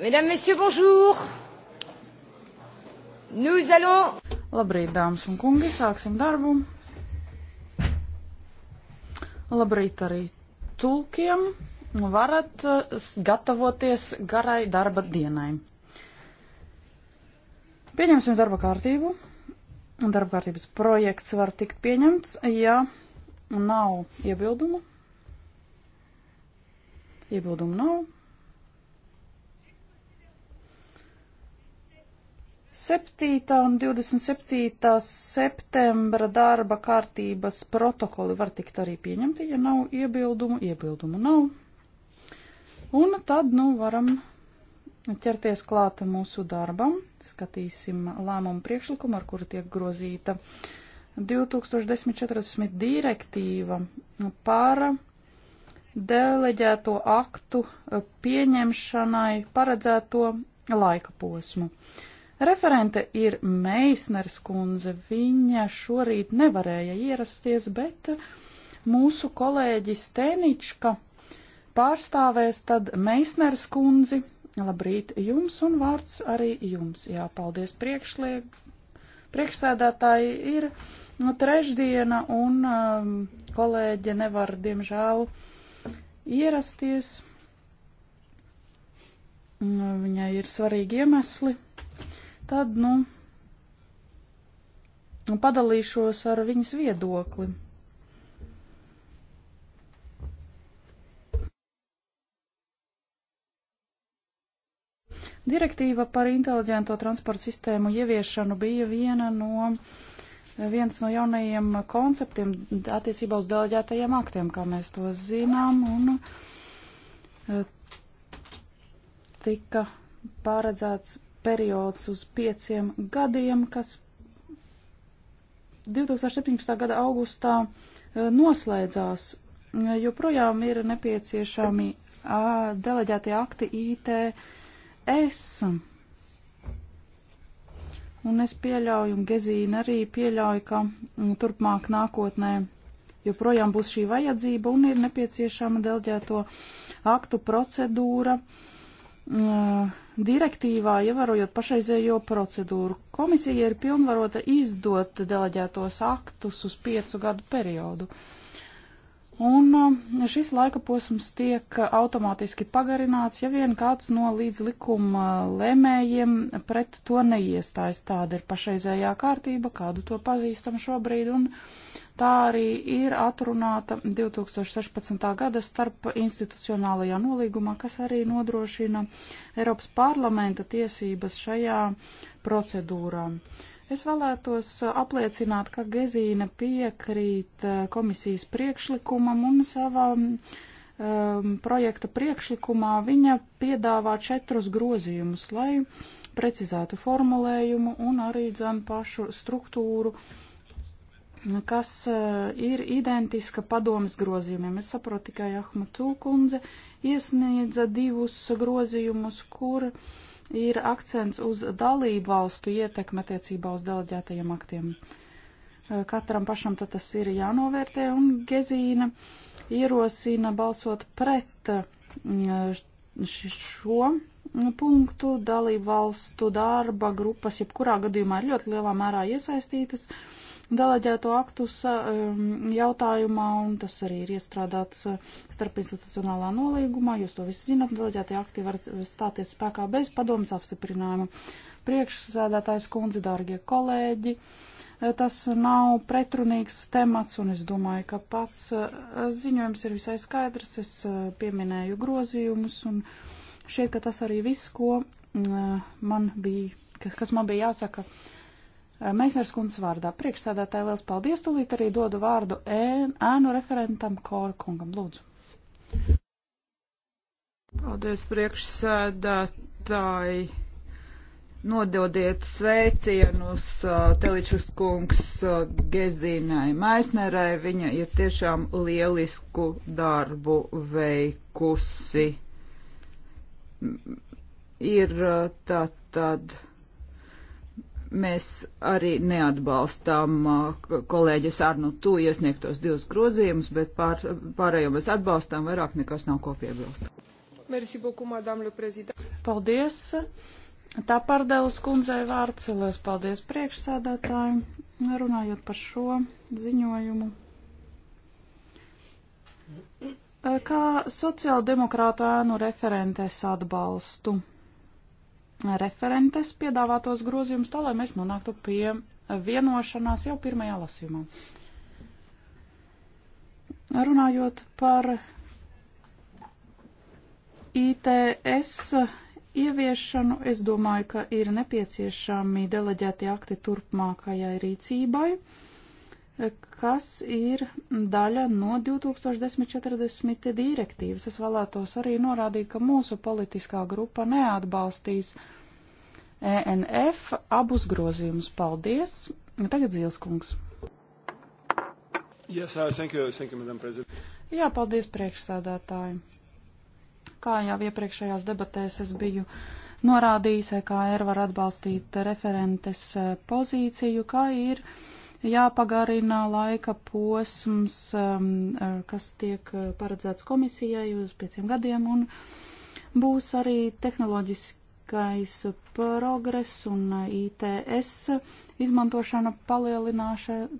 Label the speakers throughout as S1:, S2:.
S1: Mesdames, Messieurs, bonjour! Nous allons...
S2: Labrīt, dāmas un kungi, sāksim darbu. Labrīt arī tulkiem. Varat eh, gatavoties garai darba dienai. Pieņemsim darba kārtību. Darba kārtības projekts var tikt pieņemts, ja nav iebildumu. Iebildumu nav. Septītā un 27. septembra darba kārtības protokoli var tikt arī pieņemti, ja nav iebildumu. Iebildumu nav. Un tad, nu, varam ķerties klāta mūsu darbam. Skatīsim lēmumu priekšlikumu, ar kuru tiek grozīta 2010.40 direktīva par deleģēto aktu eh, pieņemšanai paredzēto laika posmu. Referente ir Meisners kundze. Viņa šorīt nevarēja ierasties, bet eh, mūsu kolēģis Tenička pārstāvēs tad Meisners kundzi. Labrīt jums un vārds arī jums. Jā, paldies priekšliek. Priekšsēdētāji ir no trešdiena un um, kolēģe nevar, diemžēl, uh, ierasties. Viņai ir svarīgi iemesli. Tad, nu, padalīšos ar viņas viedokli. Direktīva par inteliģento transporta sistēmu ieviešanu bija viena no uh, viens no jaunajiem konceptiem attiecībā uz deleģētajiem aktiem, kā mēs to zinām, un e, tika paredzēts periods uz pieciem gadiem, kas 2017. gada augustā e, noslēdzās. E, joprojām ir nepieciešami deleģētie akti ITS Un es pieļauju, un Gezīna arī pieļauj, ka mm, turpmāk nākotnē joprojām būs šī vajadzība un ir nepieciešama delģēto aktu procedūra mm, direktīvā, ievarojot pašreizējo procedūru. Komisija ir pilnvarota izdot deleģētos aktus uz piecu gadu periodu. Uh, Un uh, šis laika posms tiek automātiski pagarināts, ja vien kāds no līdz likuma uh, lēmējiem pret to neiestājas. Tāda ir pašreizējā kārtība, kādu to pazīstam šobrīd, un tā arī ir atrunāta 2016. gada starp institucionālajā nolīgumā, kas arī nodrošina Eiropas parlamenta tiesības šajā procedūrā. Uh, Es vēlētos uh, apliecināt, ka Gezīna piekrīt uh, komisijas priekšlikumam un savam um, projekta priekšlikumā viņa piedāvā četrus grozījumus, lai precizētu formulējumu un arī dzan pašu struktūru, kas uh, ir identiska padomas grozījumiem. Es saprotu tikai Ahmatū kundze iesniedza divus grozījumus, kur uh, ir akcents uz dalību valstu ietekmi attiecībā uz deleģētajiem aktiem. Katram pašam tad tas ir jānovērtē, un Gezīna ierosina balsot pret šo punktu. Dalību valstu darba grupas jebkurā gadījumā ir ļoti lielā mērā iesaistītas. Uh, deleģēto aktus um, jautājumā, un tas arī ir iestrādāts uh, starpinstitucionālā nolīgumā. Jūs to visi zinat, deleģētie akti var stāties spēkā bez padomas apstiprinājuma. Priekšsēdētājs kundze, dārgie kolēģi, uh, tas nav pretrunīgs temats, un es domāju, ka pats uh, ziņojums ir visai skaidrs. Es pieminēju grozījumus, un šķiet, ka tas arī viss, ko man bija, kas man bija jāsaka Meisners kundzes vārdā. Priekšsēdētāji, liels paldies, tūlīt arī dodu vārdu ēnu referentam Korkungam. Lūdzu.
S3: Paldies, priekšsēdētāji. Nododiet sveicienus uh, Teličus kungs uh, Gezīnai Maisnerai. Viņa ir tiešām lielisku darbu veikusi. Ir uh, tā tad. tad mēs arī neatbalstām uh, kolēģis Arnu Tu iesniegtos divus grozījumus, bet pār, pārējo mēs atbalstām, vairāk nekas nav ko piebilst.
S4: Merci beaucoup, madame le président.
S2: Paldies. Tā pārdēlas kundzei vārds, liels paldies priekšsēdētājiem, runājot par šo ziņojumu. Kā sociāldemokrātu ēnu referentes atbalstu referentes piedāvātos grozījumus, tā lai mēs nonāktu pie vienošanās jau pirmajā lasījumā. Runājot par ITS ieviešanu, es domāju, ka ir nepieciešami deleģēti akti turpmākajai rīcībai. Uh, kas ir daļa no 2040 direktīvas. Es vēlētos arī norādīt, ka mūsu politiskā grupa neatbalstīs ENF abus grozījumus. Paldies! Tagad Zilskungs.
S1: Yes, uh, thank you, thank you,
S2: Jā, paldies priekšsēdētāji. Kā jau iepriekšējās debatēs es biju norādījis, e ka ER var atbalstīt referentes uh, pozīciju, kā ir uh, jāpagarina laika posms, um, uh, kas tiek uh, paredzēts komisijai uz pieciem gadiem, un būs arī tehnoloģiskais progress un uh, ITS izmantošana palielināsies,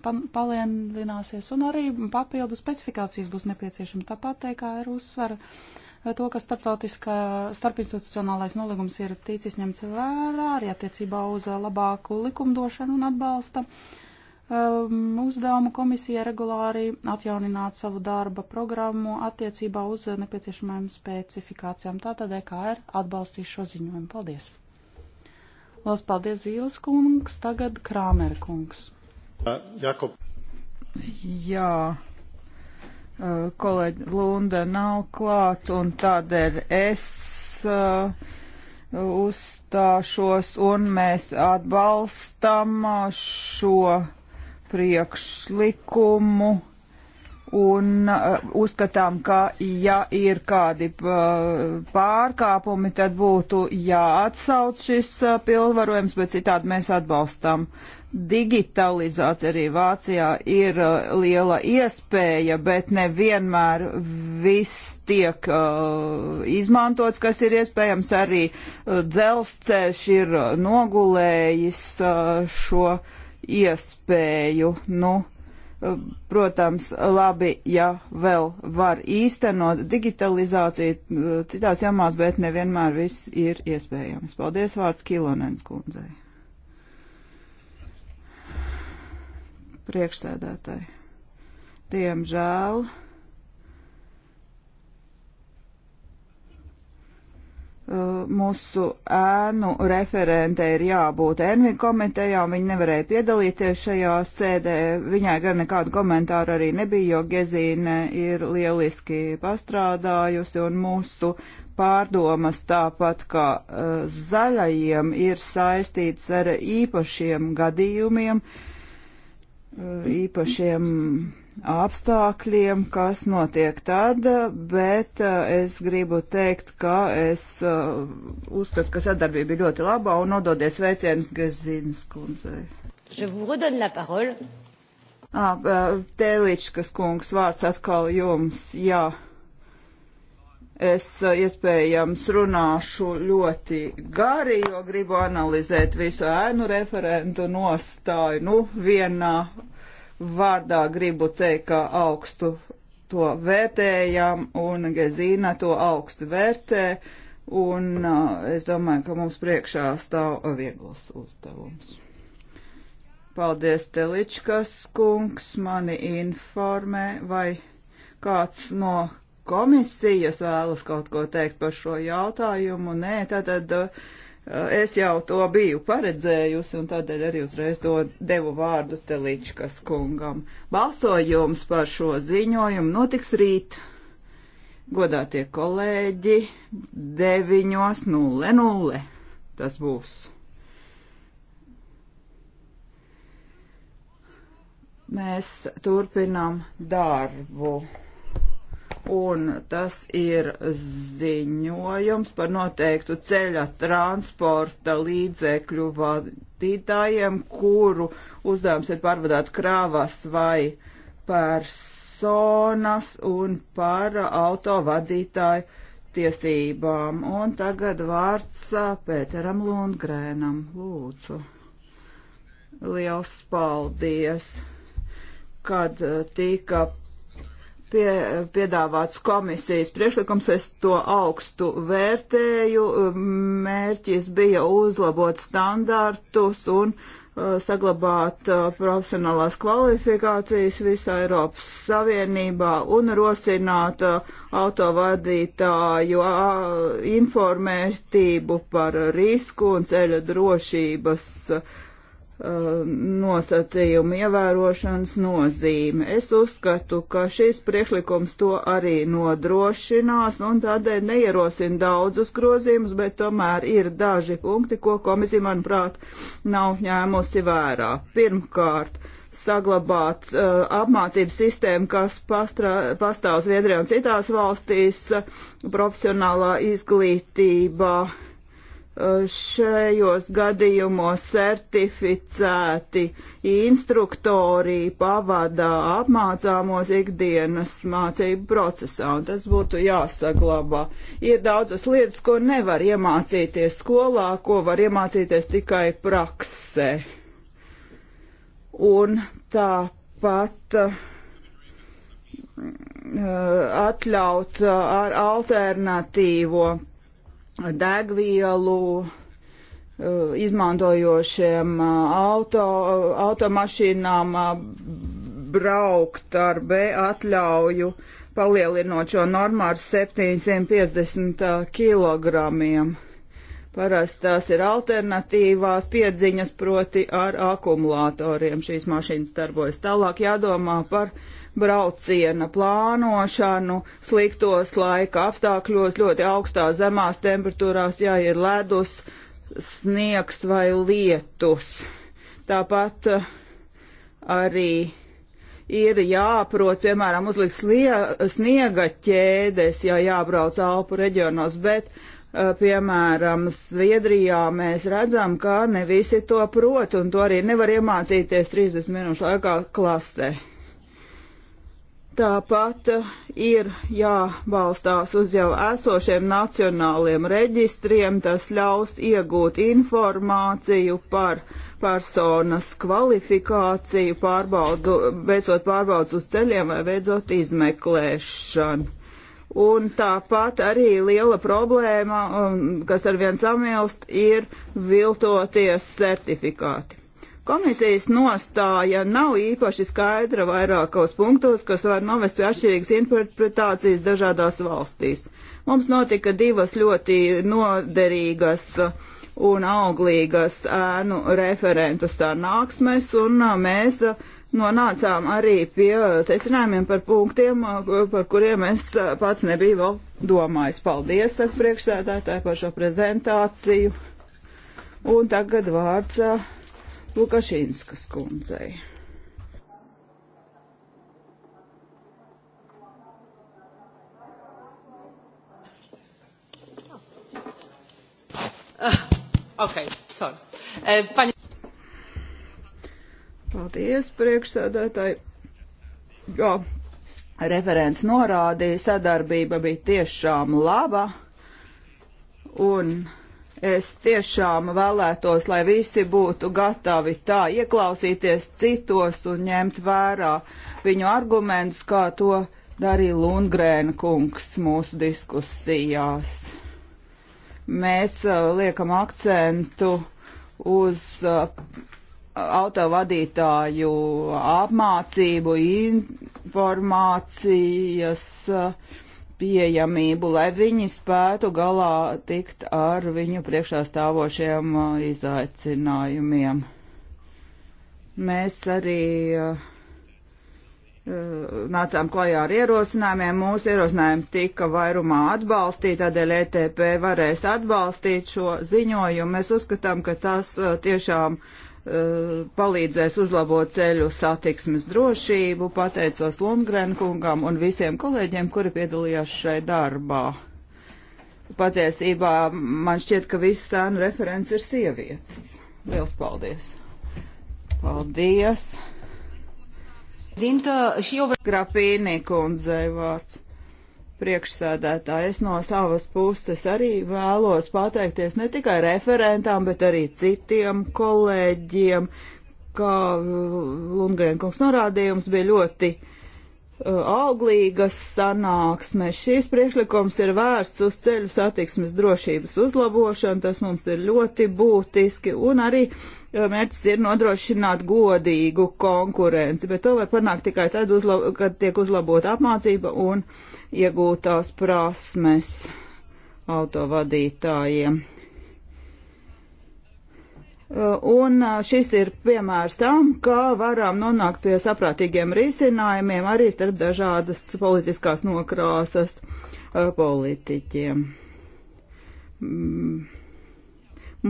S2: un arī papildu specifikācijas būs nepieciešams. Tāpat teikā ir uzsvera to, ka starptautiskā starpinstitucionālais nolīgums ir ticis ņemts vērā arī attiecībā uz labāku likumdošanu un atbalsta uh, um, uzdevumu komisija regulāri atjaunināt savu darba programmu attiecībā uz nepieciešamajām specifikācijām. Tātad EKR atbalstīs šo ziņojumu. Paldies! Lielas paldies, Zīles
S3: kungs, tagad Krāmera kungs. Jakob. Jā, eh, kolēģi Lunda nav klāt un tādēļ es uh, uzstāšos un mēs atbalstam eh, šo priekšlikumu un uh, uzskatām, ka ja ir kādi uh, pārkāpumi, tad būtu jāatsauc šis uh, pilnvarojums, bet citādi mēs atbalstam. Digitalizācija arī Vācijā ir uh, liela iespēja, bet nevienmēr viss tiek uh, izmantots, kas ir iespējams. Arī uh, dzelzceļš ir uh, nogulējis uh, šo uh, iespēju. Nu, protams, labi, ja vēl var īstenot digitalizāciju eh, citās jomās, bet nevienmēr viss ir iespējams. Paldies vārds Kilonens kundzei. Priekšsēdētāji. Diemžēl mūsu ēnu referente ir jābūt Envi komitejā, un viņa nevarēja piedalīties šajā sēdē. Viņai gan nekādu komentāru arī nebija, jo Gezīne ir lieliski pastrādājusi, un mūsu pārdomas tāpat kā uh, zaļajiem ir saistīts ar īpašiem gadījumiem, uh, īpašiem. Mm apstākļiem, kas notiek tad, bet eh, es gribu teikt, ka es eh, uzskatu, ka sadarbība ir ļoti labā un nododies veicienus Gezīnas kundzei.
S1: Je vous redonne la parole.
S3: Ah, eh, Tēličkas kungs, vārds atkal jums, jā. Es iespējams runāšu ļoti gari, jo gribu analizēt visu ēnu referentu nostāju, nu, vienā uh, vārdā gribu teikt, ka augstu to vērtējam un Gezīna to augstu vērtē. Un uh, es domāju, ka mums priekšā stāv viegls uzdevums. Paldies, Teličkas kungs, mani informē, vai kāds no komisijas vēlas kaut ko teikt par šo jautājumu. Nē, tātad. Uh, Eh, es jau to biju paredzējusi un tādēļ arī uzreiz to devu vārdu Teličkas kungam. Balsojums par šo ziņojumu notiks rīt. Godātie kolēģi, 9.00 tas būs. Mēs turpinām darbu un tas ir ziņojums par noteiktu ceļa transporta līdzekļu vadītājiem, kuru uzdevums ir pārvadāt krāvas vai personas un par autovadītāju tiesībām. Un tagad vārds Pēteram Lundgrēnam. Lūdzu. Liels paldies! kad tika pie, piedāvāts komisijas priekšlikums, es to augstu vērtēju. Mērķis bija uzlabot standartus un uh, saglabāt uh, profesionālās kvalifikācijas visā Eiropas Savienībā un rosināt uh, autovadītāju uh, informētību par risku un ceļa drošības uh, nosacījumu ievērošanas nozīme. Es uzskatu, ka šis priekšlikums to arī nodrošinās un tādēļ neierosina daudzus grozījumus, bet tomēr ir daži punkti, ko komisija, manuprāt, nav ņēmusi vērā. Pirmkārt, saglabāt uh, apmācības sistēmu, kas pastrā, pastāv Zviedrijā un citās valstīs, uh, profesionālā izglītība, uh, šajos gadījumos certificēti instruktori pavadā apmācāmos ikdienas mācību procesā, un tas būtu jāsaglabā. Ir daudzas lietas, ko nevar iemācīties skolā, ko var iemācīties tikai praksē. Un tāpat uh, atļaut uh, ar alternatīvo degvielu eh, izmantojošiem eh, auto, eh, automašīnām braukt ar B atļauju, palielinot šo normu ar 750 kilogramiem. Parasti tās ir alternatīvās piedziņas, proti ar akumulatoriem šīs mašīnas darbojas. Tālāk jādomā par brauciena plānošanu, sliktos laika apstākļos, ļoti augstās zemās temperatūrās, ja ir ledus, sniegs vai lietus. Tāpat eh, arī ir jāprot, piemēram, uzlikt sniega ķēdes, ja jābrauc Alpu reģionos, bet Eh, piemēram, Zviedrijā mēs redzam, ka ne visi to prot, un to arī nevar iemācīties 30 minūšu laikā klasē. Tāpat eh, ir jābalstās uz jau esošiem nacionāliem reģistriem, tas ļaus iegūt informāciju par personas kvalifikāciju, pārbaudu, veicot pārbaudas uz ceļiem vai veicot izmeklēšanu Un tāpat arī liela problēma, um, kas ar vien samilst, ir viltoties certifikāti. Komisijas nostāja nav īpaši skaidra vairākos punktos, kas var novest pie atšķirīgas interpretācijas dažādās valstīs. Mums notika divas ļoti noderīgas un auglīgas ēnu referentu sanāksmes, un uh, mēs uh, nonācām arī pie uh, secinājumiem par punktiem, uh, par kuriem es uh, pats nebiju vēl domājis. Paldies, saka priekšsēdētāji, par šo prezentāciju. Un tagad vārds Lukašīnskas kundzei.
S4: Uh, okay, sorry. Uh, eh, paņi...
S3: Paldies, priekšsēdētāji. Jā, referents norādīja, sadarbība bija tiešām laba. Un es tiešām vēlētos, lai visi būtu gatavi tā ieklausīties citos un ņemt vērā viņu argumentus, kā to darīja Lundgrēna kungs mūsu diskusijās. Mēs uh, liekam akcentu uz uh, autovadītāju apmācību, informācijas uh, pieejamību, lai viņi spētu galā tikt ar viņu priekšā stāvošiem uh, izaicinājumiem. Mēs arī uh, uh, nācām klajā ar ierosinājumiem. Mūsu ierosinājumi tika vairumā atbalstīti, tādēļ ETP varēs atbalstīt šo ziņojumu. Mēs uzskatām, ka tas tiešām Eh, palīdzēs uzlabot ceļu satiksmes drošību. Pateicos Lundgren kungam un visiem kolēģiem, kuri piedalījās šai darbā. Patiesībā man šķiet, ka visu sēnu referents ir sievietes. Liels paldies! Paldies! Dinta, šī jau... Grapīnī kundzei vārds priekšsēdētāji, es no savas puses arī vēlos pateikties ne tikai referentām, bet arī citiem kolēģiem, kā Lundgren kungs norādījums bija ļoti auglīgas sanāksmes. Šīs priekšlikums ir vērsts uz ceļu satiksmes drošības uzlabošanu, tas mums ir ļoti būtiski, un arī eh, mērķis ir nodrošināt godīgu konkurenci, bet to var panākt tikai tad, uzlab kad tiek uzlabota apmācība un iegūtās prasmes autovadītājiem. Un šis ir piemērs tam, kā varam nonākt pie saprātīgiem risinājumiem arī starp dažādas politiskās nokrāsas politiķiem. Mm.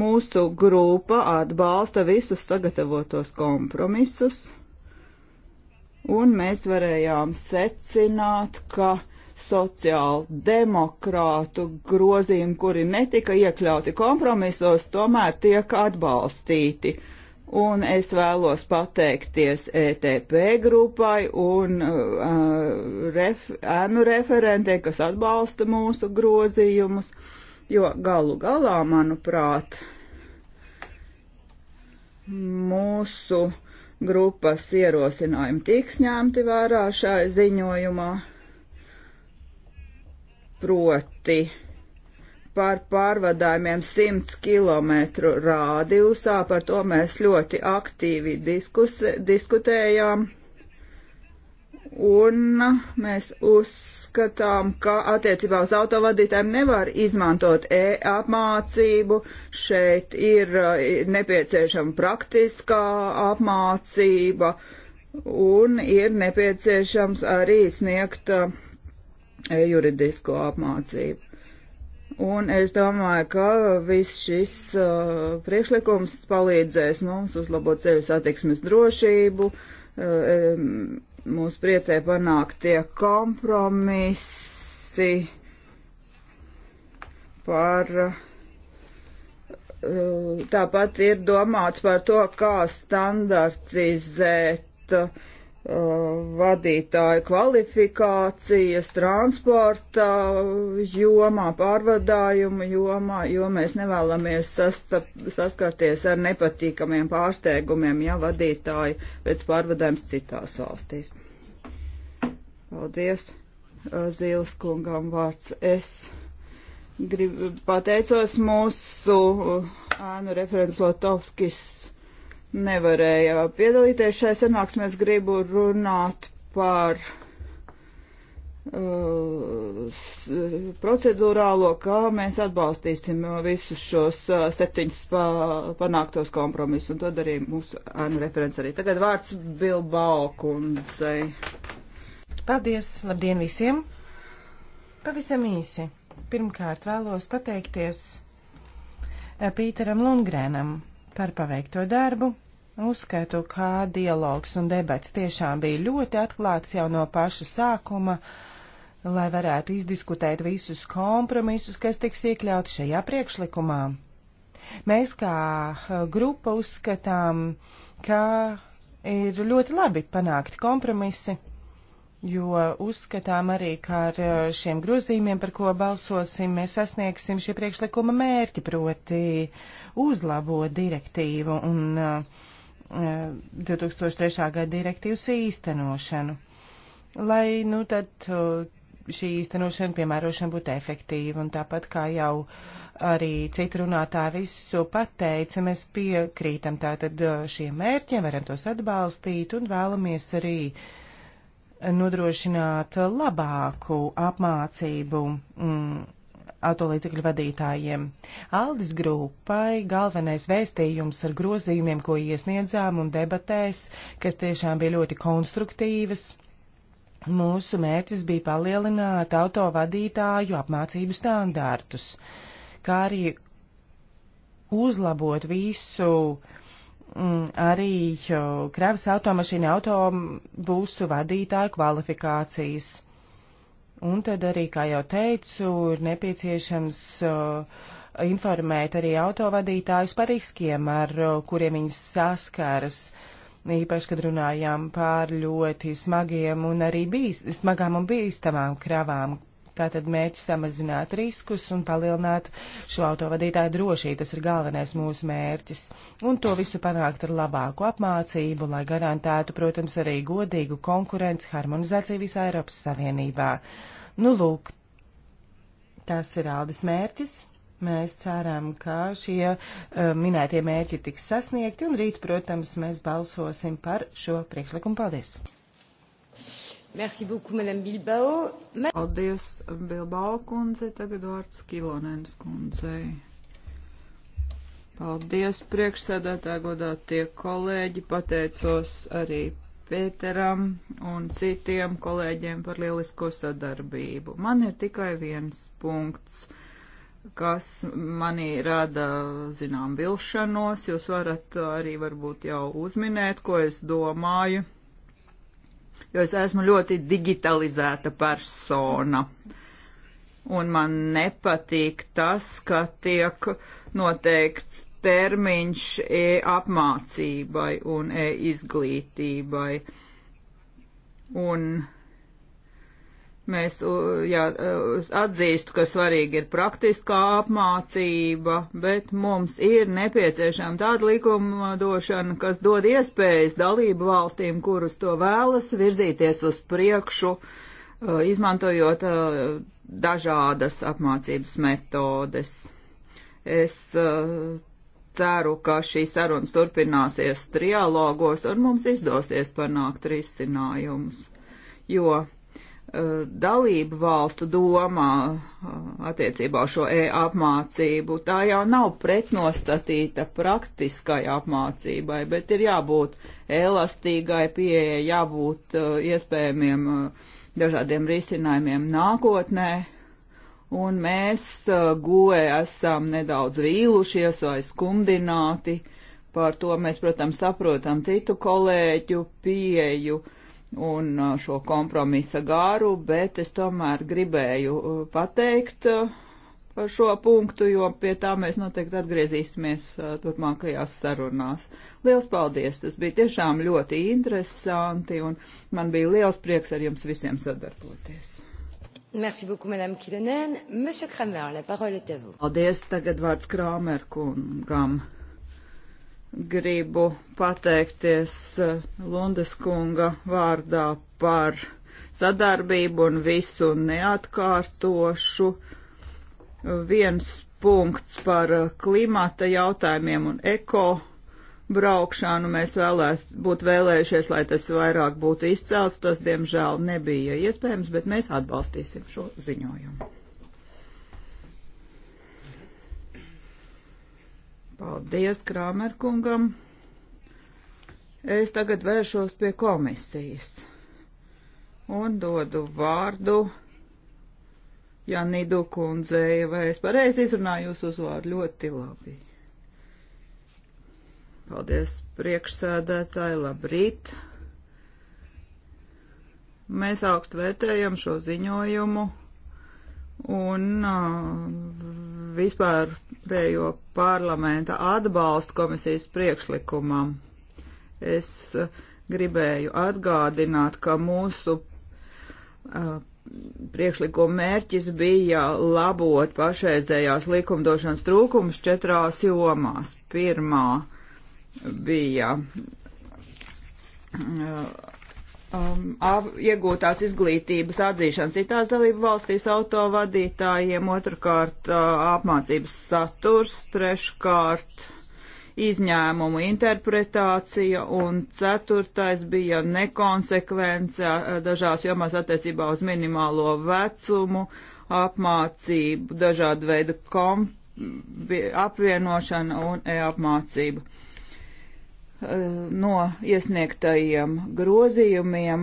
S3: Mūsu grupa atbalsta visus sagatavotos kompromisus, un mēs varējām secināt, ka sociāli demokrātu grozījumi, kuri netika iekļauti kompromisos, tomēr tiek atbalstīti. Un es vēlos pateikties ETP grupai un uh, ref, ēnu referentē, kas atbalsta mūsu grozījumus, jo galu galā, manuprāt, mūsu grupas ierosinājumi tiks ņemti vērā šai ziņojumā proti par pārvadājumiem 100 km rādījusā. Par to mēs ļoti aktīvi diskus, diskutējām. Un mēs uzskatām, ka attiecībā uz autovadītājiem nevar izmantot e-apmācību. Šeit ir, ir eh, nepieciešama praktiskā apmācība un ir nepieciešams arī sniegt uh, juridisko apmācību. Un es domāju, ka viss šis uh, priekšlikums palīdzēs mums uzlabot ceļu satiksmes drošību. Uh, mūs priecē panākt tie kompromisi par. Uh, tāpat ir domāts par to, kā standartizēt uh, Uh, vadītāju kvalifikācijas transporta jomā, pārvadājuma jomā, jo mēs nevēlamies sastap, saskarties ar nepatīkamiem pārsteigumiem, ja vadītāji pēc pārvadājums citās valstīs. Paldies, uh, Zīles kungam vārds. Es gribu pateicos mūsu uh, ēnu referents Lotovskis nevarēja piedalīties šai sanāksmēs, gribu runāt par uh, procedūrālo, kā mēs atbalstīsim visus šos uh, septiņus pa, panāktos kompromisus, un to darīja
S4: mūsu ēnu referents arī. Tagad vārds Bilbao kundzei. Paldies, labdien visiem! Pavisam īsi. Pirmkārt vēlos pateikties eh, Pīteram Lundgrēnam par paveikto darbu. Uzskaitu, kā dialogs un debats tiešām bija ļoti atklāts jau no paša sākuma, lai varētu izdiskutēt visus kompromisus, kas tiks iekļauti šajā priekšlikumā. Mēs kā eh, grupa uzskatām, ka ir ļoti labi panākt kompromisi, jo uzskatām arī, ka ar eh, šiem grozījumiem, par ko balsosim, mēs sasniegsim šī priekšlikuma mērķi proti uh, uzlabo direktīvu un uh, 2003. Uh, gada direktīvas īstenošanu, lai nu, tad, uh, šī īstenošana piemērošana būtu efektīva. Un tāpat kā jau arī citi runātāji visu pateica, mēs piekrītam tātad uh, šiem mērķiem, varam tos atbalstīt un vēlamies arī nodrošināt labāku apmācību. Mm, autolīdzekļu vadītājiem. Aldis grupai galvenais vēstījums ar grozījumiem, ko iesniedzām un debatēs, kas tiešām bija ļoti konstruktīvas. Mūsu mērķis bija palielināt autovadītāju apmācību standārtus, kā arī uzlabot visu mm, arī kravas automašīnu autobusu vadītāju kvalifikācijas Un tad arī, kā jau teicu, ir nepieciešams uh, informēt arī autovadītājus par riskiem, ar uh, kuriem viņi saskaras. Īpaši, kad runājām pār ļoti smagiem un arī bīst, smagām un bīstamām kravām, Tātad mērķis samazināt riskus un palielināt šo autovadītāju drošību. Tas ir galvenais mūsu mērķis. Un to visu panākt ar labāku apmācību, lai garantētu, protams, arī godīgu konkurenci harmonizāciju visā Eiropas Savienībā. Nu, lūk, tas ir Aldis mērķis. Mēs ceram, ka šie uh, minētie mērķi tiks sasniegti, un rīt, protams, mēs balsosim par šo priekšlikumu. Paldies! Merci
S3: beaucoup, Madame Bilbao. Ma... Paldies, Bilbao kundze. Tagad vārds Kilonēnas kundzei. Paldies, priekšsēdētāji, godātie kolēģi. Pateicos arī Pēteram un citiem kolēģiem par lielisko sadarbību. Man ir tikai viens punkts, kas manī rada, zinām, vilšanos. Jūs varat arī varbūt jau uzminēt, ko es domāju jo es esmu ļoti digitalizēta persona. Un man nepatīk tas, ka tiek noteikts termiņš e apmācībai un e izglītībai. Un Mēs jā, atzīstu, ka svarīgi ir praktiskā apmācība, bet mums ir nepieciešama tāda likumdošana, kas dod iespējas dalību valstīm, kuras to vēlas, virzīties uz priekšu, uh, izmantojot uh, dažādas apmācības metodes. Es uh, ceru, ka šīs sarunas turpināsies trialogos un mums izdosies panākt risinājumus, jo Uh, dalību valstu domā uh, attiecībā uz šo e-apmācību. Tā jau nav pretnostatīta praktiskai apmācībai, bet ir jābūt elastīgai pieeja, jābūt uh, iespējamiem dažādiem risinājumiem nākotnē. Un mēs goē esam nedaudz vīlušies vai skumdināti. Par to mēs, protams, saprotam citu kolēģu pieeju. Uh, un uh, šo kompromisa gāru, bet es tomēr gribēju uh, pateikt uh, par šo punktu, jo pie tā mēs noteikti atgriezīsimies turpmākajās sarunās. Liels paldies! Tas bija tiešām ļoti interesanti, un man bija liels prieks ar jums visiem sadarboties.
S1: Merci beaucoup, Madame Kilonen. Monsieur Kramer, la parole est à vous.
S3: Paldies, tagad vārds Kramer kungam gribu pateikties eh, Lundes kunga vārdā par sadarbību un visu neatkārtošu. Viens punkts par eh, klimata jautājumiem un eko braukšanu mēs vēlēs, būtu vēlējušies, lai tas vairāk būtu izcelts. Tas, diemžēl, nebija iespējams, bet mēs atbalstīsim šo ziņojumu. Paldies Krāmerkungam. Es tagad vēršos pie komisijas un dodu vārdu Janidu kundzei, vai es pareizi izrunāju jūsu uzvārdu ļoti labi. Paldies priekšsēdētāji, labrīt! Mēs augstu vērtējam šo ziņojumu un uh, vispārējo parlamenta atbalstu komisijas priekšlikumam. Es uh, gribēju atgādināt, ka mūsu uh, priekšlikuma mērķis bija labot pašreizējās likumdošanas trūkumus četrās jomās. Pirmā bija uh, um, iegūtās izglītības atzīšana citās dalību valstīs autovadītājiem, otrkārt uh, apmācības saturs, treškārt izņēmumu interpretācija un ceturtais bija nekonsekvence uh, dažās jomās attiecībā uz minimālo vecumu, apmācību, dažādu veidu komp, apvienošanu un e-apmācību no iesniegtajiem grozījumiem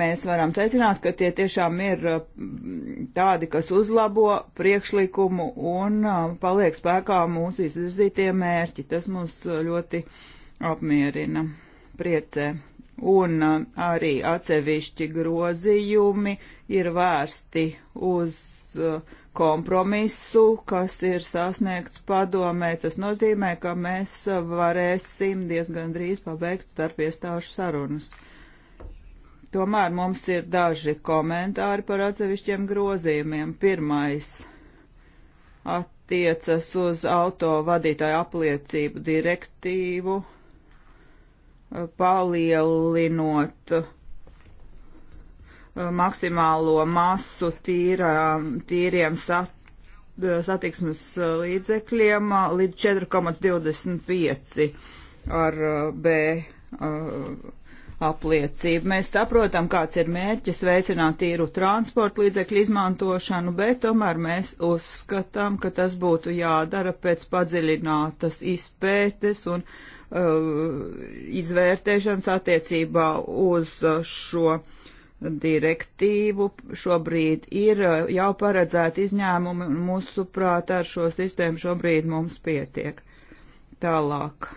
S3: mēs varam secināt, ka tie tiešām ir tādi, kas uzlabo priekšlikumu un paliek spēkā mūsu izvirzītie mērķi. Tas mūs ļoti apmierina, priecē. Un arī atsevišķi grozījumi ir vērsti uz uh, kompromisu, kas ir sasniegts padomē. Tas nozīmē, ka mēs varēsim diezgan drīz pabeigt starp iestāžu sarunas. Tomēr mums ir daži komentāri par atsevišķiem grozījumiem. Pirmais attiecas uz auto vadītāju apliecību direktīvu, palielinot uh, maksimālo masu tīrā, tīriem sat, satiksmes uh, līdzekļiem uh, līdz 4,25 ar uh, B apliecību. Mēs saprotam, kāds ir mērķis veicināt tīru transportu līdzekļu izmantošanu, bet tomēr mēs uzskatām, ka tas būtu jādara pēc padziļinātas izpētes un uh, izvērtēšanas attiecībā uz šo uh, direktīvu. Šobrīd ir uh, jau paredzēti izņēmumi, un mūsuprāt ar šo sistēmu šobrīd mums pietiek. Tālāk uh,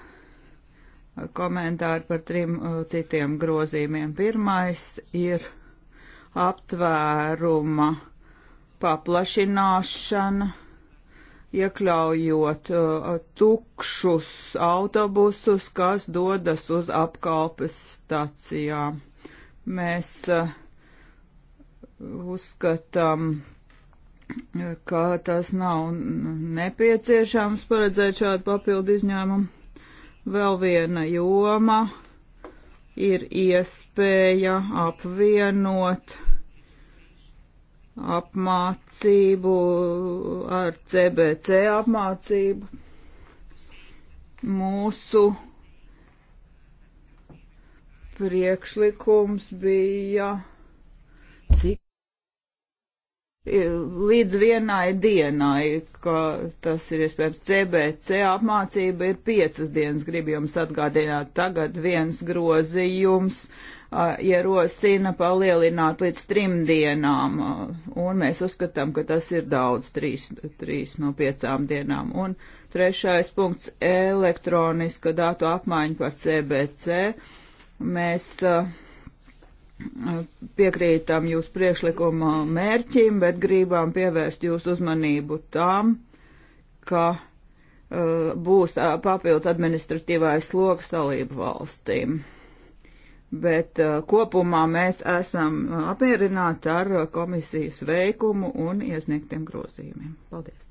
S3: komentāri par trim uh, citiem grozījumiem. Pirmais ir aptvēruma paplašināšana, iekļaujot uh, tukšus autobusus, kas dodas uz apkalpes stacijām. Mēs uh, uzskatām, ka tas nav nepieciešams paredzēt šādu papildu izņēmumu. Vēl viena joma ir iespēja apvienot apmācību ar CBC apmācību. Mūsu priekšlikums bija cik līdz vienai dienai, ka tas ir iespējams CBC apmācība ir piecas dienas, gribu jums atgādināt. Tagad viens grozījums ierosina ja palielināt līdz trim dienām, un mēs uzskatām, ka tas ir daudz, trīs, trīs no piecām dienām. Un trešais punkts - elektroniska datu apmaiņa par CBC Mēs uh, piekrītam jūsu priekšlikuma mērķim, bet gribam pievērst jūsu uzmanību tam, ka uh, būs uh, papildus administratīvais sloks dalību valstīm. Bet kopumā mēs esam apmierināti ar komisijas veikumu un iesniegtiem grozījumiem. Paldies!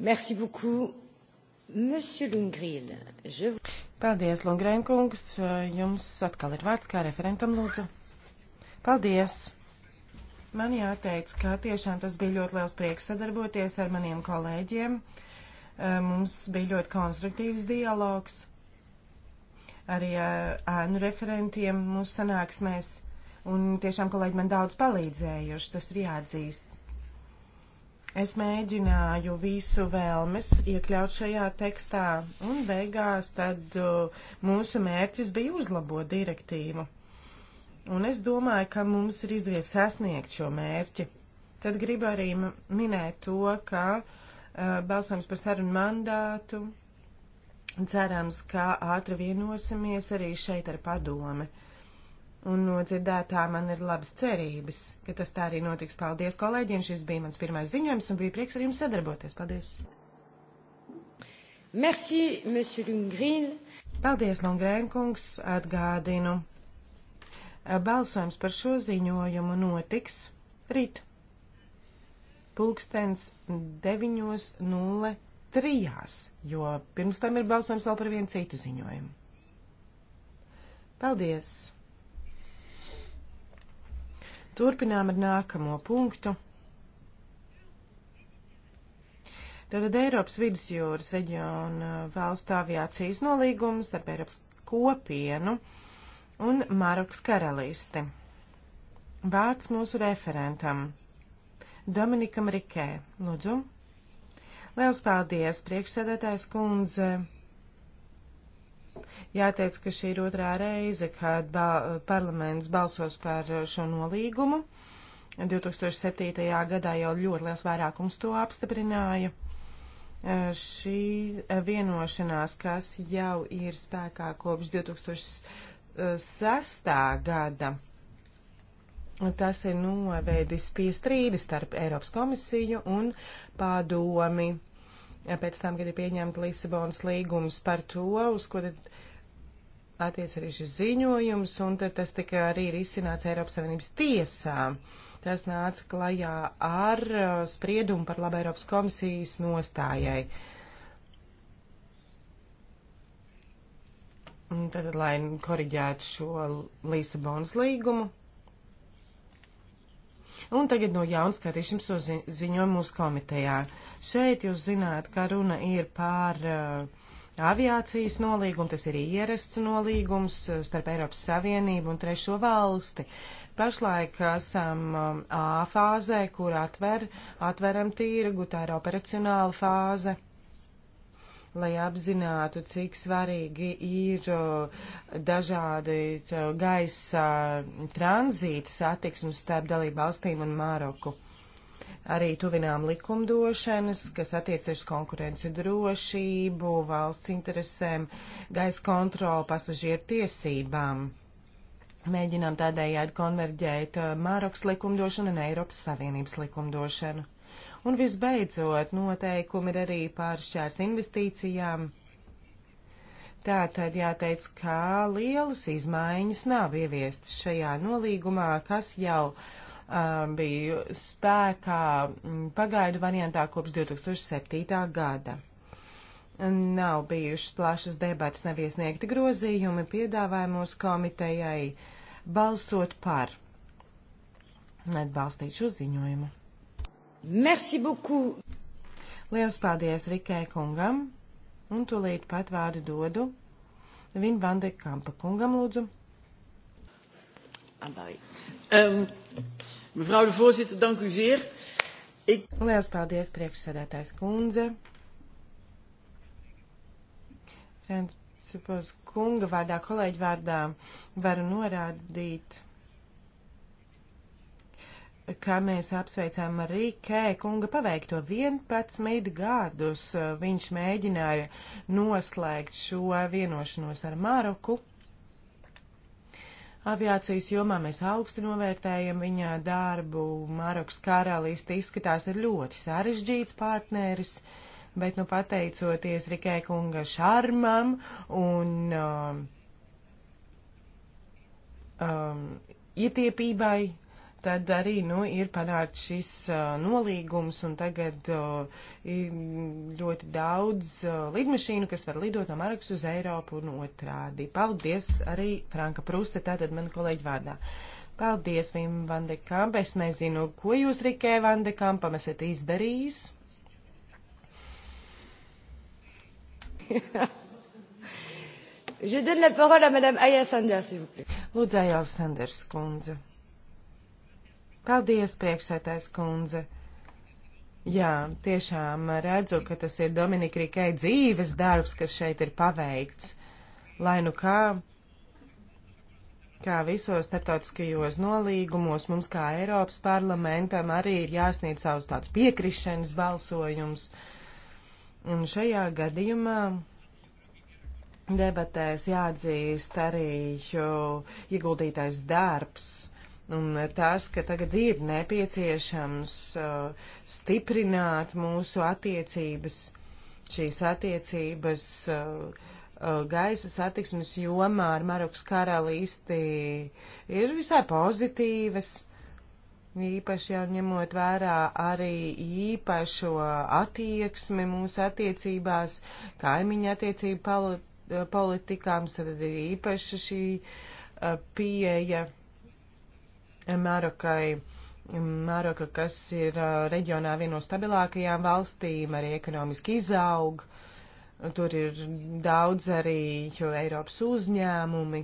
S1: Merci beaucoup. Monsieur Lungrīl, je...
S4: Paldies, Lungrēm kungs. Jums atkal ir vārds kā referentam, lūdzu. Paldies. Man jāteic, ka tiešām tas bija ļoti liels prieks sadarboties ar maniem kolēģiem. Eh, mums bija ļoti konstruktīvs dialogs. Arī ar eh, ēnu referentiem mūsu sanāksmēs. Un tiešām kolēģi man daudz palīdzējuši, tas ir jāatzīst. Es mēģināju visu vēlmes iekļaut šajā tekstā, un beigās tad uh, mūsu mērķis bija uzlabot direktīvu. Un es domāju, ka mums ir izdevies sasniegt šo mērķi. Tad gribu arī minēt to, ka uh, balsojums par sarunu mandātu cerams, ka ātri vienosimies arī šeit ar padomi. Uh, Un no dzirdētā man ir labas cerības, ka tas tā arī notiks. Paldies kolēģiem, šis bija mans pirmais ziņojums un bija prieks ar jums sadarboties. Paldies! Merci, monsieur Lungrīn. Paldies, Lungrēn kungs, atgādinu. Balsojums par šo ziņojumu notiks rīt. Pulkstens 9.03, jo pirms tam ir balsojums vēl par vienu citu ziņojumu. Paldies! Turpinām ar nākamo punktu. Tātad Eiropas vidusjūras reģiona valstu aviācijas nolīgums starp Eiropas kopienu un Marokas karalisti. Vārds mūsu referentam Dominikam Rikē. Lūdzu. Liels paldies, priekšsēdētājs kundze. Jāteic, ka šī ir otrā reize, kad ba parlaments balsos par šo nolīgumu. 2007. gadā jau ļoti liels vairākums to apstiprināja. E, šī vienošanās, kas jau ir spēkā kopš 2006. gada, tas ir novēdis pie strīdi starp Eiropas komisiju un padomi. Pēc tam, kad ir pieņemta Lisabonas līgums par to, uz ko tad attiec arī šis ziņojums, un tad tas tika arī ir izcināts Eiropas Savienības tiesā. Tas nāca klajā ar uh, spriedumu par labu Eiropas komisijas nostājai. Tad, lai koriģētu šo Lisabonas līgumu. Un tagad no jauna skatīsim šo ziņojumu mūsu komitejā. Šeit jūs zināt, ka runa ir pār uh, aviācijas nolīgumu, tas ir ierasts nolīgums uh, starp Eiropas Savienību un trešo valsti. Pašlaik esam um, A fāzē, kur atver, atveram tirgu, tā ir operacionāla fāze lai apzinātu, cik svarīgi ir uh, dažādi uh, gaisa tranzīta satiksmes starp dalību valstīm un Māroku arī tuvinām likumdošanas, kas attiecas uz konkurenci drošību, valsts interesēm, gaisa kontroli, pasažieru tiesībām. Mēģinām tādējādi konverģēt uh, Mārokas likumdošanu un Eiropas Savienības likumdošanu. Un visbeidzot, noteikumi ir arī pār šķērs investīcijām. Tātad jāteic, ka lielas izmaiņas nav ieviestas šajā nolīgumā, kas jau uh, Um, bija spēkā mm, pagaidu variantā kopš 2007. gada. Nav bijušas plašas debatas, nav iesniegti grozījumi, piedāvāja mūsu komitejai balsot par atbalstīt šo ziņojumu. Merci beaucoup! Liels paldies Rikai kungam, un tūlīt pat vārdu dodu Vin Vandekampa kungam lūdzu. Abai. Ah, um. Euh, Mevrouw de voorzitter, dank u zeer. Ik... Lielas paldies, priekšsēdētājs kundze. Principos kunga vārdā, kolēģi vārdā varu norādīt, ka mēs apsveicām Rīkē kunga paveikto 11 gadus. Viņš mēģināja noslēgt šo vienošanos ar Maroku aviācijas jomā. Mēs augstu novērtējam viņa darbu. Marokas karalisti izskatās ir ļoti sarežģīts partneris, bet nu pateicoties Rikē kunga šarmam un um, um, ietiepībai, tad arī nu, ir panākt šis uh, nolīgums, un tagad uh, ir ļoti daudz uh, lidmašīnu, kas var lidot no Marakas uz Eiropu un otrādi. Paldies arī Franka Pruste, tātad man kolēģi vārdā. Paldies, Vim Vandekamp, es nezinu, ko jūs, Rikē Vandekampam, esat izdarījis. Je donne la parole à Madame Aya Sanders, s'il vous plaît. Lūdzu, Aya Sanders, kundze. Paldies, priekšsētājs kundze! Jā, tiešām redzu, ka tas ir Dominika Rikai dzīves darbs, kas šeit ir paveikts. Lai nu kā, kā visos starptautiskajos nolīgumos, mums kā Eiropas parlamentam arī ir jāsniedz savus tāds piekrišanas balsojums. Un šajā gadījumā debatēs jāatzīst arī jo, ieguldītais darbs un tas, ka tagad ir nepieciešams uh, stiprināt mūsu attiecības, šīs attiecības uh, uh gaisa satiksmes jomā ar Marokas karalisti ir visai pozitīvas. Īpaši jau ņemot vērā arī īpašo attieksmi mūsu attiecībās, kaimiņa attiecību eh, politikām, tad ir īpaša šī eh, pieeja. Uh, Marokai. Maroka, kas ir reģionā viena no stabilākajām valstīm, arī ekonomiski izaug. Tur ir daudz arī Eiropas uzņēmumi.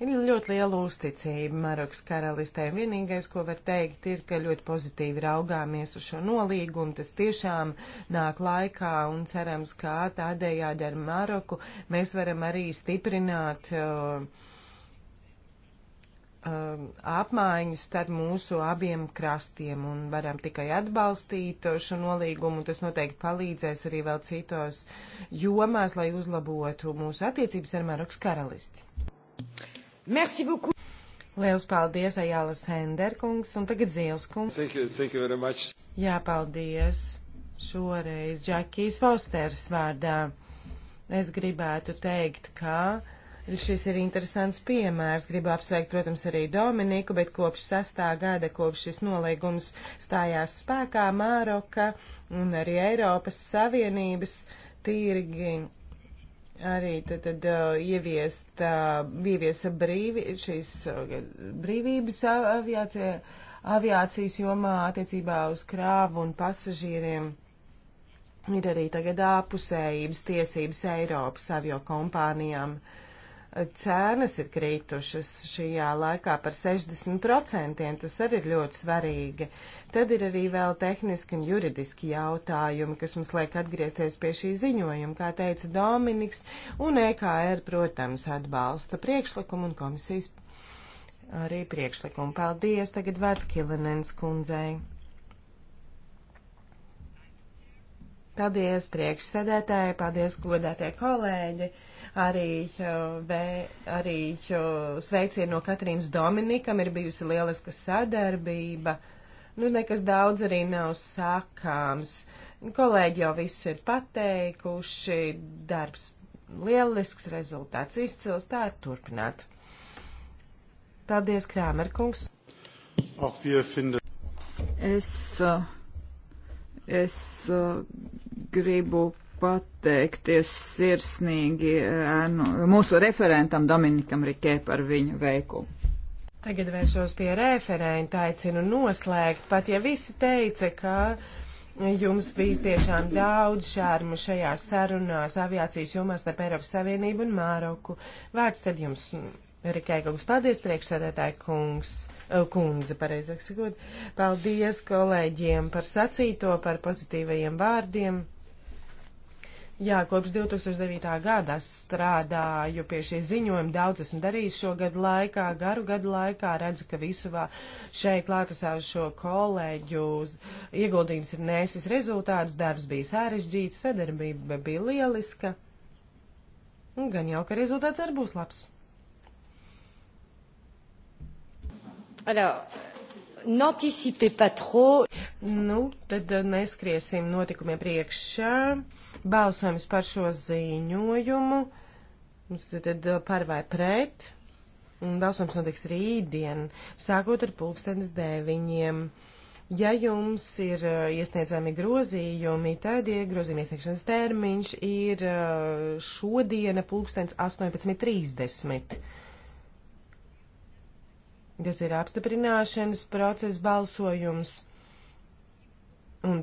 S4: Ir ļoti liela uzticība Marokas karalistē. Vienīgais, ko var teikt, ir, ka ļoti pozitīvi raugāmies uz šo nolīgumu. Tas tiešām nāk laikā un cerams, kā tādējādi ar Maroku mēs varam arī stiprināt uh, Um, apmaiņas starp mūsu abiem krastiem un varam tikai atbalstīt šo nolīgumu. Tas noteikti palīdzēs arī vēl citos jomās, lai uzlabotu mūsu attiecības ar Marokas karalisti. Merci beaucoup! Liels paldies, Ajāla Senderkungs, un tagad Zielskungs.
S1: Thank you, thank you very much.
S4: Jā, paldies. Šoreiz Džakijas Fosters vārdā. Es gribētu teikt, ka. Kā Šis ir interesants piemērs. Gribu apsveikt, protams, arī Dominiku, bet kopš sastā gada, kopš šis nolīgums stājās spēkā, Māroka un arī Eiropas Savienības tīrgi arī tad, tad uh, ieviest, uh, ieviesa brīvi, šīs uh, brīvības aviācija, aviācijas jomā attiecībā uz krāvu un pasažieriem. Ir arī tagad ārpusējības tiesības Eiropas avio kompānijām. Uh, Cēnas ir krītušas šajā laikā par 60%, tas arī ir ļoti svarīgi. Tad ir arī vēl tehniski un juridiski jautājumi, kas mums liek atgriezties pie šī ziņojuma, kā teica Dominiks, un EKR, protams, atbalsta priekšlikumu un komisijas arī priekšlikumu. Paldies, tagad vērts Kilinens kundzei. Paldies, priekšsēdētāji, paldies, godātie kolēģi. Arī, vē, arī sveicienu no Katrīnas Dominikam ir bijusi lieliska sadarbība. Nu, nekas daudz arī nav sakāms. Kolēģi jau visu ir pateikuši, darbs lielisks, rezultāts izcils, tā ir turpināt. Paldies, Krāmerkungs. Es uh,
S3: Es uh, gribu pateikties sirsnīgi ēnu, uh, mūsu referentam Dominikam Rikē par viņu veikumu.
S4: Tagad vēršos pie referenta, aicinu noslēgt, pat ja visi teica, ka jums bijis tiešām daudz šārmu šajās sarunās aviācijas jomā starp Eiropas Savienību un Māroku. Vārds tad jums Rikai kungs, paldies priekšsēdētāji kungs, eh, kundze, pareizāk sakot. Paldies kolēģiem par sacīto, par pozitīvajiem vārdiem. Jā, kopš 2009. gada strādāju pie šī ziņojuma, daudz esmu darījis šo gadu laikā, garu gadu laikā, redzu, ka visu vā šeit klātesāšo kolēģu ieguldījums ir nesis rezultāts, darbs bija sarežģīts, sadarbība bija lieliska, un gan jau, ka rezultāts arī būs labs. Alors, N'anticipez pas trop. Nu, tad uh, neskriesim notikumiem priekšā. Balsojums par šo ziņojumu. Tad, tad uh, par vai pret. Un balsojums notiks rītdien, sākot ar pulkstenes deviņiem. Ja jums ir uh, iesniedzami grozījumi, tad ja grozījuma iesniegšanas termiņš ir šodiena pulkstens 18.30 Tas ir apstiprināšanas process balsojums. Un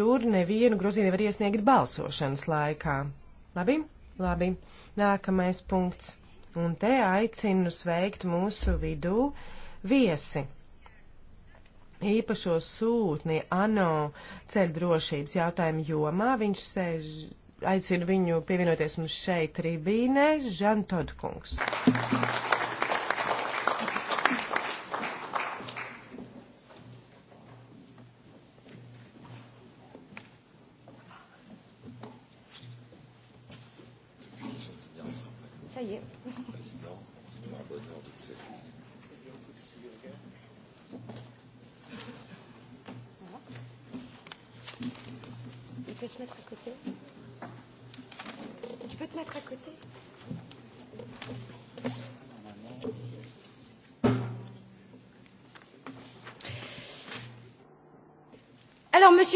S4: tur nevienu grozījumu nevar iesniegt balsošanas laikā. Labi? Labi. Nākamais punkts. Un te aicinu sveikt mūsu vidū viesi. Īpašo sūtni ANO ceļdrošības jautājumu jomā viņš sēž aicinu viņu pievienoties mums šeit tribīnē, Žantodkungs.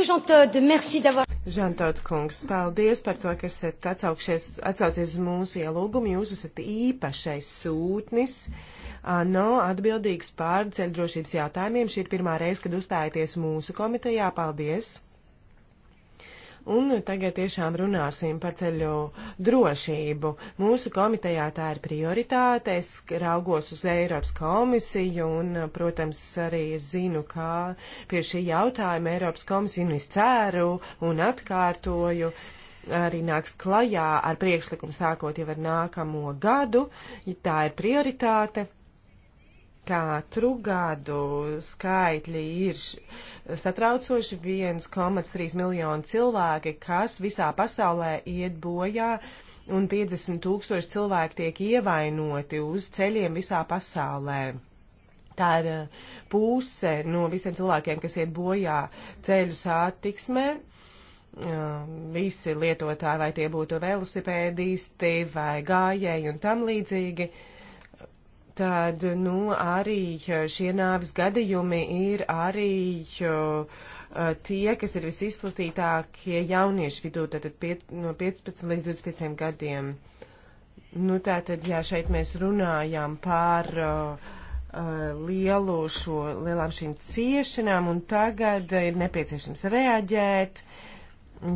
S4: Žantod, merci d'avoir. Žantod kungs, paldies par to, ka esat atsaucies uz mūsu ielūgumu. Jūs esat īpašais sūtnis. ANO atbildīgs pār ceļdrošības jautājumiem. Šī ir pirmā reize, kad uzstājaties mūsu komitejā. Paldies! Un tagad tiešām runāsim par ceļu drošību. Mūsu komitejā tā ir prioritāte. Es raugos uz Eiropas komisiju un, protams, arī zinu, kā pie šī jautājuma Eiropas komisija un es ceru un atkārtoju arī nāks klajā ar priekšlikumu sākot jau ar nākamo gadu. Tā ir prioritāte katru gadu skaitļi ir satraucoši 1,3 miljonu cilvēki, kas visā pasaulē iet bojā un 50 tūkstoši cilvēki tiek ievainoti uz ceļiem visā pasaulē. Tā ir e, puse no visiem cilvēkiem, kas iet bojā ceļu satiksmē. E, visi lietotāji, vai tie būtu velosipēdisti vai gājēji un tam līdzīgi. Uh, tad, nu, arī šie nāvis gadījumi ir arī uh, tie, kas ir visizplatītākie jauniešu vidū, tātad piet, no 15 līdz 25 gadiem. Nu, tātad, jā, šeit mēs runājām par uh, uh, lielu šo, lielām šīm ciešanām, un tagad ir nepieciešams reaģēt,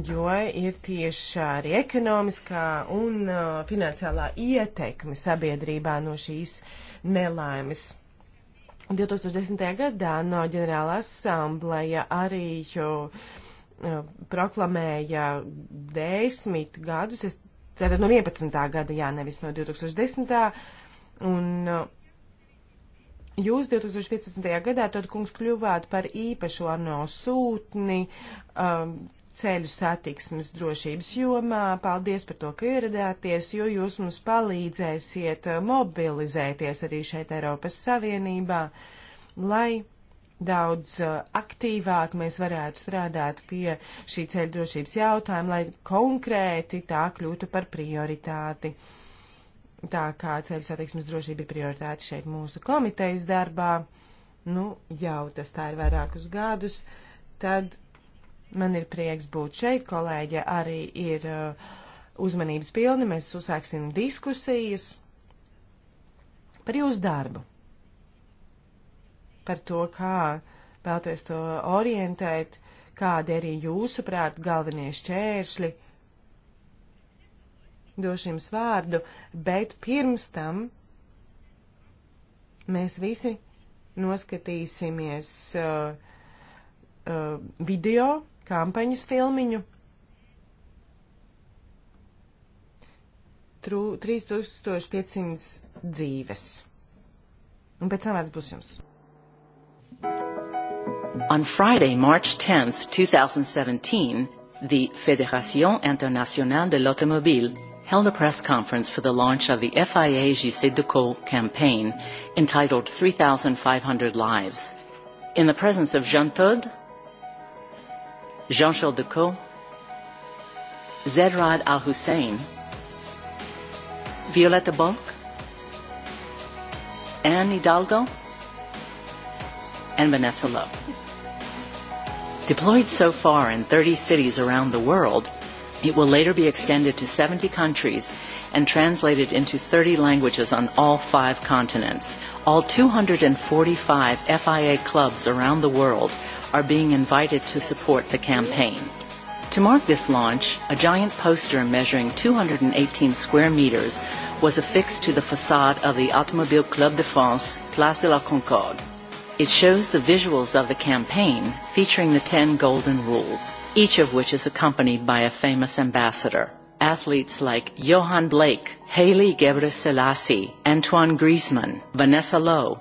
S4: jo ir tieši arī ekonomiskā un uh, finansiālā ietekme sabiedrībā no šīs uh, nelaimes. 2010. gadā no ģenerāla asambleja arī jo, e, proklamēja desmit gadus, es, tātad no 11. gada, jā, nevis no 2010. Un e, jūs 2015. gadā tad kungs kļuvāt par īpašo ANO sūtni, um, ceļu satiksmes drošības jomā. Paldies par to, ka ieradāties, jo jūs mums palīdzēsiet uh, mobilizēties arī šeit Eiropas Savienībā, lai daudz uh, aktīvāk mēs varētu strādāt pie šī ceļu drošības jautājuma, lai konkrēti tā kļūtu par prioritāti. Tā kā ceļu satiksmes drošība ir prioritāte šeit mūsu komitejas darbā, nu jau tas tā ir vairākus gadus, tad Man ir prieks būt šeit, kolēģi arī ir uh, uzmanības pilni, mēs uzsāksim diskusijas par jūsu darbu, par to, kā vēlties to orientēt, kādi arī jūsuprāt galvenie šķēršļi. Došu jums vārdu, bet pirms tam mēs visi noskatīsimies uh, uh, video kampaņas filmiņu. 3500 dzīves. Un pēc tam vairs būs
S1: jums. On Friday, March 10th, 2017, the Fédération Internationale de l'Automobile held a press conference for the launch of the FIA JC Decaux campaign entitled 3,500 Lives. In the presence of Jean Todt, Jean Charles Decaux, Zedrad Al Hussein, Violetta Bulk, Anne Hidalgo, and Vanessa Lowe. Deployed so far in 30 cities around the world, it will later be extended to 70 countries and translated into 30 languages on all five continents. All 245 FIA clubs around the world are being invited to support the campaign. To mark this launch, a giant poster measuring 218 square meters was affixed to the facade of the Automobile Club de France, Place de la Concorde. It shows the visuals of the campaign featuring the 10 golden rules, each of which is accompanied by a famous ambassador. Athletes like Johan Blake, Haley Gebre Selassie, Antoine Griezmann, Vanessa Lowe,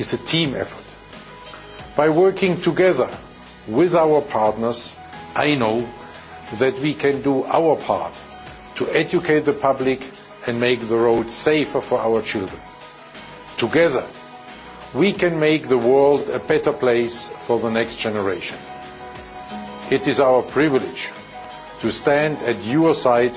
S4: is a team effort. By working together with our partners, I know that we can do our part to educate the public and make the
S3: roads safer for our children. Together, we can make the
S4: world a better place for the next generation. It is our privilege to stand at your side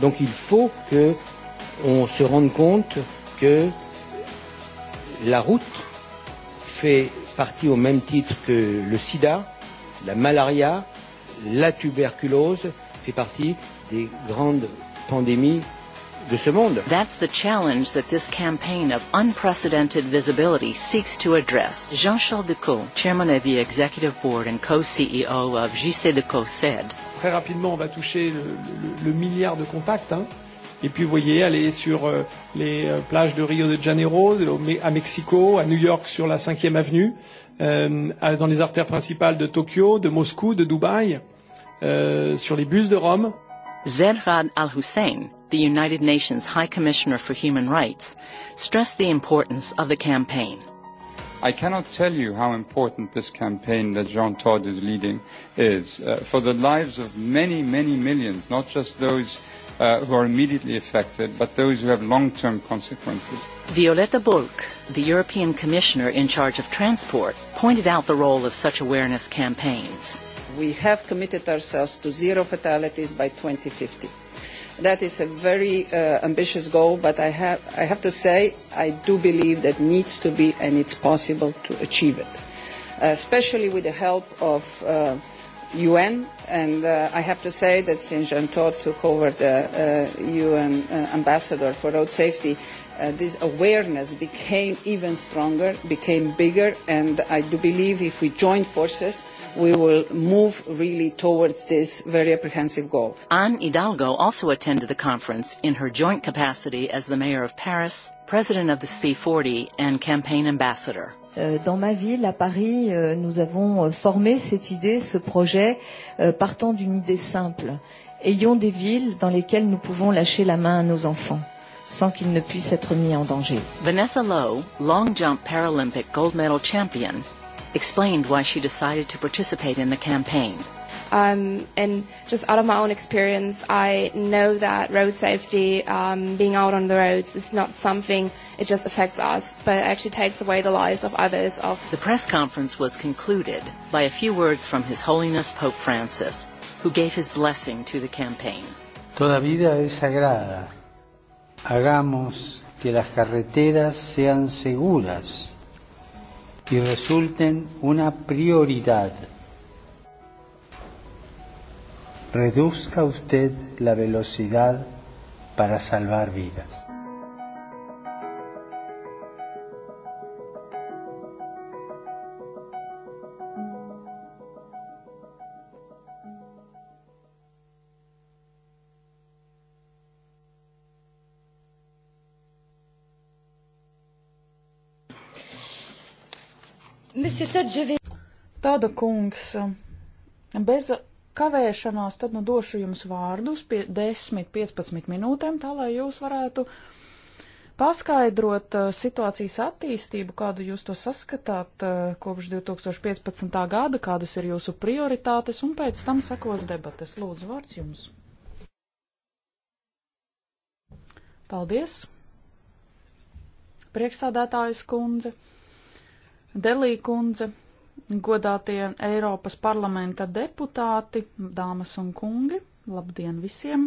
S4: Donc il faut que on se rende compte que la route fait
S1: partie au même titre que le sida, la malaria, la tuberculose fait partie des grandes pandémies de ce monde. That's the challenge that this campaign of unprecedented visibility seeks to address. Jean-Charles Decaux, chairman of the executive board and co-CEO of JC Decaux said. Très rapidement, on va toucher le, le, le milliard de contacts. Hein. Et puis vous voyez, aller sur euh, les euh, plages de Rio de Janeiro, de, à Mexico, à New York sur la 5e avenue, euh, à, dans les artères principales de Tokyo, de Moscou, de Dubaï, euh, sur les bus de Rome. Zerhad Al-Hussein, the United Nations High Commissioner for Human Rights, stressed the importance of the campaign. I cannot tell you how important this campaign that Jean Todt is leading is uh, for the lives of many, many millions, not just those uh, who are immediately affected, but those who have long-term consequences. Violeta Bulk, the European Commissioner in charge of transport, pointed out the role of such awareness campaigns.
S3: We have committed ourselves to zero
S2: fatalities by 2050 that is a very uh, ambitious goal, but I have, I have to say I do believe that needs to be and it's possible to achieve it, uh, especially with the help of uh, UN, and uh, I have to say that since Jean Todt took over the uh, UN uh, ambassador for road safety, uh, this awareness became even stronger, became bigger, and I do believe if we join forces, we will move really towards this very
S1: apprehensive goal. Anne Hidalgo also attended the conference in her joint capacity as the mayor of Paris, president of the C40, and campaign ambassador.
S3: Euh, dans ma ville, à
S1: Paris, euh, nous avons euh, formé cette idée, ce projet, partant d'une idée simple. Ayons des villes dans lesquelles nous pouvons lâcher la main à nos enfants sans qu'ils ne puissent être mis en danger. Vanessa Lowe, long jump Paralympic gold medal champion, explained why she decided to participate in the campaign. Um, and just
S2: out of my own experience, I know that road safety, um, being out on the roads, is not something it just affects us, but it actually takes away the lives of others. Of the
S1: press conference was concluded by a few words from His Holiness Pope Francis, who gave his blessing to the campaign.
S2: Toda vida es sagrada. Hagamos que las carreteras sean seguras y resulten una prioridad
S4: reduzca usted la velocidad para salvar vidas.
S2: Tāda kungs, bez kavēšanās, tad nu došu jums vārdus pie 10-15 minūtēm, tā lai jūs varētu paskaidrot eh, situācijas attīstību, kādu jūs to saskatāt eh, kopš 2015. gada, kādas ir jūsu prioritātes, un pēc tam sekos debates. Lūdzu, vārds jums. Paldies! Priekšsādātājas kundze, Delī kundze, godātie Eiropas parlamenta deputāti, dāmas un kungi, labdien visiem!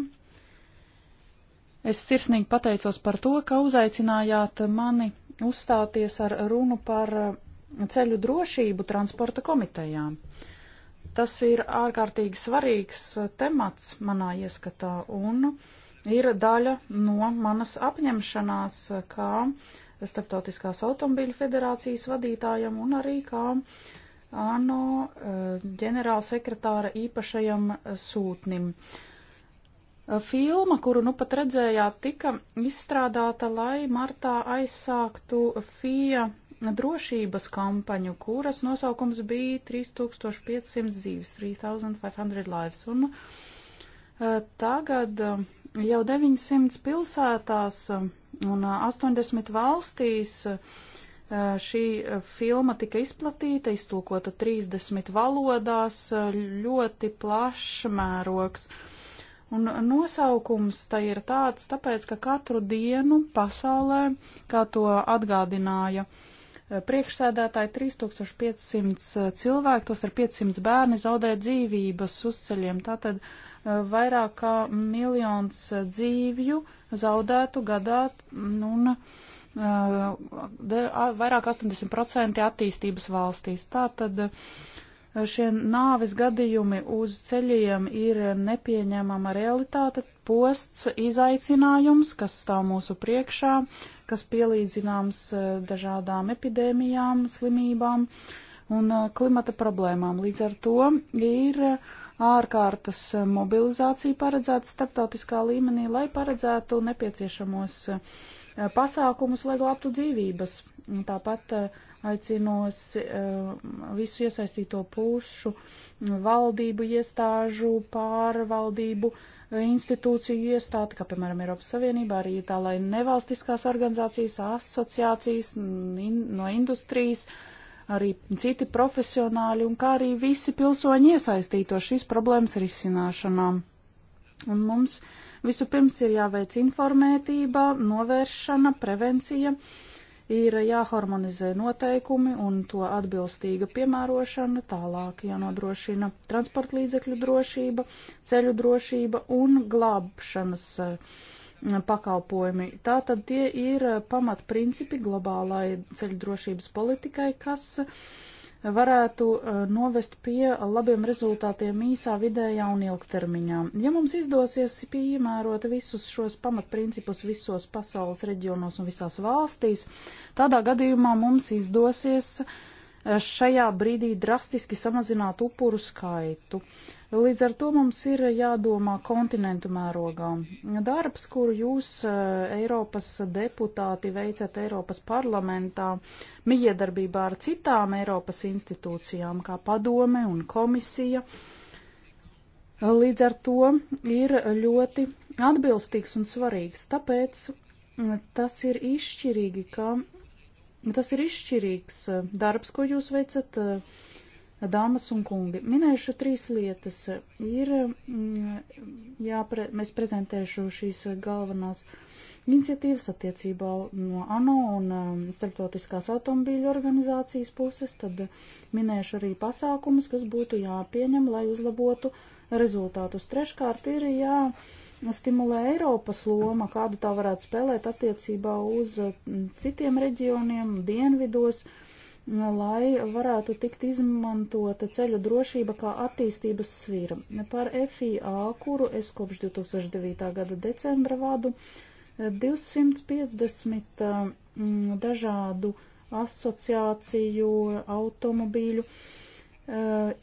S2: Es sirsnīgi pateicos par to, ka uzaicinājāt mani uzstāties ar runu par ceļu drošību transporta komitejām. Tas ir ārkārtīgi svarīgs temats manā ieskatā un ir daļa no manas apņemšanās, kā uh, Starptautiskās automobīļu federācijas vadītājam un arī kā ANO eh, ģenerālsekretāra īpašajam eh, sūtnim. Eh, filma, kuru nu pat redzējāt, tika izstrādāta, lai martā aizsāktu FIA drošības kampaņu, kuras nosaukums bija 3500 dzīves, 3500 lives. Un uh, tagad uh, jau 900 pilsētās uh, Un 80 valstīs šī filma tika izplatīta, iztulkota 30 valodās, ļoti plašs mērogs. Un nosaukums tai ir tāds, tāpēc, ka katru dienu pasaulē, kā to atgādināja priekšsēdētāji, 3500 cilvēki, tos ar 500 bērni zaudē dzīvības uzceļiem. Tātad uh, vairāk kā miljons dzīvju zaudētu gadā nu, un uh, vairāk 80% attīstības valstīs. Tātad uh, šie nāves gadījumi uz ceļiem ir nepieņemama realitāte, posts, izaicinājums, kas stāv mūsu priekšā, kas pielīdzināms uh, dažādām epidēmijām, slimībām un klimata problēmām. Līdz ar to ir uh, ārkārtas eh, mobilizācija paredzēta starptautiskā līmenī, lai paredzētu nepieciešamos eh, pasākumus, lai glābtu dzīvības. Tāpat eh, aicinos visu iesaistīto pušu, mm, valdību iestāžu, pārvaldību, institūciju iestādi, kā piemēram Eiropas Savienībā, arī tā, lai nevalstiskās organizācijas, asociācijas mm, no industrijas, uh, arī citi profesionāļi un kā arī visi pilsoņi iesaistīto šīs problēmas risināšanā. Un mums vispirms ir jāveic informētība, novēršana, prevencija, ir jāharmonizē noteikumi un to atbilstīga piemērošana, tālāk jānodrošina transportlīdzekļu drošība, ceļu drošība un glābšanas uh, Mm, pakalpojumi. Tātad tie ir eh, pamatprincipi globālai ceļu drošības politikai, kas varētu eh, novest pie labiem rezultātiem īsā, vidējā un ilgtermiņā. Ja mums izdosies piemērot visus šos pamatprincipus visos pasaules reģionos un visās valstīs, tādā gadījumā mums izdosies uh, šajā brīdī drastiski samazināt upuru skaitu. Līdz ar to mums ir jādomā kontinentu mērogā. Darbs, kuru jūs eh, Eiropas deputāti veicat Eiropas parlamentā, mijiedarbībā ar citām Eiropas institūcijām, kā padome un komisija, līdz ar to ir ļoti atbilstīgs un svarīgs. Tāpēc mm, tas ir izšķirīgi, ka Tas ir izšķirīgs eh, darbs, ko jūs veicat, eh, dāmas un kungi. Minēšu trīs lietas. Ir, mm, jāpre, mēs prezentēšu šīs galvenās iniciatīvas attiecībā no ANO un eh, starptautiskās automobīļu organizācijas puses, tad minēšu arī pasākumus, kas būtu jāpieņem, lai uzlabotu rezultātus. Treškārt ir jā Nu, stimulē Eiropas loma, kādu tā varētu spēlēt attiecībā uz mm, citiem reģioniem, dienvidos, mm, lai varētu tikt izmantota ceļu drošība kā attīstības svīra. Par FIA, kuru es kopš 2009. gada decembra vadu, 250 eh, eh, mm, dažādu asociāciju automobīļu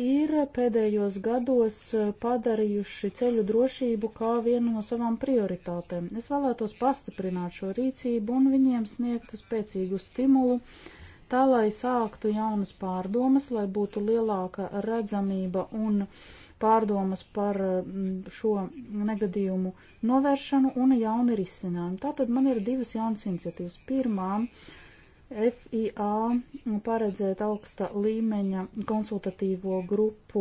S2: ir pēdējos gados padarījuši ceļu drošību kā vienu no savām prioritātēm. Es vēlētos pastiprināt šo rīcību un viņiem sniegt spēcīgu stimulu, tā lai sāktu jaunas pārdomas, lai būtu lielāka redzamība un pārdomas par šo negadījumu novēršanu un jauni risinājumi. Tātad man ir divas jaunas iniciatīvas. Pirmām FIA paredzēt augsta līmeņa konsultatīvo grupu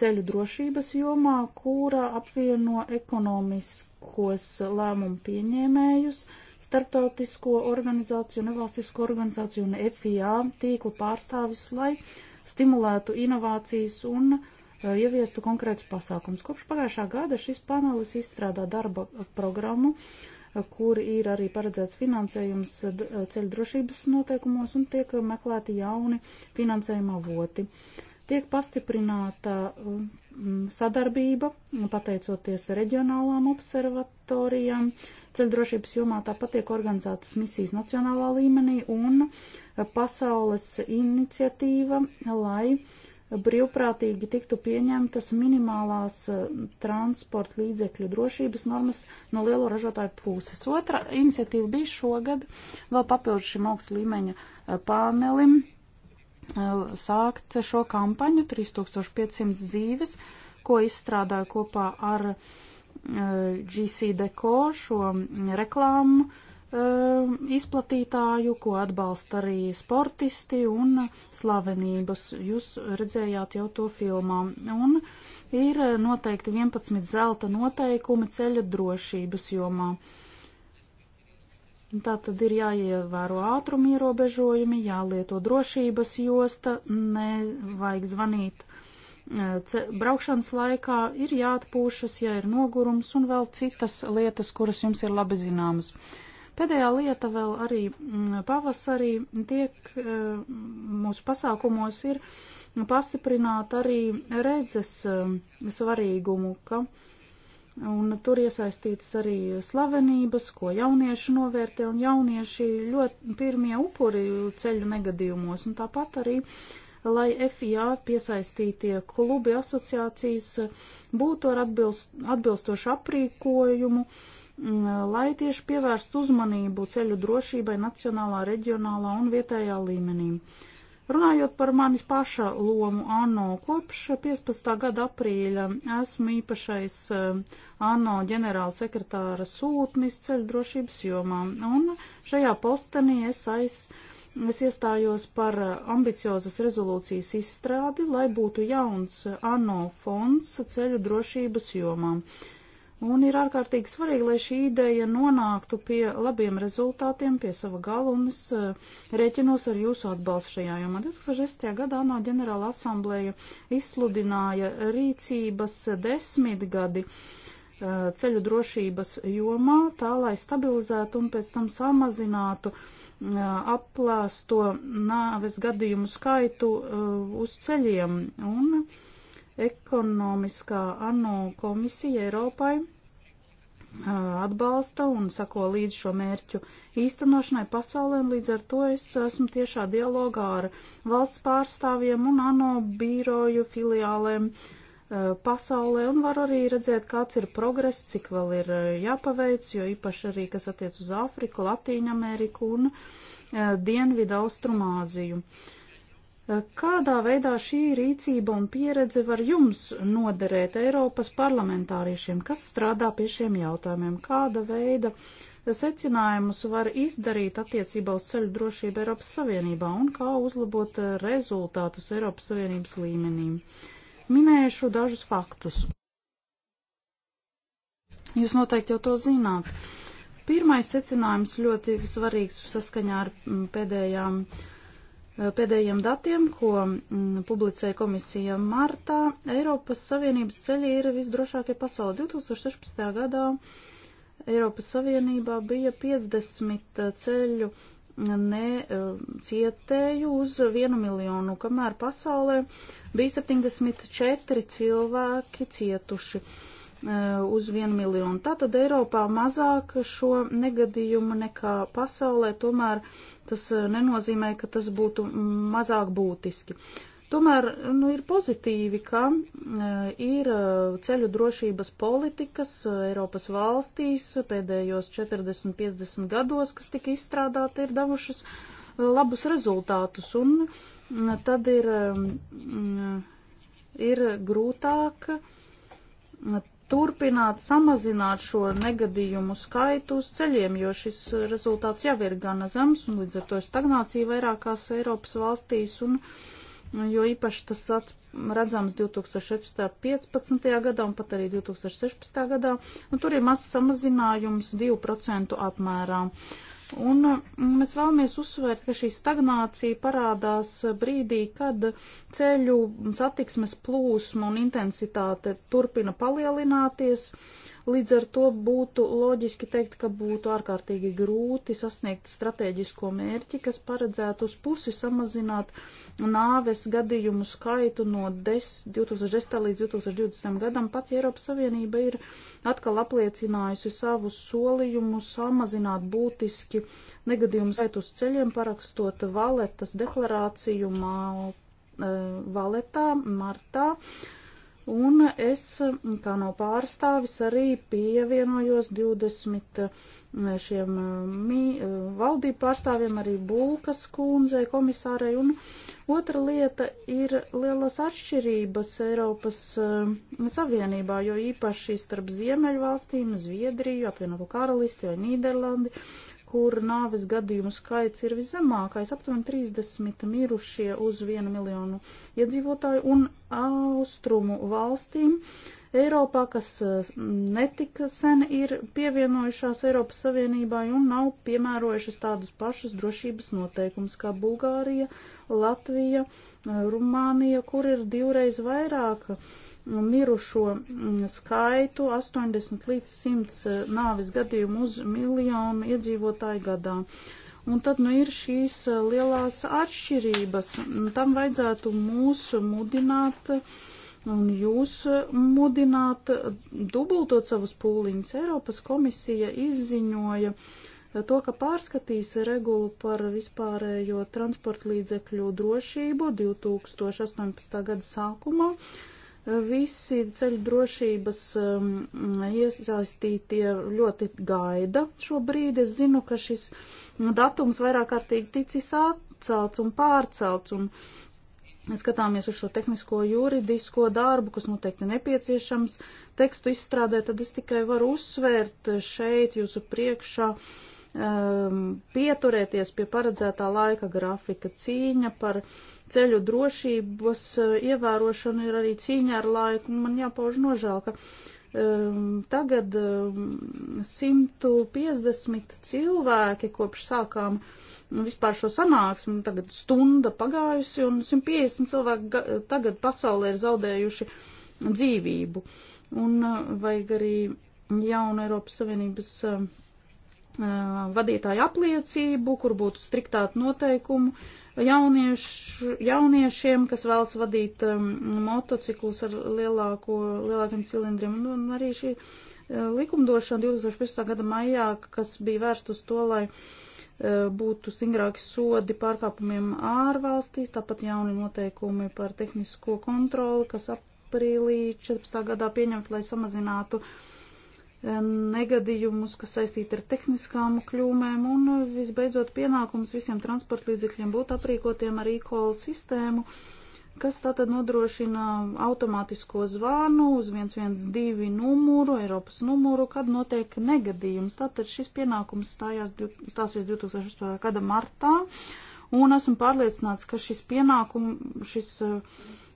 S2: ceļu drošības jomā, kura apvieno ekonomiskos lēmumu pieņēmējus, starptautisko organizāciju, nevalstisko organizāciju un FIA tīklu pārstāvis, lai stimulētu inovācijas un e, ieviestu konkrētus pasākums. Kopš pagājušā gada šis panelis izstrādā darba programmu, uh, kur ir arī paredzēts finansējums eh, ceļu drošības noteikumos un tiek meklēti jauni finansējuma avoti. Tiek pastiprināta um, mm, sadarbība, pateicoties reģionālām observatorijām, ceļdrošības jomā tāpat tiek organizētas misijas nacionālā līmenī un eh, pasaules iniciatīva, lai uh, brīvprātīgi tiktu pieņemtas minimālās eh, transporta līdzekļu drošības normas no lielo ražotāju puses. Otra iniciatīva bija šogad, vēl papildus šim augsta līmeņa eh, panelim, eh, sākt šo kampaņu 3500 dzīves, ko izstrādāja kopā ar GC Deco šo mm, reklāmu Um, izplatītāju, ko atbalsta arī sportisti un slavenības. Jūs redzējāt jau to filmā. Un ir noteikti 11 zelta noteikumi ceļa drošības jomā. Tā tad ir jāievēro ātruma ierobežojumi, jālieto drošības josta, nevajag zvanīt uh, braukšanas laikā ir jāatpūšas, ja ir nogurums un vēl citas lietas, kuras jums ir labi zināmas. Pēdējā lieta vēl arī mm, pavasarī tiek eh, mūsu pasākumos ir pastiprināt arī redzes eh, svarīgumu, ka un tur iesaistītas arī slavenības, ko jaunieši novērtē, un jaunieši ļoti pirmie upuri ceļu negadījumos, un tāpat arī lai FIA piesaistītie klubi asociācijas būtu ar atbilst, atbilstošu aprīkojumu, uh, Mm, lai tieši pievērstu uzmanību ceļu drošībai nacionālā, reģionālā un vietējā līmenī. Runājot par manis paša lomu ANO, kopš 15. gada aprīļa esmu īpašais eh, ANO ģenerāla sekretāra sūtnis ceļu drošības jomā, un šajā postenī es aiz. Es iestājos par eh, ambiciozas rezolūcijas izstrādi, lai būtu jauns ANO fonds ceļu drošības jomām. Un ir ārkārtīgi svarīgi, lai šī ideja nonāktu pie labiem rezultātiem, pie sava gala, un es uh, rēķinos ar jūsu atbalstu šajā jomā. 2006. gadā ANO ģenerāla asamblēja izsludināja rīcības desmitgadi uh, ceļu drošības jomā, tā lai stabilizētu un pēc tam samazinātu uh, aplēsto nāves gadījumu skaitu uz ceļiem. Un, uh, ekonomiskā ANO komisija Eiropai atbalsta un sako līdz šo mērķu īstenošanai pasaulē, un līdz ar to es esmu tiešā dialogā ar valsts pārstāvjiem un ANO bīroju filiālēm pasaulē, un var arī redzēt, kāds ir progress, cik vēl ir jāpaveic, jo īpaši arī, kas attiec uz Āfriku, Latīņu Ameriku un Dienvidu Austrumāziju. Uh, Kādā veidā šī rīcība un pieredze var jums noderēt Eiropas parlamentāriešiem, kas strādā pie šiem jautājumiem? Kāda veida secinājumus var izdarīt attiecībā uz ceļu drošību Eiropas Savienībā un kā uzlabot rezultātus Eiropas Savienības līmenī? Minēšu dažus faktus. Jūs noteikti jau to zināt. Pirmais secinājums ļoti svarīgs saskaņā ar pēdējām uh, Eh, pēdējiem datiem, ko mm, publicēja komisija martā, Eiropas Savienības ceļi ir visdrošākie pasaulē. 2016. gadā Eiropas Savienībā bija 50 eh, ceļu necietēju eh, uz 1 miljonu, kamēr pasaulē bija 74 cilvēki cietuši. Uh, Uh, uz 1 miljonu. Tātad Eiropā mazāk šo negadījumu nekā pasaulē, tomēr tas uh, nenozīmē, ka tas būtu mazāk būtiski. Tomēr nu, ir pozitīvi, ka uh, ir ceļu drošības politikas Eiropas valstīs pēdējos 40-50 gados, kas tika izstrādāti, ir devušas labus rezultātus. Un mm, tad ir, um, mm, ir grūtāk mm, turpināt samazināt šo negadījumu skaitu uz ceļiem, jo šis rezultāts jau ir gana zems un līdz ar to ir stagnācija vairākās Eiropas valstīs un jo īpaši tas redzams 2015. gadā un pat arī 2016. gadā, un tur ir mazs samazinājums 2% apmērā. Uh, Un mm, mēs vēlamies uzsvērt, ka šī stagnācija parādās brīdī, kad ceļu satiksmes plūsma un intensitāte turpina palielināties, Līdz ar to būtu loģiski teikt, ka būtu ārkārtīgi grūti sasniegt strateģisko mērķi, kas paredzētu uz pusi samazināt nāves gadījumu skaitu no 10, 2010. līdz 2020. gadam, pat ja Eiropas Savienība ir atkal apliecinājusi savu solījumu samazināt būtiski negadījumu skaitu uz ceļiem, parakstot valetas deklarāciju mā, eh, valetā martā. Uh, Un es, kā no pārstāvis, arī pievienojos 20 eh, šiem eh, eh, valdību pārstāvjiem, arī Bulkas kundzei, komisārei. Un otra lieta ir lielas atšķirības Eiropas Savienībā, jo īpaši starp Ziemeļvalstīm, Zviedriju, apvienoto karalisti vai Nīderlandi. Uh, kur nāves gadījumu skaits ir viszemākais - aptuveni 30 mirušie uz 1 miljonu iedzīvotāju, un austrumu valstīm Eiropā, kas eh, netika sen ir pievienojušās Eiropas Savienībai un nav piemērojušas tādus pašus drošības noteikumus kā Bulgārija, Latvija, eh, Rumānija, kur ir divreiz vairāk uh, mirušo mm, skaitu 80 līdz 100 eh, nāvis gadījumu uz miljonu iedzīvotāju gadā. Un tad nu ir šīs eh, lielās atšķirības. Nu, tam vajadzētu mūs mudināt un jūs eh, mudināt dubultot savus pūliņus. Eiropas komisija izziņoja to, ka pārskatīs regulu par vispārējo transportlīdzekļu drošību 2018. gada sākumā Visi ceļu drošības um, iesaistītie ļoti gaida šo brīdi. Es zinu, ka šis datums vairāk kārtīgi ticis atcelts un pārcelts, un skatāmies uz šo tehnisko juridisko darbu, kas noteikti nepieciešams tekstu izstrādē, tad es tikai varu uzsvērt šeit jūsu priekšā um, pieturēties pie paredzētā laika grafika cīņa par ceļu drošības eh, ievērošana ir arī cīņa ar laiku, un man jāpauž nožēl, ka um, tagad um, ehm, 150 cilvēki kopš sākām nu, vispār šo sanāksmi, tagad stunda pagājusi, un 150 cilvēki tagad pasaulē ir zaudējuši dzīvību. Un uh, vajag arī jaunu Eiropas Savienības. Uh, vadītāju apliecību, kur būtu striktāk noteikumu, uh, Jaunieš, jauniešiem, kas vēlas vadīt um, motociklus ar lielāko, lielākiem cilindriem, un, nu, un arī šī uh, likumdošana 2015. gada maijā, kas bija vērst uz to, lai uh, būtu stingrāki sodi pārkāpumiem ārvalstīs, tāpat jauni noteikumi par tehnisko kontroli, kas aprīlī 14. gadā pieņemt, lai samazinātu uh, Um, negadījumus, kas saistīti ar tehniskām kļūmēm, un uh, visbeidzot pienākums visiem transportlīdzekļiem būt aprīkotiem ar e-call sistēmu, kas tātad nodrošina automātisko zvānu uz 112 numuru, Eiropas numuru, kad notiek negadījums. Tātad šis pienākums stājās, stāsies 2008. gada martā, un esmu pārliecināts, ka šis pienākums, šis uh,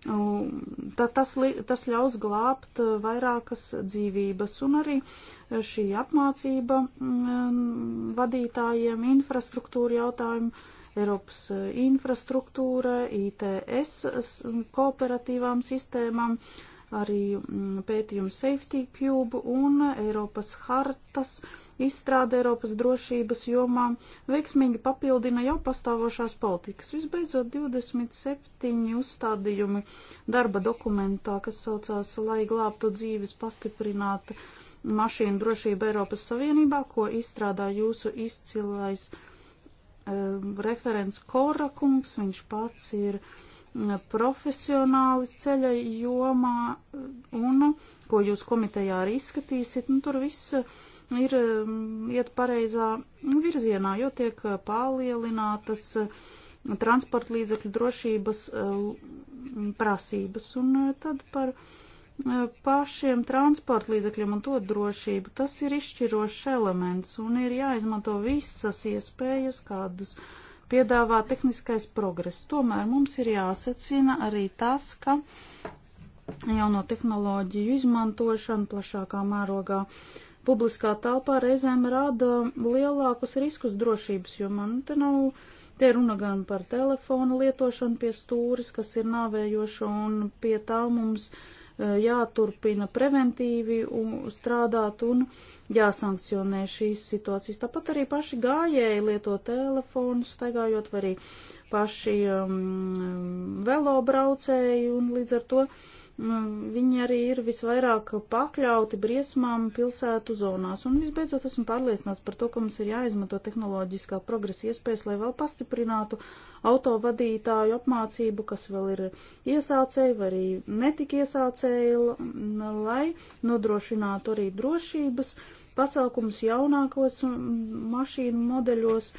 S2: Tā, tas, tas ļaus glābt uh, vairākas dzīvības un arī uh, šī apmācība mm, vadītājiem, infrastruktūra jautājumu, Eiropas uh, infrastruktūra, ITS mm, kooperatīvām sistēmām, arī mm, pētījums Safety Cube un Eiropas hartas. Uh, izstrāde Eiropas drošības jomā veiksmīgi papildina jau pastāvošās politikas. Visbeidzot, 27 uzstādījumi darba dokumentā, kas saucās, lai glābtu dzīves pastiprināta mašīnu drošība Eiropas Savienībā, ko izstrādā jūsu izcilais um, referents Kora kungs, viņš pats ir um, profesionālis ceļa jomā un, ko jūs komitejā arī izskatīsiet, nu tur viss ir mm, iet pareizā virzienā, jo tiek eh, palielinātas eh, transporta līdzekļu drošības eh, prasības. Un tad par pašiem transporta līdzekļiem un to drošību. Tas ir izšķirošs elements un ir jāizmanto visas iespējas, kādas piedāvā tehniskais progress. Tomēr mums ir jāsacina arī tas, ka jauno tehnoloģiju izmantošana plašākā mērogā publiskā telpā reizēm rada lielākus riskus drošības jomā. Nu, te nav, te runa gan par telefonu lietošanu pie stūris, kas ir nāvējoša, un pie tā mums e, jāturpina preventīvi strādāt un jāsankcionē šīs situācijas. Tāpat arī paši gājēji lieto telefonu, staigājot, vai arī paši um, velobraucēji, un līdz ar to uh, Mm, viņi arī ir visvairāk pakļauti briesmām pilsētu zonās. Un visbeidzot esmu pārliecināts par to, ka mums ir jāizmanto tehnoloģiskā progresa iespējas, lai vēl pastiprinātu autovadītāju apmācību, kas vēl ir iesācēji vai arī netik iesācēji, lai nodrošinātu arī drošības pasākums jaunākos mm, mašīnu modeļos,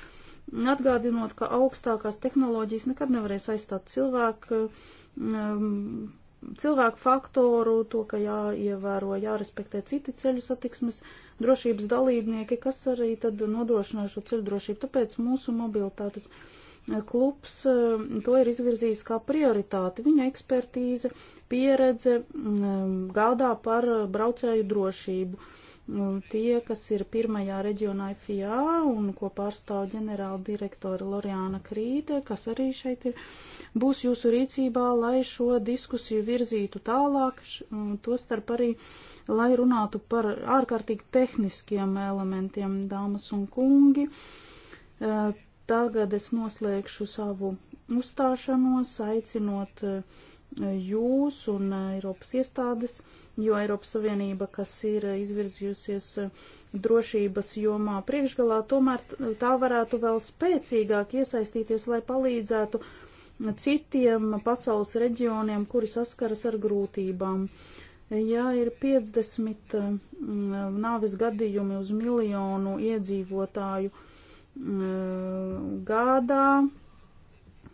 S2: atgādinot, ka augstākās tehnoloģijas nekad nevarēs aizstāt cilvēku um, cilvēku faktoru, to, ka jāievēro, jārespektē citi ceļu satiksmes drošības dalībnieki, kas arī tad nodrošināja šo ceļu drošību. Tāpēc mūsu mobilitātes eh, klubs eh, to ir izvirzījis kā prioritāti. Viņa ekspertīze, pieredze mm, eh, gādā par braucēju drošību Nu, tie, kas ir pirmajā reģionā FIA un ko pārstāv ģenerāla direktora Loriāna Krīte, kas arī šeit ir, būs jūsu rīcībā, lai šo diskusiju virzītu tālāk, tostarp arī, lai runātu par ārkārtīgi tehniskiem elementiem, dāmas un kungi. E, tagad es noslēgšu savu uzstāšanos, aicinot uh, jūs un uh, Eiropas iestādes, jo Eiropas Savienība, kas ir izvirzījusies uh, drošības jomā priekšgalā, tomēr tā varētu vēl spēcīgāk iesaistīties, lai palīdzētu citiem pasaules reģioniem, kuri saskaras ar grūtībām. Ja ir 50 uh, mm, nāves gadījumi uz miljonu iedzīvotāju mm, gadā,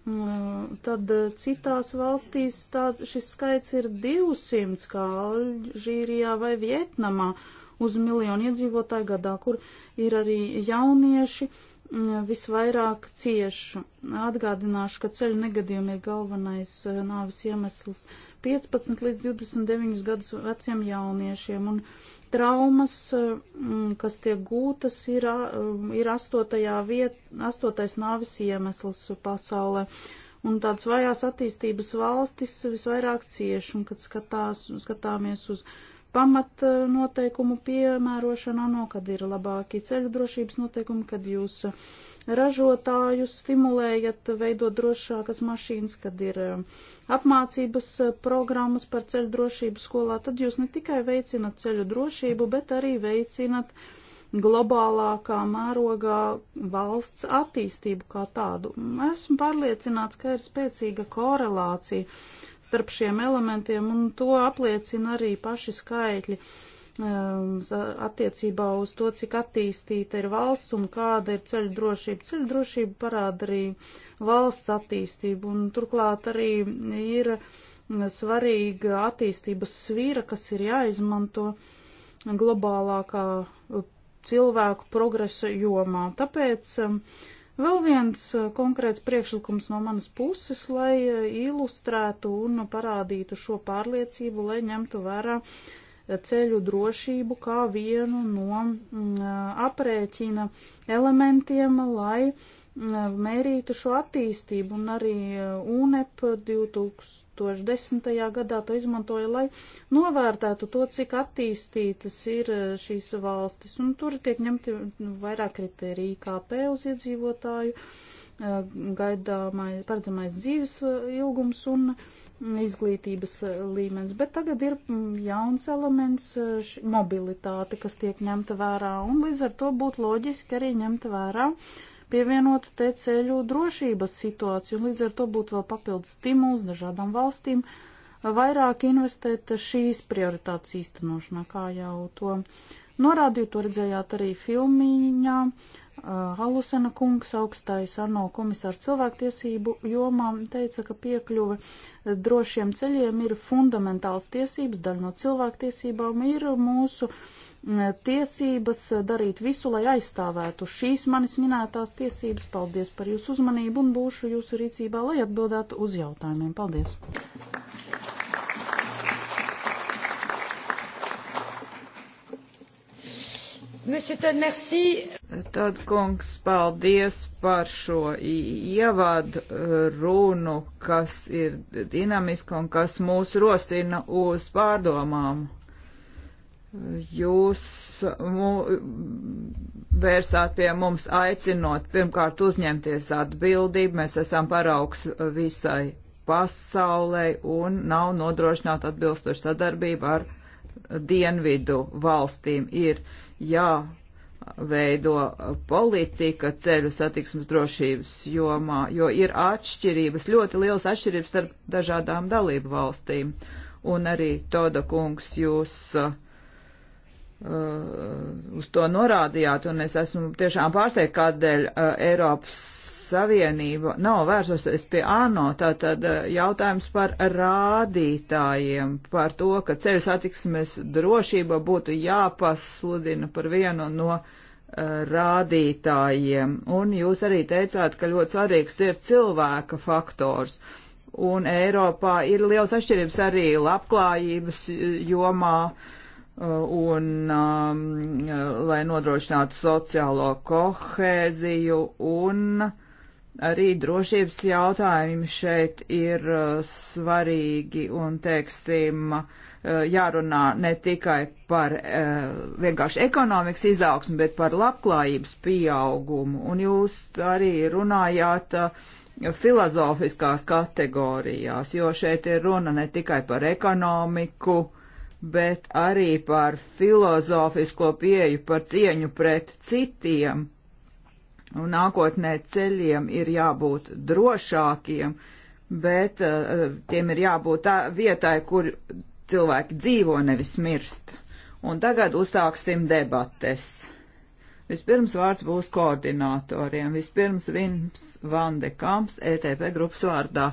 S2: Mm, tad eh, citās valstīs tā, šis skaits ir 200, kā Alžīrijā vai Vietnamā, uz miljonu iedzīvotāju gadā, kur ir arī jaunieši mm, visvairāk cieši. Atgādināšu, ka ceļu negadījumi ir galvenais eh, nāvis iemesls 15 līdz 29 gadus veciem jauniešiem, un Traumas, mm, kas tiek gūtas, ir, mm, ir astotajā viet, astotais nāvis iemesls pasaulē. Un tāds vajās attīstības valstis visvairāk cieši, un kad skatās, skatāmies uz pamatnoteikumu piemērošana, no kad ir labāki ceļu drošības noteikumi, kad jūs ražotājus stimulējat veidot drošākas mašīnas, kad ir eh, apmācības eh, programmas par ceļu drošību skolā, tad jūs ne tikai veicinat ceļu drošību, bet arī veicinat uh, globālākā mērogā valsts attīstību kā tādu. Esmu pārliecināts, ka ir spēcīga korelācija starp šiem elementiem, un to apliecina arī paši skaitļi um, attiecībā uz to, cik attīstīta ir valsts un kāda ir ceļu drošība. Ceļu drošība parāda arī valsts attīstību, un turklāt arī ir svarīga attīstības svīra, kas ir jāizmanto globālākā cilvēku progresa jomā. Tāpēc um, vēl viens uh, konkrēts priekšlikums no manas puses, lai uh, ilustrētu un parādītu šo pārliecību, lai ņemtu vērā uh, ceļu drošību kā vienu no mm, aprēķina elementiem, lai mērītu šo attīstību, un arī uh, UNEP 2010. gadā to izmantoja, lai novērtētu to, cik attīstītas ir uh, šīs valstis, un tur tiek ņemti nu, vairāk kriteriju IKP uz iedzīvotāju, uh, gaidāmais, paredzamais dzīves ilgums un mm, izglītības līmenis, bet tagad ir mm, jauns elements mobilitāte, kas tiek ņemta vērā, un līdz ar to būtu loģiski arī ņemta vērā uh, pievienota te ceļu drošības situācija, un līdz ar to būtu vēl papildus stimuls dažādām valstīm vairāk investēt šīs prioritātes īstenošanā, kā jau to norādīju, to redzējāt arī filmiņā. Uh, Halusena kungs, augstais ANO komisārs cilvēktiesību jomā, teica, ka piekļuve drošiem ceļiem ir fundamentāls tiesības, daļa no cilvēktiesībām ir mūsu uh, tiesības darīt visu, lai aizstāvētu šīs manis minētās tiesības. Paldies par jūsu uzmanību un būšu jūsu rīcībā, lai atbildētu uz jautājumiem. Paldies!
S3: Tad, kungs, paldies par šo ievadu uh, runu, kas ir dinamiska un kas mūs rosina uz pārdomām. Jūs mū, vērsāt pie mums aicinot pirmkārt uzņemties atbildību, mēs esam paraugs visai pasaulē un nav nodrošināta atbilstoša sadarbība ar dienvidu valstīm. Ir jāveido politika ceļu satiksmes drošības jomā, jo ir atšķirības, ļoti liels atšķirības starp dažādām dalību valstīm. Un arī Toda kungs jūs uh, Uh, uz to norādījāt, un es esmu tiešām pārsteigta, kādēļ uh, Eiropas Savienība nav vērsusies pie ANO. Tātad uh, jautājums par rādītājiem, par to, ka ceļu satiksmes drošība būtu jāpasludina par vienu no uh, rādītājiem. Un jūs arī teicāt, ka ļoti svarīgs ir cilvēka faktors. Un Eiropā ir liels atšķirības arī labklājības jomā. Uh, Uh, un um, uh, lai nodrošinātu sociālo kohēziju un arī drošības jautājumi šeit ir uh, svarīgi un, teiksim, jārunā ne tikai par vienkārši ekonomikas izaugsmu, bet par labklājības pieaugumu. Un jūs arī runājāt filozofiskās kategorijās, jo šeit ir runa ne tikai par ekonomiku, uh, bet arī par filozofisko pieju, par cieņu pret citiem. Un nākotnē ceļiem ir jābūt drošākiem, bet uh, tiem ir jābūt tā vietai, kur cilvēki dzīvo, nevis mirst. Un tagad uzsāksim debates. Vispirms vārds būs koordinatoriem. Vispirms Vims Vandekams, ETP grupas vārdā.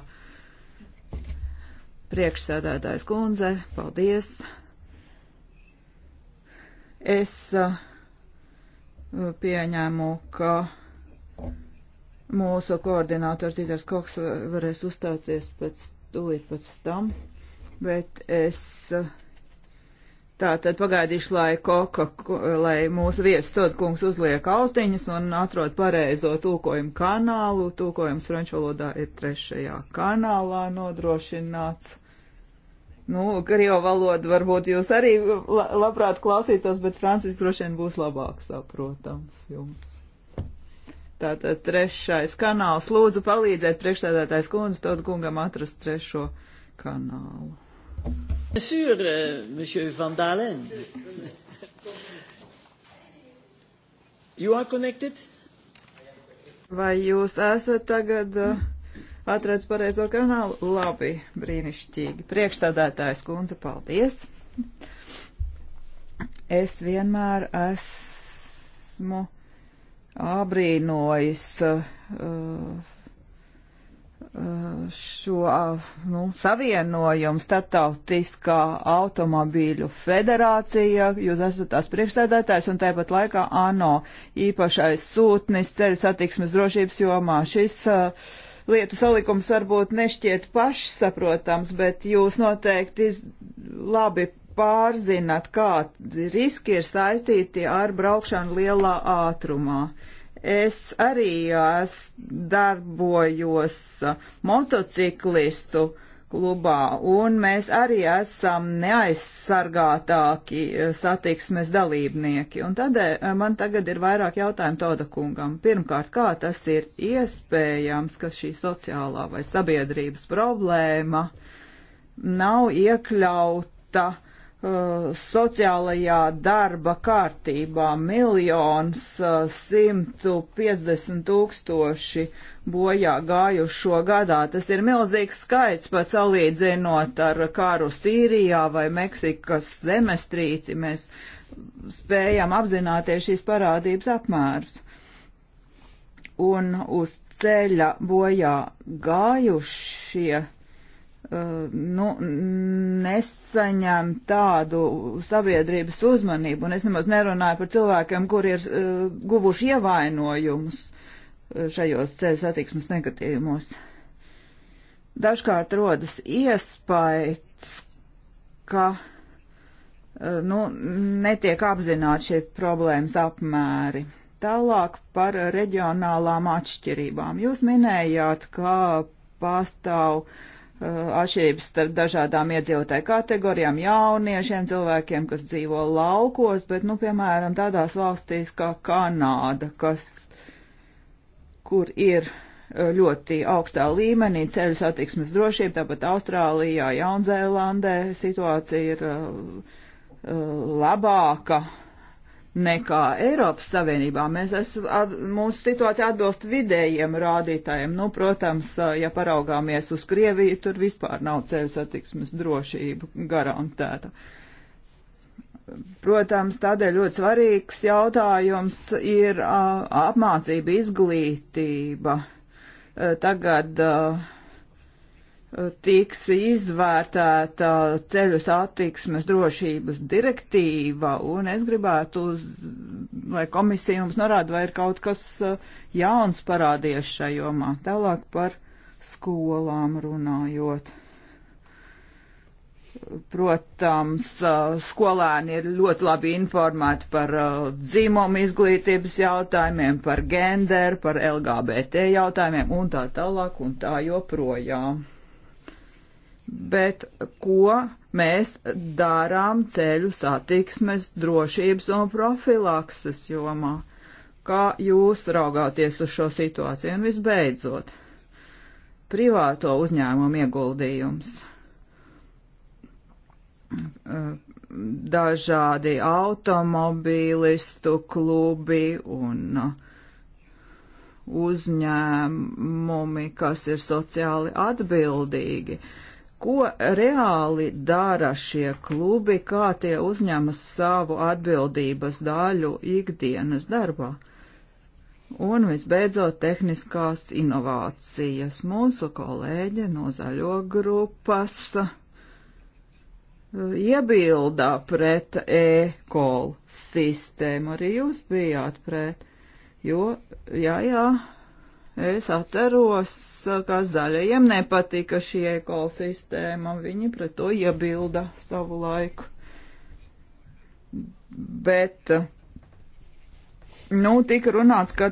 S3: Priekšsēdētājs kundze, paldies! Es uh, pieņēmu, ka mūsu koordinātors Dīters Koks varēs uzstāties pēc tūlīt pēc tam, bet es uh, tā tad pagaidīšu, lai koka, lai mūsu viesis Todkungs uzliek austiņas un atrod pareizo tulkojumu kanālu. Tulkojums franču valodā ir trešajā kanālā nodrošināts. Nu, krievu valodu varbūt jūs arī labprāt klausītos, bet francisks droši vien būs labāk saprotams jums. Tātad trešais kanāls. Lūdzu palīdzēt priekšstādātājs kundze Tod kungam atrast trešo
S1: kanālu. Bien sûr, euh, monsieur Van Dalen. you are connected? Vai
S3: jūs esat tagad? Uh, Atradz pareizo kanālu? Labi, brīnišķīgi. Priekšsādātājs kundze, paldies. Es vienmēr esmu abrīnojis uh, uh šo uh, nu, savienojumu starptautiskā automobīļu federācija, jūs esat tās priekšsēdētājs un tāpat laikā ANO īpašais sūtnis ceļu satiksmes drošības jomā. Šis uh, lietu salikums varbūt nešķiet pašsaprotams, bet jūs noteikti labi pārzināt, kādi riski ir saistīti ar braukšanu lielā ātrumā. Es arī es darbojos motociklistu uh, klubā, un mēs arī esam neaizsargātāki eh, satiksmes dalībnieki. Un tādēļ eh, man tagad ir vairāk jautājumu Toda kungam. Pirmkārt, kā tas ir iespējams, ka šī sociālā vai sabiedrības problēma nav iekļauta Uh, sociālajā darba kārtībā miljons uh, simtu piecdesmit tūkstoši bojā gājušo gadā. Tas ir milzīgs skaits, pat salīdzinot ar kāru Sīrijā vai Meksikas zemestrīci. Mēs spējam apzināties šīs parādības apmērus. Un uz ceļa bojā gājušie Uh, nu, nesaņem tādu sabiedrības uzmanību, un es nemaz nerunāju par cilvēkiem, kur ir uh, guvuši ievainojumus uh, šajos ceļu satiksmes negatījumos. Dažkārt rodas iespējas, ka uh, nu, netiek apzināti šie problēmas apmēri. Tālāk par reģionālām atšķirībām. Jūs minējāt, ka pastāv uh, Uh, atšķirības starp dažādām iedzīvotāju kategorijām, jauniešiem, cilvēkiem, kas dzīvo laukos, bet, nu, piemēram, tādās valstīs kā Kanāda, kas, kur ir uh, ļoti augstā līmenī ceļu satiksmes drošība, tāpat Austrālijā, Jaunzēlandē situācija ir uh, uh labāka nekā Eiropas Savienībā. Mēs esam, at, mūsu situācija atbilst vidējiem rādītājiem. Nu, protams, ja paraugāmies uz Krieviju, tur vispār nav ceļu satiksmes drošība garantēta. Protams, tādēļ ļoti svarīgs jautājums ir a, apmācība, izglītība. A, tagad uh, tiks izvērtēta ceļu satiksmes drošības direktīva, un es gribētu, uz, lai komisija mums norāda, vai ir kaut kas uh, jauns parādījies šajā jomā. Tālāk par skolām runājot. Protams, uh, skolēni ir ļoti labi informēti par uh, dzimumu izglītības jautājumiem, par genderu, par LGBT jautājumiem un tā tālāk un tā joprojām bet ko mēs darām ceļu satiksmes drošības un profilakses jomā? Kā jūs raugāties uz šo situāciju? Un visbeidzot, privāto uzņēmumu ieguldījums. Dažādi automobīlistu klubi un uh, uzņēmumi, kas ir sociāli atbildīgi. Uh, ko reāli dara šie klubi, kā tie uzņemas savu atbildības daļu ikdienas darbā. Un visbeidzot, tehniskās inovācijas. Mūsu kolēģe no zaļo grupas uh, iebildā pret e-kolu sistēmu. Arī jūs bijāt pret, jo, jā, jā, Es atceros, ka zaļajiem nepatika šī ekosistēma, viņi pret to iebilda savu laiku. Bet, nu, tika runāts, ka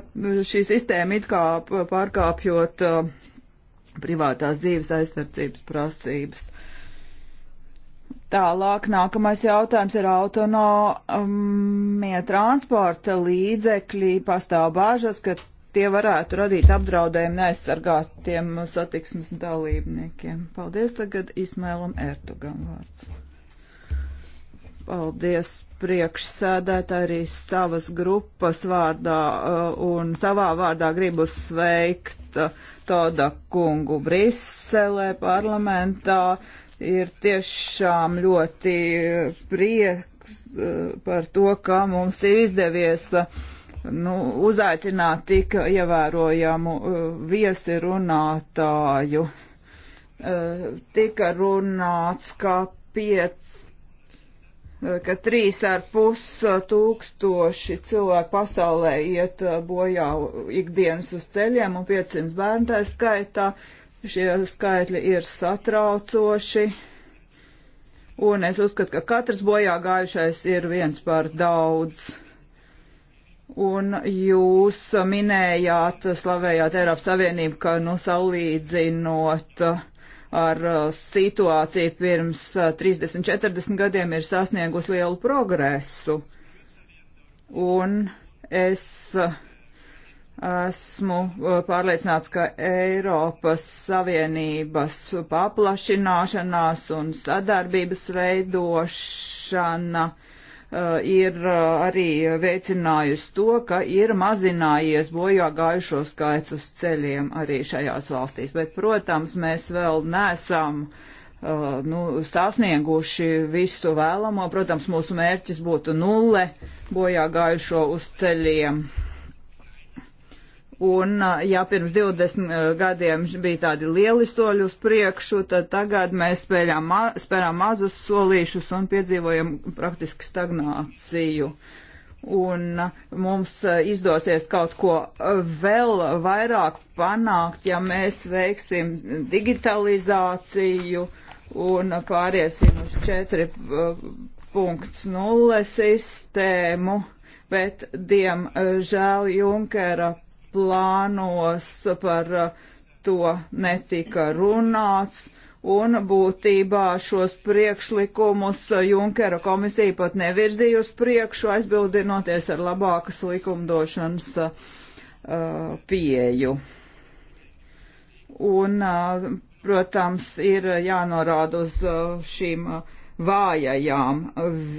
S3: šī sistēma it kā pārkāpjot uh, privātās dzīves aizsardzības prasības. Tālāk nākamais jautājums ir autonomie um, transporta līdzekļi. Pastāv bāžas, ka tie varētu radīt apdraudējumu neaizsargātiem satiksmes dalībniekiem. Paldies tagad Ismēlam Ertugam vārds. Paldies priekšsēdētāji arī savas grupas vārdā uh, un savā vārdā gribu sveikt uh, Toda kungu Briselē parlamentā. Ir tiešām ļoti prieks uh, par to, ka mums ir izdevies uh, nu, uzaicināt tik ievērojamu uh, viesi runātāju. Uh, tika runāts, ka piec uh, ka trīs ar pus tūkstoši cilvēku pasaulē iet bojā ikdienas uz ceļiem un 500 bērnu tā skaitā. Šie skaitļi ir satraucoši. Un es uzskatu, ka katrs bojā gājušais ir viens par daudz. Un jūs minējāt, slavējāt Eiropas Savienību, ka, nu, salīdzinot ar uh, situāciju pirms 30, uh, 40 gadiem ir sasniegus lielu progresu. Un es uh, esmu pārliecināts, ka Eiropas Savienības paplašināšanās un sadarbības veidošana uh, Uh, ir uh, arī veicinājusi to, ka ir mazinājies bojā gājušo skaits uz ceļiem arī šajās valstīs. Bet, protams, mēs vēl nesam uh, nu, sasnieguši visu vēlamo. Protams, mūsu mērķis būtu nulle bojā gājušo uz ceļiem. Un, ja pirms 20 gadiem bija tādi lieli soļi uz priekšu, tad tagad mēs spēļām, ma spēļām mazus solīšus un piedzīvojam praktiski stagnāciju. Un mums izdosies kaut ko vēl vairāk panākt, ja mēs veiksim digitalizāciju un pāriesim uz 4.0 sistēmu, bet, diemžēl, Junkera plānos par uh, to netika runāts, un būtībā šos priekšlikumus Junkera komisija pat nevirzīja uz priekšu, aizbildinoties ar labākas likumdošanas uh, pieju. Un, uh, protams, ir jānorāda uz uh, šīm uh, vājajām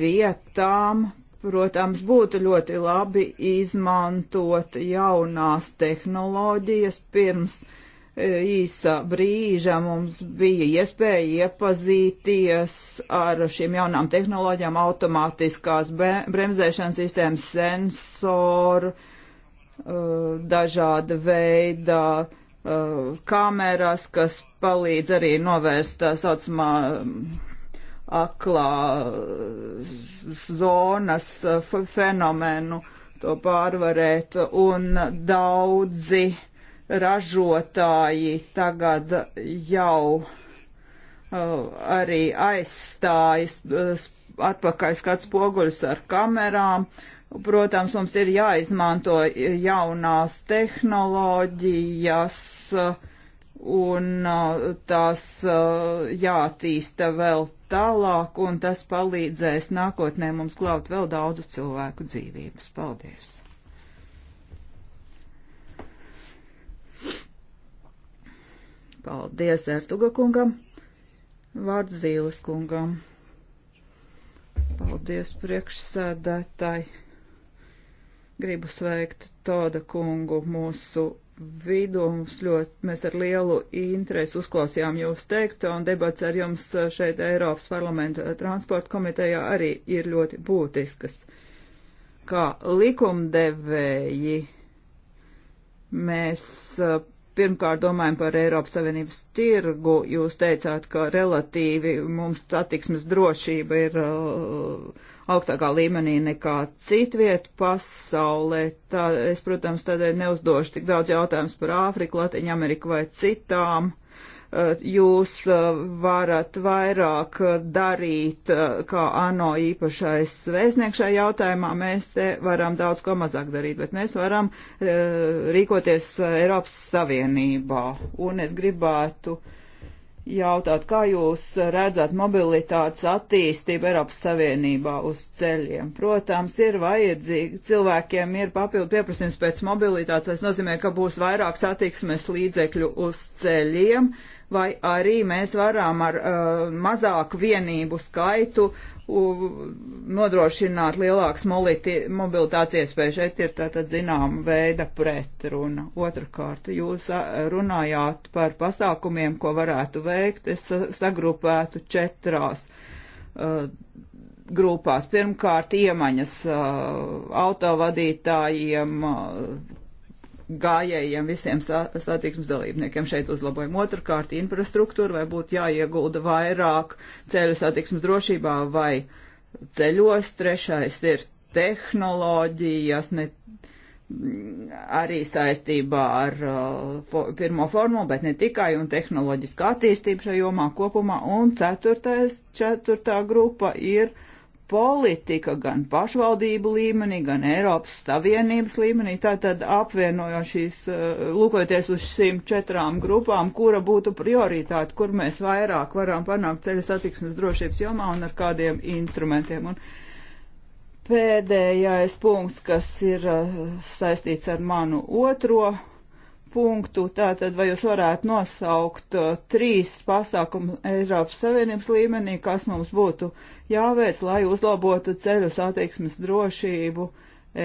S3: vietām, Protams, būtu ļoti labi izmantot jaunās tehnoloģijas. Pirms e, īsa brīža mums bija iespēja iepazīties ar šīm jaunām tehnoloģijām, automātiskās bremzēšanas sistēmas, sensoru, e, dažāda veida e, kameras, kas palīdz arī novērst tā saucamā aklā eh, zonas eh, fenomenu to pārvarēt, un daudzi ražotāji tagad jau eh, arī aizstājas atpakaļ skats poguļus ar kamerām. Protams, mums ir jāizmanto jaunās tehnoloģijas un tās jātīsta vēl tālāk, un tas palīdzēs nākotnē mums glābt vēl daudzu cilvēku dzīvības. Paldies! Paldies Ertuga kungam, vārds Zīles kungam. Paldies priekšsēdētāji. Gribu sveikt Toda kungu mūsu vidū. Mums ļoti, mēs ar lielu interesi uzklausījām jūs teikto, un debats ar jums šeit Eiropas parlamenta transporta komitejā arī ir ļoti būtiskas. Kā likumdevēji mēs pirmkārt domājam par Eiropas Savienības tirgu, jūs teicāt, ka relatīvi mums satiksmes drošība ir uh, augstākā līmenī nekā citviet pasaulē. Tā, es, protams, tādēļ neuzdošu tik daudz jautājumus par Āfriku, Latviņu, Ameriku vai citām uh, Eh, jūs eh, varat vairāk eh, darīt kā ANO īpašais vēstnieks šajā jautājumā. Mēs te varam daudz ko mazāk darīt, bet mēs varam rīkoties Eiropas Savienībā. Un es gribētu jautāt, kā jūs redzat mobilitātes attīstību Eiropas Savienībā uz ceļiem? Protams, ir vajadzīgi, cilvēkiem ir papildu pieprasījums pēc mobilitātes, tas nozīmē, ka būs vairāk satiksmes līdzekļu uz ceļiem. Uh, vai arī mēs varam ar uh, mazāku vienību skaitu uh, nodrošināt lielākas mobilitātes iespējas. Šeit ir tātad zināma veida pretruna. Otrakārt, jūs uh, runājāt par pasākumiem, ko varētu veikt. Es sagrupētu četrās. Uh, grupās. Pirmkārt, iemaņas uh, autovadītājiem, uh, gājējiem, visiem satiksmes dalībniekiem šeit uzlabojumu. Otrakārt, infrastruktūra vai būtu jāiegulda vairāk ceļu satiksmes drošībā vai ceļos. Trešais ir tehnoloģijas, ne, arī saistībā ar uh, fo, pirmo formulu, bet ne tikai, un tehnoloģiska attīstība šajā jomā kopumā. Un ceturtais, ceturtā grupa ir uh, politika gan pašvaldību līmenī, gan Eiropas Savienības līmenī, tātad apvienojot šīs, eh, lūkojoties uz šīm četrām grupām, kura būtu prioritāte, kur mēs vairāk varam panākt ceļa satiksmes drošības jomā un ar kādiem instrumentiem. Un pēdējais punkts, kas ir eh, saistīts ar manu otro punktu, tātad vai jūs varētu nosaukt uh, trīs pasākumu Eiropas Savienības līmenī, kas mums būtu jāveic, lai uzlabotu ceļu satiksmes drošību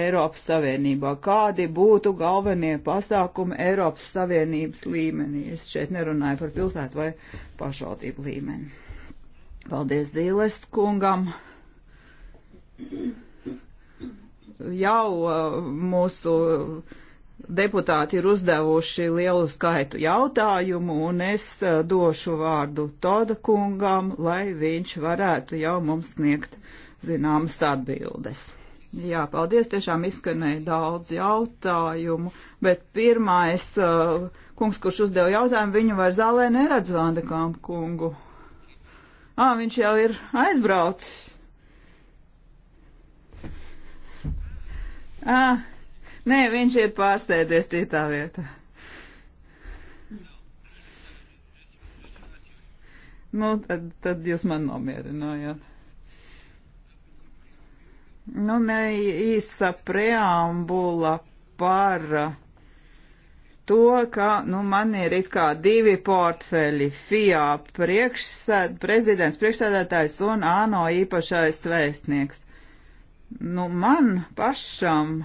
S3: Eiropas Savienībā? Kādi būtu galvenie pasākumi Eiropas Savienības līmenī? Es šeit nerunāju par pilsētu vai pašvaldību līmeni. Paldies Zīles kungam. Jau uh, mūsu uh, deputāti ir uzdevuši lielu skaitu jautājumu, un es eh, došu vārdu Toda kungam, lai viņš varētu jau mums sniegt zināmas atbildes. Jā, paldies, tiešām izskanēja daudz jautājumu, bet pirmais eh, kungs, kurš uzdeva jautājumu, viņu vairs zālē neredz Vandekām kungu. Ā, viņš jau ir aizbraucis. Ā, Nē, viņš ir pārstēdies citā vietā. Nu, tad, tad jūs man nomierinājāt. Nu, ne īsa preambula par to, ka nu, man ir it kā divi portfeļi - FIA priekšsēd, prezidents priekšsēdētājs un ANO īpašais vēstnieks. Nu, man pašam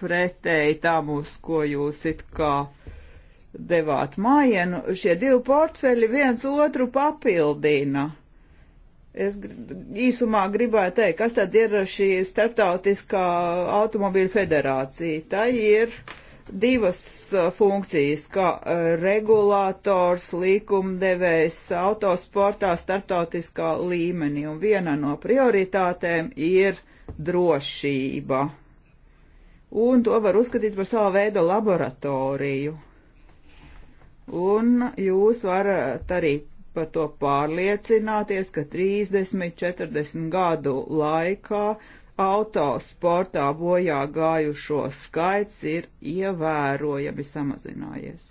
S3: pretēji tam, uz ko jūs it kā devāt mājienu. Šie divi portfeļi viens otru papildina. Es īsumā gribēju teikt, kas tad ir šī starptautiskā automobīļa federācija. Tā ir divas uh, funkcijas, kā uh, regulators, likumdevējs autosportā starptautiskā līmenī, un viena no prioritātēm ir drošība un to var uzskatīt par savu veidu laboratoriju. Un jūs varat arī par to pārliecināties, ka 30, 40 gadu laikā autosportā bojā gājušo skaits ir ievērojami samazinājies.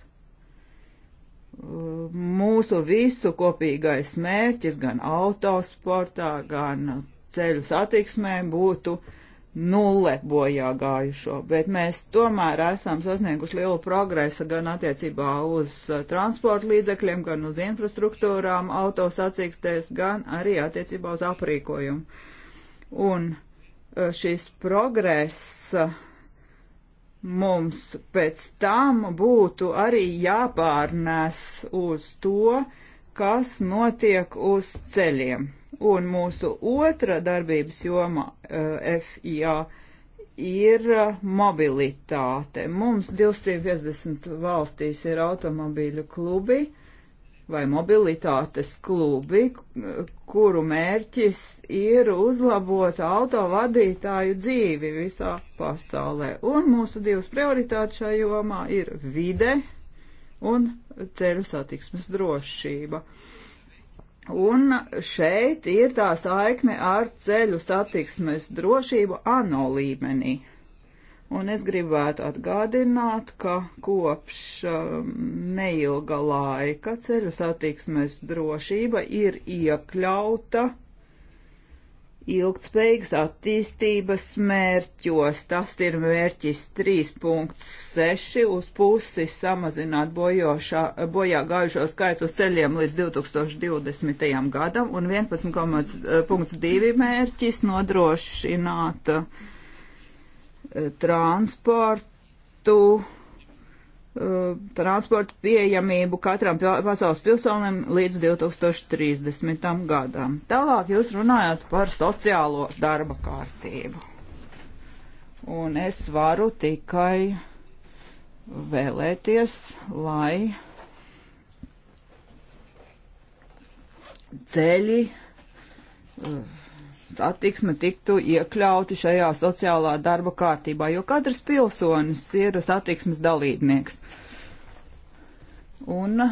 S3: Mūsu visu kopīgais mērķis gan autosportā, gan ceļu satiksmē būtu uh, nulle bojā gājušo, bet mēs tomēr esam sasnieguši lielu progresu gan attiecībā uz uh, transporta līdzekļiem, gan uz infrastruktūrām, autosacīkstēs, gan arī attiecībā uz aprīkojumu. Un uh, šis progress uh, mums pēc tam būtu arī jāpārnēs uz to, kas notiek uz ceļiem Un mūsu otra darbības joma eh, FIA ir eh, mobilitāte. Mums 250 valstīs ir automobīļu klubi vai mobilitātes klubi, eh, kuru mērķis ir uzlabot autovadītāju dzīvi visā pasaulē. Un mūsu divas prioritātes šajā jomā ir vide un ceļu satiksmes drošība. Uh, Un šeit ir tā saikne ar ceļu satiksmes drošību ANO līmenī. Un es gribētu atgādināt, ka kopš um, neilga laika ceļu satiksmes drošība ir iekļauta ilgtspējīgas attīstības mērķos. Tas ir mērķis 3.6 uz pusi samazināt bojošā, bojā gājušo skaitu ceļiem līdz 2020. gadam un 11.2 eh, mērķis nodrošināt eh, transportu transporta pieejamību katram pasaules pilsonim līdz 2030. gadam. Tālāk jūs runājat par sociālo darba kārtību. Un es varu tikai vēlēties, lai ceļi uh, attieksme tiktu iekļauti šajā sociālā darba kārtībā, jo katrs pilsonis ir attieksmes dalībnieks. Un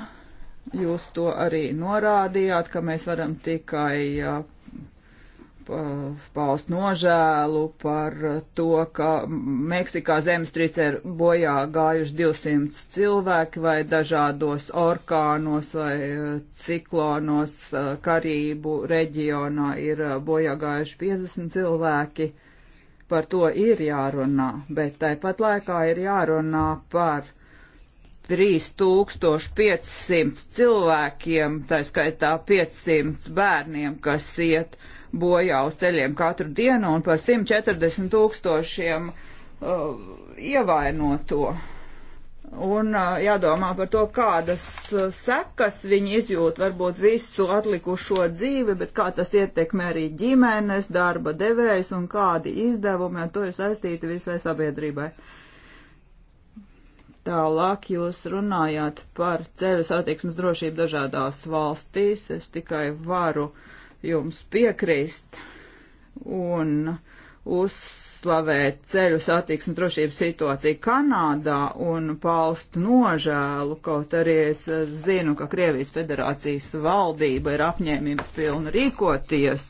S3: jūs to arī norādījāt, ka mēs varam tikai paust eh, nožēlu par to, ka Meksikā zemestrīce ir bojā gājuši 200 cilvēki vai dažādos orkānos vai eh, ciklonos eh, Karību reģionā ir bojā gājuši 50 cilvēki. Par to ir jārunā, bet tāpat laikā ir jārunā par 3500 cilvēkiem, tā skaitā 500 bērniem, kas iet uh, bojā uz ceļiem katru dienu un par 140 tūkstošiem uh, ievainoto. Un uh, jādomā par to, kādas uh, sekas viņi izjūt varbūt visu atlikušo dzīvi, bet kā tas ietekmē arī ģimenes, darba devējs un kādi izdevumi ar to ir saistīti visai sabiedrībai. Tālāk jūs runājāt par ceļu satiksmes drošību dažādās valstīs. Es tikai varu uh, jums piekrīst un uzslavēt ceļu satiksmu drošības situāciju Kanādā un paust nožēlu, kaut arī es zinu, ka Krievijas federācijas valdība ir apņēmības pilna rīkoties.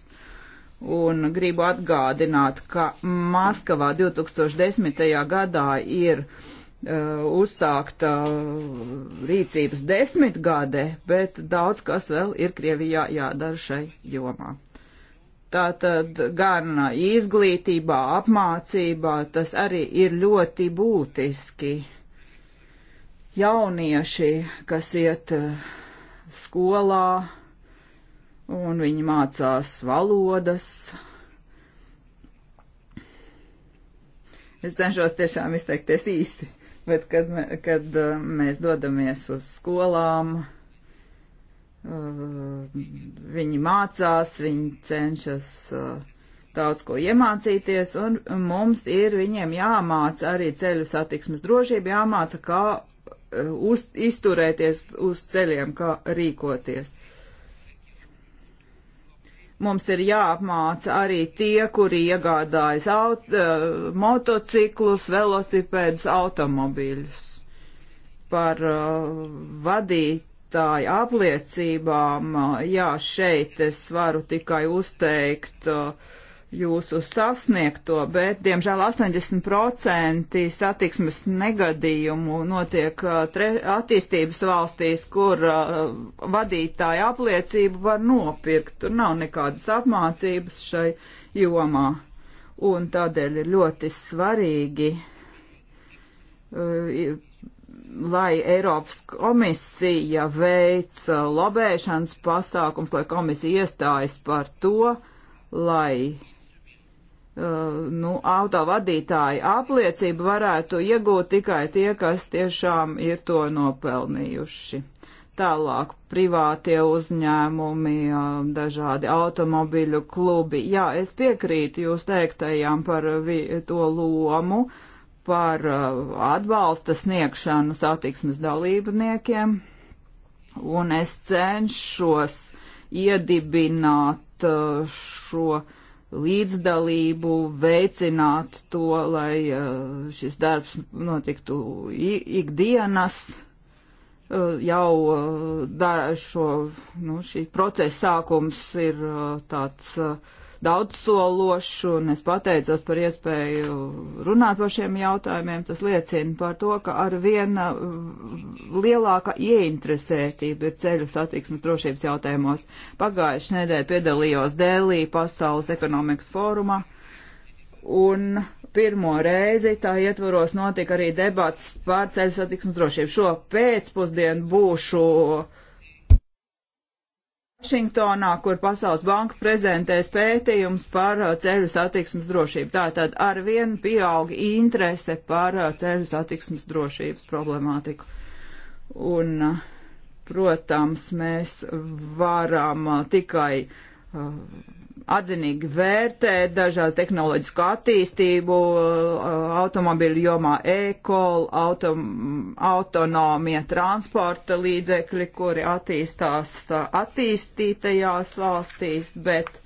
S3: Un gribu atgādināt, ka Maskavā 2010. gadā ir uh, Eh, uzsākta eh, rīcības desmitgadē, bet daudz kas vēl ir Krievijā jādara šai jomā. Tātad gan izglītībā, apmācībā tas arī ir ļoti būtiski. Jaunieši, kas iet eh, skolā un viņi mācās valodas, es cenšos tiešām izteikties īsti bet kad, kad uh, mēs dodamies uz skolām, uh, viņi mācās, viņi cenšas uh, daudz ko iemācīties, un mums ir viņiem jāmāca arī ceļu satiksmes drošība, jāmāca, kā uz, izturēties uz ceļiem, kā rīkoties. Uh, Mums ir jāapmāca arī tie, kuri iegādājas aut, uh, motociklus, velosipēdus, automobīļus par uh, vadītāju apliecībām. Uh, jā, šeit es varu tikai uzteikt uh, jūsu sasniegto, bet, diemžēl, 80% satiksmes negadījumu notiek uh, tre, attīstības valstīs, kur uh, vadītāja apliecību var nopirkt. Tur nav nekādas apmācības šai jomā. Un tādēļ ir ļoti svarīgi, uh, lai Eiropas komisija veic uh, lobēšanas pasākums, lai komisija iestājas par to, lai uh, Eh, nu, autovadītāja apliecību varētu iegūt tikai tie, kas tiešām ir to nopelnījuši. Tālāk privātie uzņēmumi, eh, dažādi automobiļu klubi. Jā, es piekrītu jūs teiktajām par to lomu, par eh, atbalsta sniegšanu satiksmes dalībniekiem, un es cenšos iedibināt šo uh, līdzdalību, veicināt to, lai eh, šis darbs notiktu ikdienas eh, jau eh, šo, nu, šī procesa sākums ir tāds uh, daudzsološu, un es pateicos par iespēju runāt par šiem jautājumiem. Tas liecina par to, ka ar viena uh, lielāka ieinteresētība ir ceļu satiksmes drošības jautājumos. Pagājuši nedēļ piedalījos Dēlī Pasaules ekonomikas fórumā, un pirmo reizi tā ietvaros notika arī debats par ceļu satiksmes drošību. Šo pēcpusdienu būšu uh, Vašingtonā, kur Pasaules banka prezentēs pētījums par uh, ceļu satiksmes drošību. Tātad ar vienu pieaug interese par uh, ceļu satiksmes drošības problemātiku. Un, uh, protams, mēs varam tikai uh, atzinīgi vērtē dažās tehnoloģisku attīstību uh, automobīļu jomā e-call, autom, autonomija, transporta līdzekļi, kuri attīstās uh, attīstītajās valstīs, bet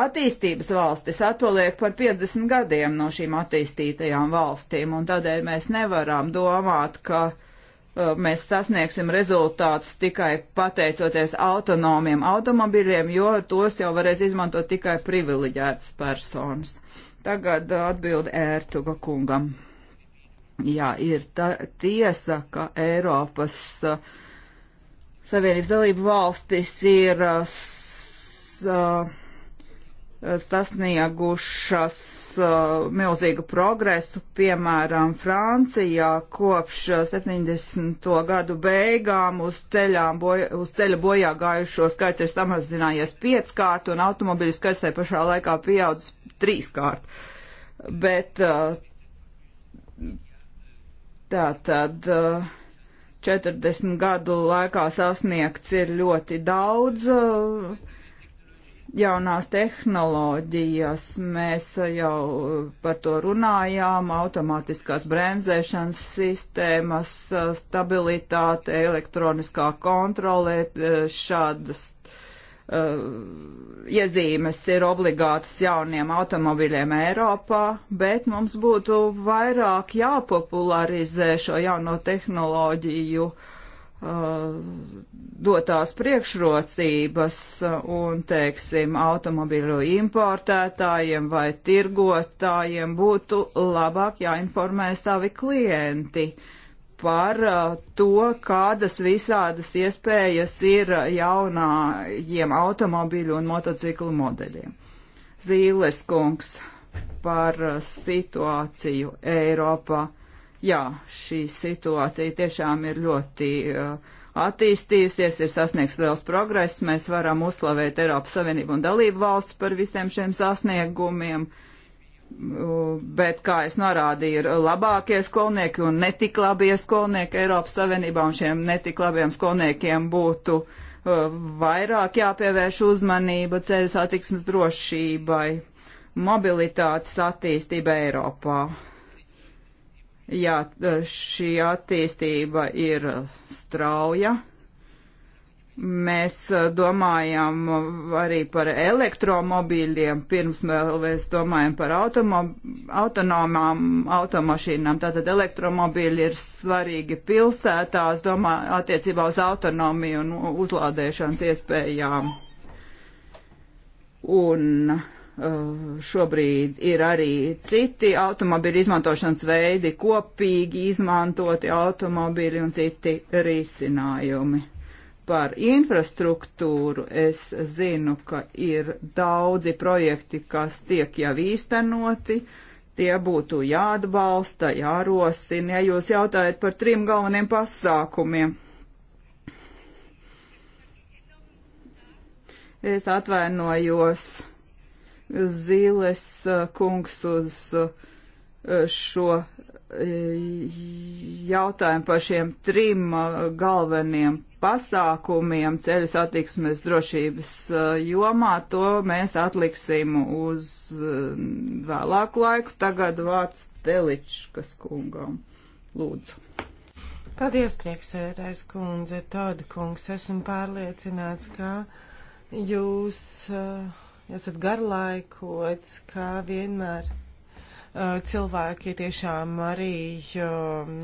S3: attīstības valstis atpaliek par 50 gadiem no šīm attīstītajām valstīm, un tādēļ mēs nevaram domāt, ka uh, Uh, mēs sasniegsim rezultātus tikai pateicoties autonomiem automobiļiem, jo tos jau varēs izmantot tikai privileģētas personas. Tagad uh, atbildi ērtuga kungam. Jā, ir ta, tiesa, ka Eiropas uh, Savienības dalību valstis ir uh, uh sasniegušas uh, milzīgu progresu, piemēram, Francijā kopš 70. gadu beigām uz, boja, uz ceļa bojā gājušo skaits ir samazinājies pieckārt un automobiļu skaits tajā pašā laikā pieaudzis trīskārt. Bet uh, tā tad. Uh, 40 gadu laikā sasniegts ir ļoti daudz, uh, jaunās tehnoloģijas. Mēs jau par to runājām, automātiskās bremzēšanas sistēmas, stabilitāte, elektroniskā kontrolē, šādas uh, iezīmes ir obligātas jauniem automobiļiem Eiropā, bet mums būtu vairāk jāpopularizē šo jauno tehnoloģiju uh, Uh, dotās priekšrocības uh, un, teiksim, automobīļu importētājiem vai tirgotājiem būtu labāk jāinformē savi klienti par uh, to, kādas visādas iespējas ir jaunājiem automobīļu un motociklu modeļiem. Zīles kungs par situāciju Eiropā Jā, šī situācija tiešām ir ļoti uh, attīstījusies, ir sasniegts liels progress, mēs varam uzslavēt Eiropas Savienību un dalību valsts par visiem šiem sasniegumiem, uh, bet, kā es norādīju, ir labākie skolnieki un netik labie skolnieki Eiropas Savienībā, un šiem netik labiem skolniekiem būtu uh, vairāk jāpievērš uzmanība ceļu satiksmes drošībai, mobilitātes attīstībai Eiropā. Jā, šī attīstība ir strauja. Mēs eh, domājam arī par elektromobīļiem, pirms mēs domājam par automo, autonomām automašīnām. Tātad elektromobīļi ir svarīgi pilsētās, domā, attiecībā uz autonomiju un uzlādēšanas iespējām. Un, uh, Eh, šobrīd ir arī citi automobīļu izmantošanas veidi, kopīgi izmantoti automobīļi un citi risinājumi. Par infrastruktūru es zinu, ka ir daudzi projekti, kas tiek jau īstenoti, tie būtu jāatbalsta, jārosina, ja jūs jautājat par trim galveniem pasākumiem. Es atvainojos Zīles kungs uz šo jautājumu par šiem trim galveniem pasākumiem ceļu satiksmes drošības jomā, to mēs atliksim uz vēlāku laiku. Tagad vārds Teličkas kungam. Lūdzu.
S4: Paldies, priekšsēdētājs kundze, Toda kungs. Esmu pārliecināts, ka jūs. Uh, esat garlaikots, kā vienmēr uh, cilvēki tiešām arī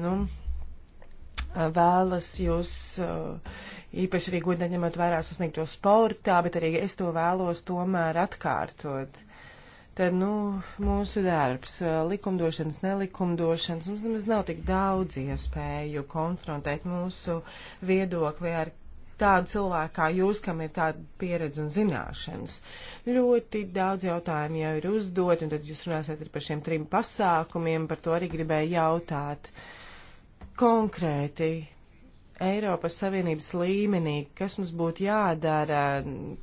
S4: nu, uh, vēlas jūs uh, īpaši arī godīgi ņemot vērā sasniegto sportā, bet arī es to vēlos tomēr atkārtot. Tad, nu, mūsu darbs, likumdošanas, nelikumdošanas, mums nemaz nav tik daudz iespēju konfrontēt mūsu viedokli ar tādu cilvēku kā jūs, kam ir tāda pieredze un zināšanas. Ļoti daudz jautājumu jau ir uzdot, un tad jūs runāsiet par šiem trim pasākumiem, par to arī gribēju jautāt konkrēti, Eiropas Savienības līmenī, kas mums būtu jādara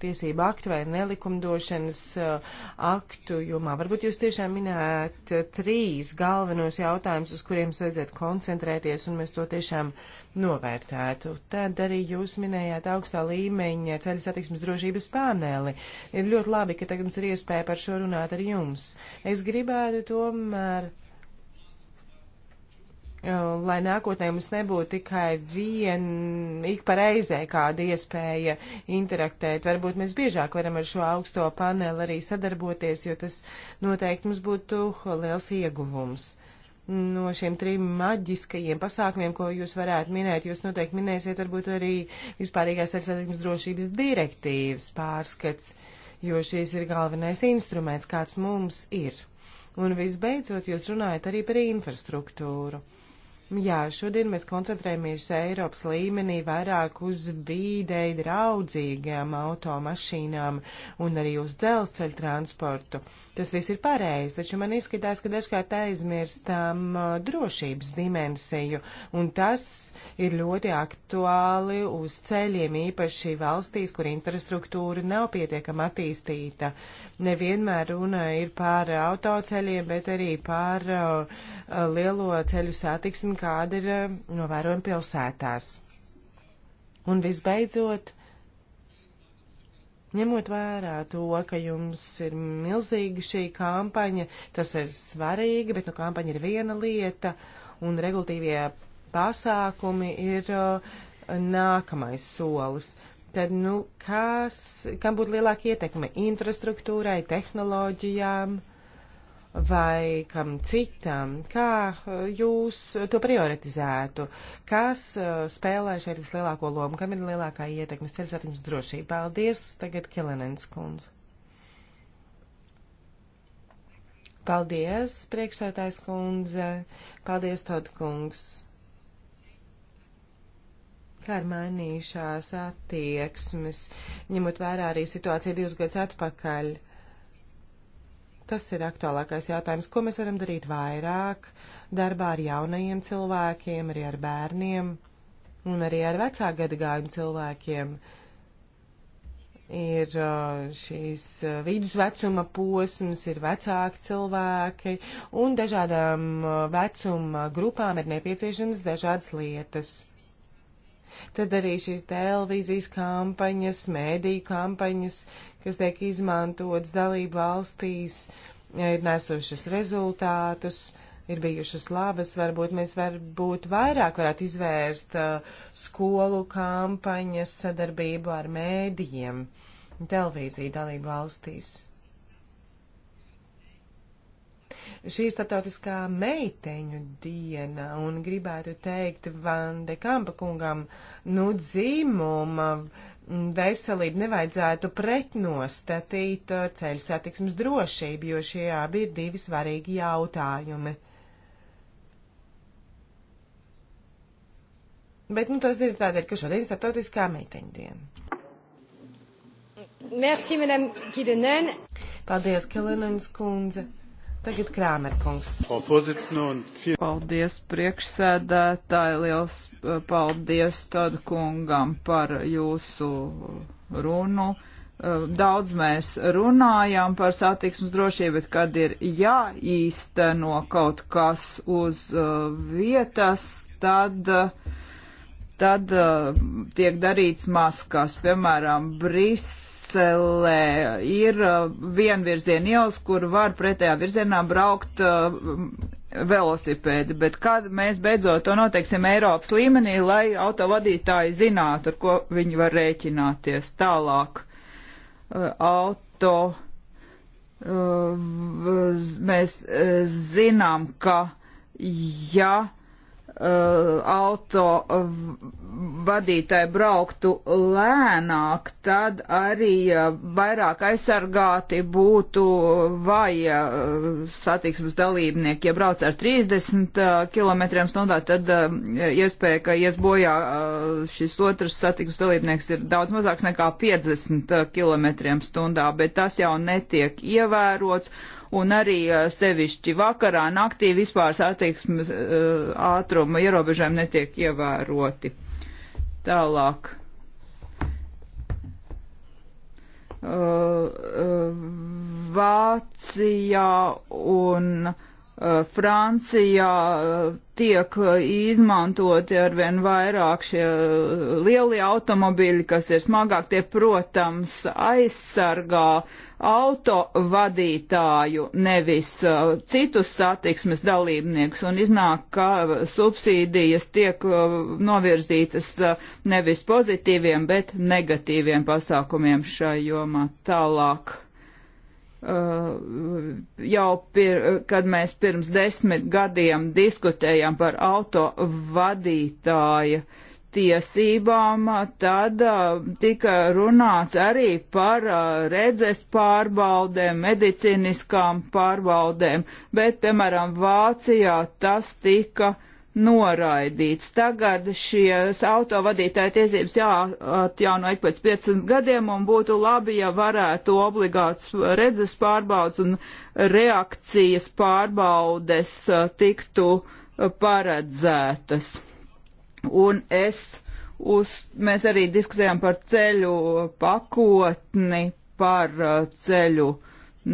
S4: tiesību aktu vai nelikumdošanas uh, aktu jomā. Varbūt jūs tiešām minējāt uh, trīs galvenos jautājumus, uz kuriem vajadzētu koncentrēties, un mēs to tiešām novērtētu. Tad arī jūs minējāt augstā līmeņa ceļu satiksmes drošības pāneli. Ir ļoti labi, ka tagad mums ir iespēja par šo runāt ar jums. Es gribētu tomēr lai nākotnē mums nebūtu tikai viena ik pareizē kāda iespēja interaktēt. Varbūt mēs biežāk varam ar šo augsto paneli arī sadarboties, jo tas noteikti mums būtu liels ieguvums. No šiem trim maģiskajiem pasākumiem, ko jūs varētu minēt, jūs noteikti minēsiet varbūt arī vispārīgās ar satiksmes drošības direktīvas pārskats, jo šis ir galvenais instruments, kāds mums ir. Un visbeidzot, jūs runājat arī par infrastruktūru. Uh, Jā, šodien mēs koncentrējamies Eiropas līmenī vairāk uz vīdei draudzīgām automašīnām un arī uz dzelzceļa transportu. Tas viss ir pareizi, taču man izskatās, ka dažkārt aizmirstam uh, drošības dimensiju, un tas ir ļoti aktuāli uz ceļiem, īpaši valstīs, kur infrastruktūra nav pietiekama attīstīta. Nevienmēr runa ir par autoceļiem, bet arī par uh, uh, lielo ceļu satiksmi, kāda ir uh, novērojama pilsētās. Un visbeidzot, Ņemot vērā to, ka jums ir milzīga šī kampaņa, tas ir svarīgi, bet nu kampaņa ir viena lieta un regulatīvie pasākumi ir uh, nākamais solis. Tad, nu, kas, kam būtu lielāka ietekme? Infrastruktūrai, tehnoloģijām? Uh, vai kam citam, kā uh, jūs to prioritizētu, kas uh, spēlē šeit vislielāko lomu, kam ir lielākā ietekme ceļu satiksmes drošība. Paldies, tagad Kilenens kundze. Paldies, priekšsētājs kundze, paldies, Tod kungs. Kā ir mainījušās attieksmes, ņemot vērā arī situāciju divus gadus atpakaļ. Uh, tas ir aktuālākais jautājums. Ko mēs varam darīt vairāk darbā ar jaunajiem cilvēkiem, arī ar bērniem un arī ar vecāku gadagājumu cilvēkiem? Ir uh, šīs uh, vidusvecuma posms, ir vecāki cilvēki, un dažādām uh, vecuma grupām ir nepieciešamas dažādas lietas tad arī šīs televīzijas kampaņas, mēdīju kampaņas, kas tiek izmantotas dalību valstīs, ir nesošas rezultātus, ir bijušas labas, varbūt mēs varbūt vairāk varētu izvērst uh, skolu kampaņas sadarbību ar mēdījiem, televīziju dalību valstīs. Šī ir startautiskā meiteņu diena, un gribētu teikt Vande Kampa kungam, nu dzimuma. Uh, veselību nevajadzētu pretnostatīt uh, ceļu satiksmes drošību, jo šie abi ir divi svarīgi jautājumi. Bet nu, tas ir tādēļ, ka šodien ir starptautiskā meiteņu diena. Merci, Madame Kilenen. Paldies, Kilenens kundze. Tagad Krāmerkungs.
S3: Paldies priekšsēdētāji, liels eh, paldies tad kungam par jūsu runu. Eh, daudz mēs runājām par satiksmes drošību, bet kad ir jāīsteno kaut kas uz eh, vietas, tad, tad tiek darīts maskās, piemēram, Bris Briselē ir uh, vienvirziena ielas, kur var pretējā virzienā braukt uh, velosipēdi, bet kad mēs beidzot to noteiksim Eiropas līmenī, lai autovadītāji zinātu, ar ko viņi var rēķināties tālāk. Uh, auto, uh, mēs uh, zinām, ka ja Uh, auto vadītāji brauktu lēnāk, tad arī uh, vairāk aizsargāti būtu vai uh, satiksmes dalībnieki. Ja brauc ar 30 km stundā, tad iespēja, ka ies bojā šis otrs satiksmes dalībnieks ir daudz mazāks nekā 50 km stundā, bet tas jau netiek ievērots un arī sevišķi vakarā naktī vispār satiksmes ātruma ierobežojumi netiek ievēroti. Tālāk. Vācijā un uh, Eh, Francijā eh, tiek eh, izmantoti arvien vairāk šie lielie automobīļi, kas ir smagāk, tie, protams, aizsargā auto vadītāju, nevis citus satiksmes dalībniekus, un iznāk, ka subsīdijas tiek novirzītas nevis pozitīviem, bet negatīviem pasākumiem šai jomā tālāk Uh, jau pir, kad mēs pirms desmit gadiem diskutējām par auto vadītāja tiesībām, tad uh, tika runāts arī par uh, redzes pārbaudēm, medicīniskām pārbaudēm, bet, piemēram, Vācijā tas tika uh, noraidīts. Tagad šies autovadītāja tiesības jāatjauno ik pēc 15 gadiem un būtu labi, ja varētu obligāts redzes pārbaudas un reakcijas pārbaudes uh, tiktu uh, paredzētas. Un es uz, mēs arī diskutējām par ceļu pakotni, par uh, ceļu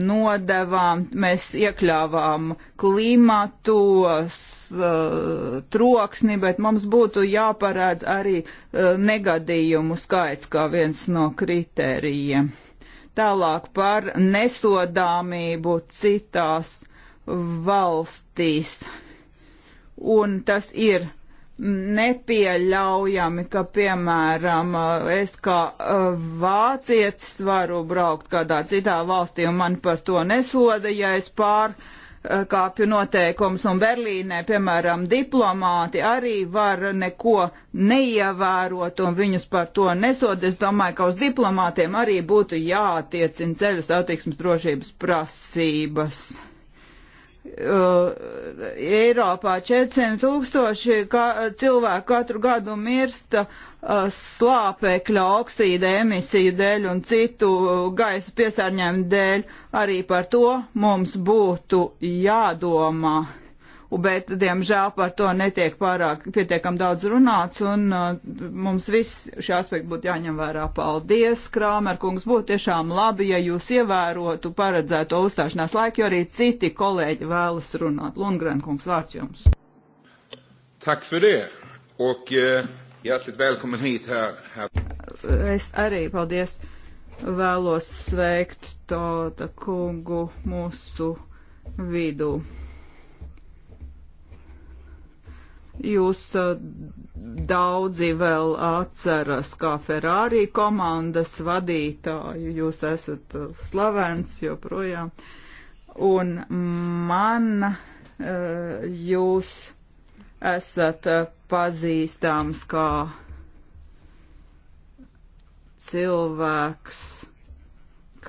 S3: nodevām, mēs iekļāvām klimatu, uh, troksni, bet mums būtu jāparādz arī uh, negadījumu skaits kā viens no kritērijiem. Tālāk par nesodāmību citās valstīs. Un tas ir nepieļaujami, ka, piemēram, uh, es kā uh, vācietis varu braukt kādā citā valstī un man par to nesoda, ja es pār uh, kāpju noteikums, un Berlīnē, piemēram, diplomāti arī var neko neievērot, un viņus par to nesod. Es domāju, ka uz diplomātiem arī būtu jātiecina ceļu satiksmes drošības prasības. Uh, Eiropā 400 tūkstoši ka, cilvēku katru gadu mirsta uh, slāpekļa oksīda emisiju dēļ un citu uh, gaisa piesārņojumu dēļ. Arī par to mums būtu jādomā bet, diemžēl, par to netiek pārāk pietiekam daudz runāts, un uh, mums viss šie aspekti būtu jāņem vērā. Paldies, Krāmer, kungs, būtu tiešām labi, ja jūs ievērotu paredzēto uzstāšanās laiku, jo arī citi kolēģi vēlas runāt. Lundgren, kungs, vārds jums.
S1: Tak för det, och eh, hjärtligt välkommen hit här. här. Es
S3: arī, paldies, vēlos sveikt Tota kungu mūsu vidū. Jūs daudzi vēl atceras kā Ferrari komandas vadītāju, jūs esat slavens joprojām. Un man jūs esat pazīstams kā cilvēks,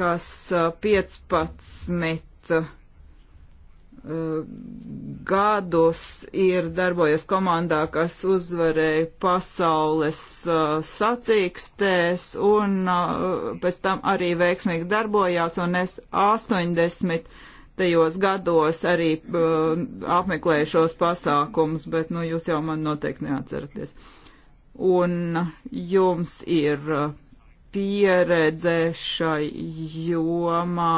S3: kas 15 gadus ir darbojies komandā, kas uzvarēja pasaules uh, sacīkstēs un uh, pēc tam arī veiksmīgi darbojās, un es 80. gados arī uh, apmeklēju šos pasākumus, bet, nu, jūs jau man noteikti neatceraties. Un jums ir uh, pieredze šai jomā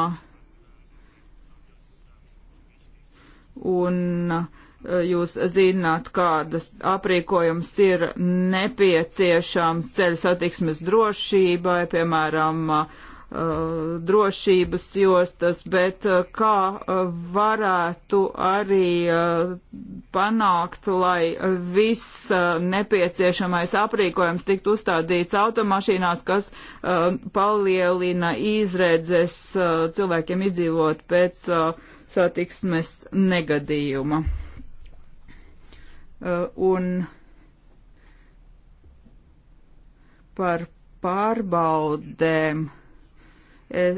S3: un eh, jūs zināt, kādas aprīkojums ir nepieciešams ceļu satiksmes drošībai, piemēram, eh, drošības jostas, bet eh, kā varētu arī panākt, lai viss nepieciešamais aprīkojums tiktu uzstādīts automašīnās, kas palielina izredzes cilvēkiem izdzīvot pēc uh, satiksmes negadījuma. Uh, un par pārbaudēm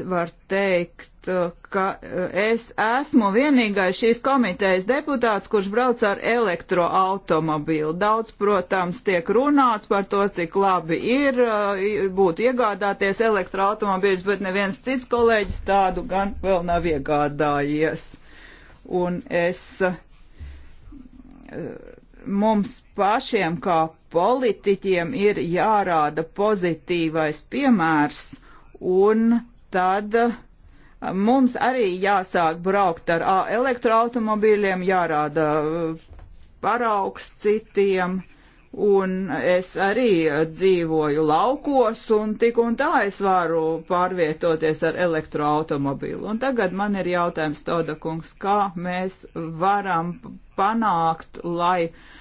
S3: var teikt, ka eh, es esmu vienīgais šīs komitejas deputāts, kurš brauc ar elektroautomobīlu. Daudz, protams, tiek runāts par to, cik labi ir eh, būt iegādāties elektroautomobīļus, bet neviens cits kolēģis tādu gan vēl nav iegādājies. Un es eh, mums pašiem kā politiķiem ir jārāda pozitīvais piemērs un tad uh, mums arī jāsāk braukt ar elektroautomobīļiem, jārāda uh, paraugs citiem. Un es arī uh, dzīvoju laukos, un tik un tā es varu pārvietoties ar elektroautomobīlu. Un tagad man ir jautājums, Toda kungs, kā mēs varam panākt, lai uh,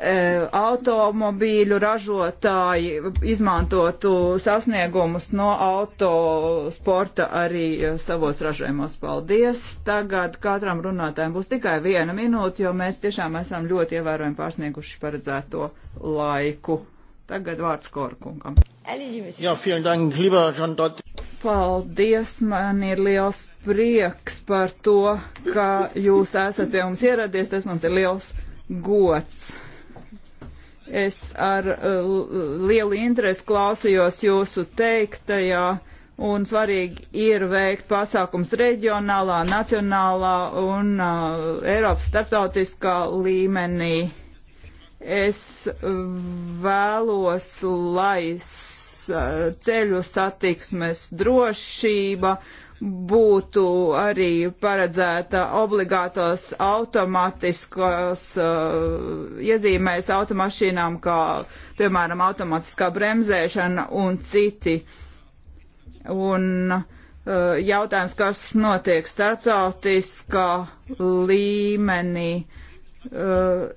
S3: E, automobīļu ražotāji izmantotu sasniegumus no autosporta arī e, savos ražojumos. Paldies! Tagad katram runātājam būs tikai viena minūte, jo mēs tiešām esam ļoti ievērojami pārsnieguši paredzēto laiku. Tagad vārds Korkungam.
S1: Jā, vielen dank, lieber Jean Dot.
S3: Paldies, man ir liels prieks par to, ka jūs esat pie mums ieradies. Tas mums ir liels gods. Es ar uh, lielu interesi klausījos jūsu teiktajā, un svarīgi ir veikt pasākums reģionālā, nacionālā un uh, Eiropas starptautiskā līmenī. Es vēlos, lai uh, ceļu satiksmes drošība uh, būtu arī paredzēta obligātos automatiskos uh, iezīmēs automašīnām, kā piemēram automatiskā bremzēšana un citi. Un uh, jautājums, kas notiek starptautiskā līmenī. Uh,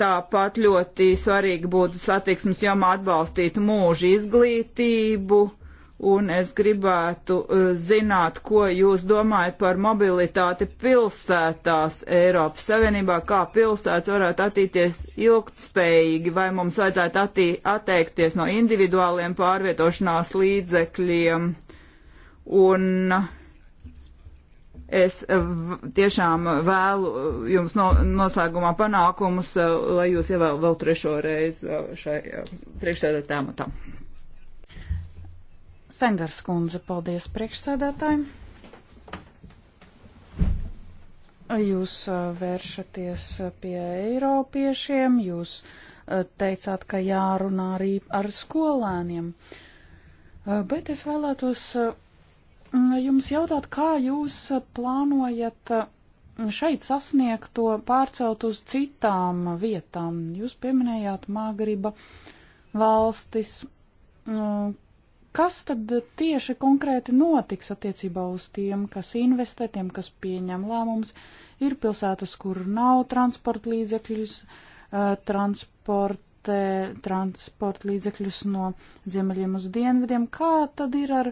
S3: tāpat ļoti svarīgi būtu satiksmes jomā atbalstīt mūža izglītību, uh, un es gribētu eh, zināt, ko jūs domājat par mobilitāti pilsētās Eiropas Savienībā, kā pilsētas varētu attīties ilgtspējīgi, vai mums vajadzētu attī, atteikties no individuāliem pārvietošanās līdzekļiem. Un es tiešām vēlu eh, jums no, noslēgumā panākumus, eh, lai jūs ievēl vēl trešo reizi šai priekšsēdētājumā.
S2: Senders kundze, paldies priekšsēdētājiem. Jūs vēršaties pie eiropiešiem, jūs teicāt, ka jārunā arī ar skolēniem. Bet es vēlētos jums jautāt, kā jūs plānojat šeit sasniegto pārcelt uz citām vietām? Jūs pieminējāt Magriba valstis nu, Kas tad tieši konkrēti notiks attiecībā uz tiem, kas investē, tiem, kas pieņem lēmumus? Ir pilsētas, kur nav transporta līdzekļus, transporta, transporta līdzekļus no ziemeļiem uz dienvidiem. Kā tad ir ar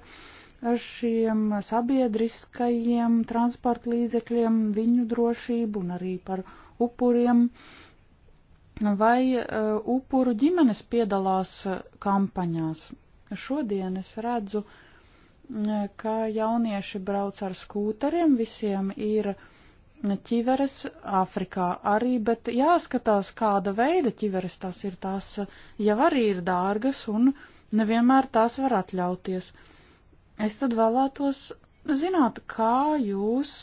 S2: šiem sabiedriskajiem transporta līdzekļiem, viņu drošību un arī par upuriem? Vai uh, upuru ģimenes piedalās kampaņās? Šodien es redzu, mm, ka jaunieši brauc ar skūteriem, visiem ir ķiveres Āfrikā arī, bet jāskatās, kāda veida ķiveres tās ir. Tās jau arī ir dārgas un nevienmēr tās var atļauties. Es tad vēlētos zināt, kā jūs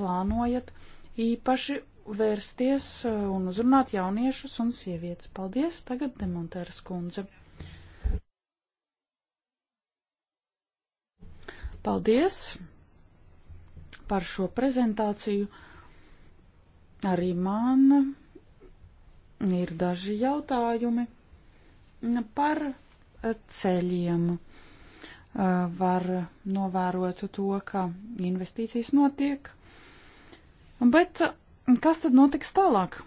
S2: plānojat īpaši vērsties un uzrunāt jauniešus un sievietes. Paldies, tagad demontēras kundze. Paldies par šo prezentāciju. Arī man ir daži jautājumi par ceļiem. Var novērot to, ka investīcijas notiek. Bet kas tad notiks tālāk?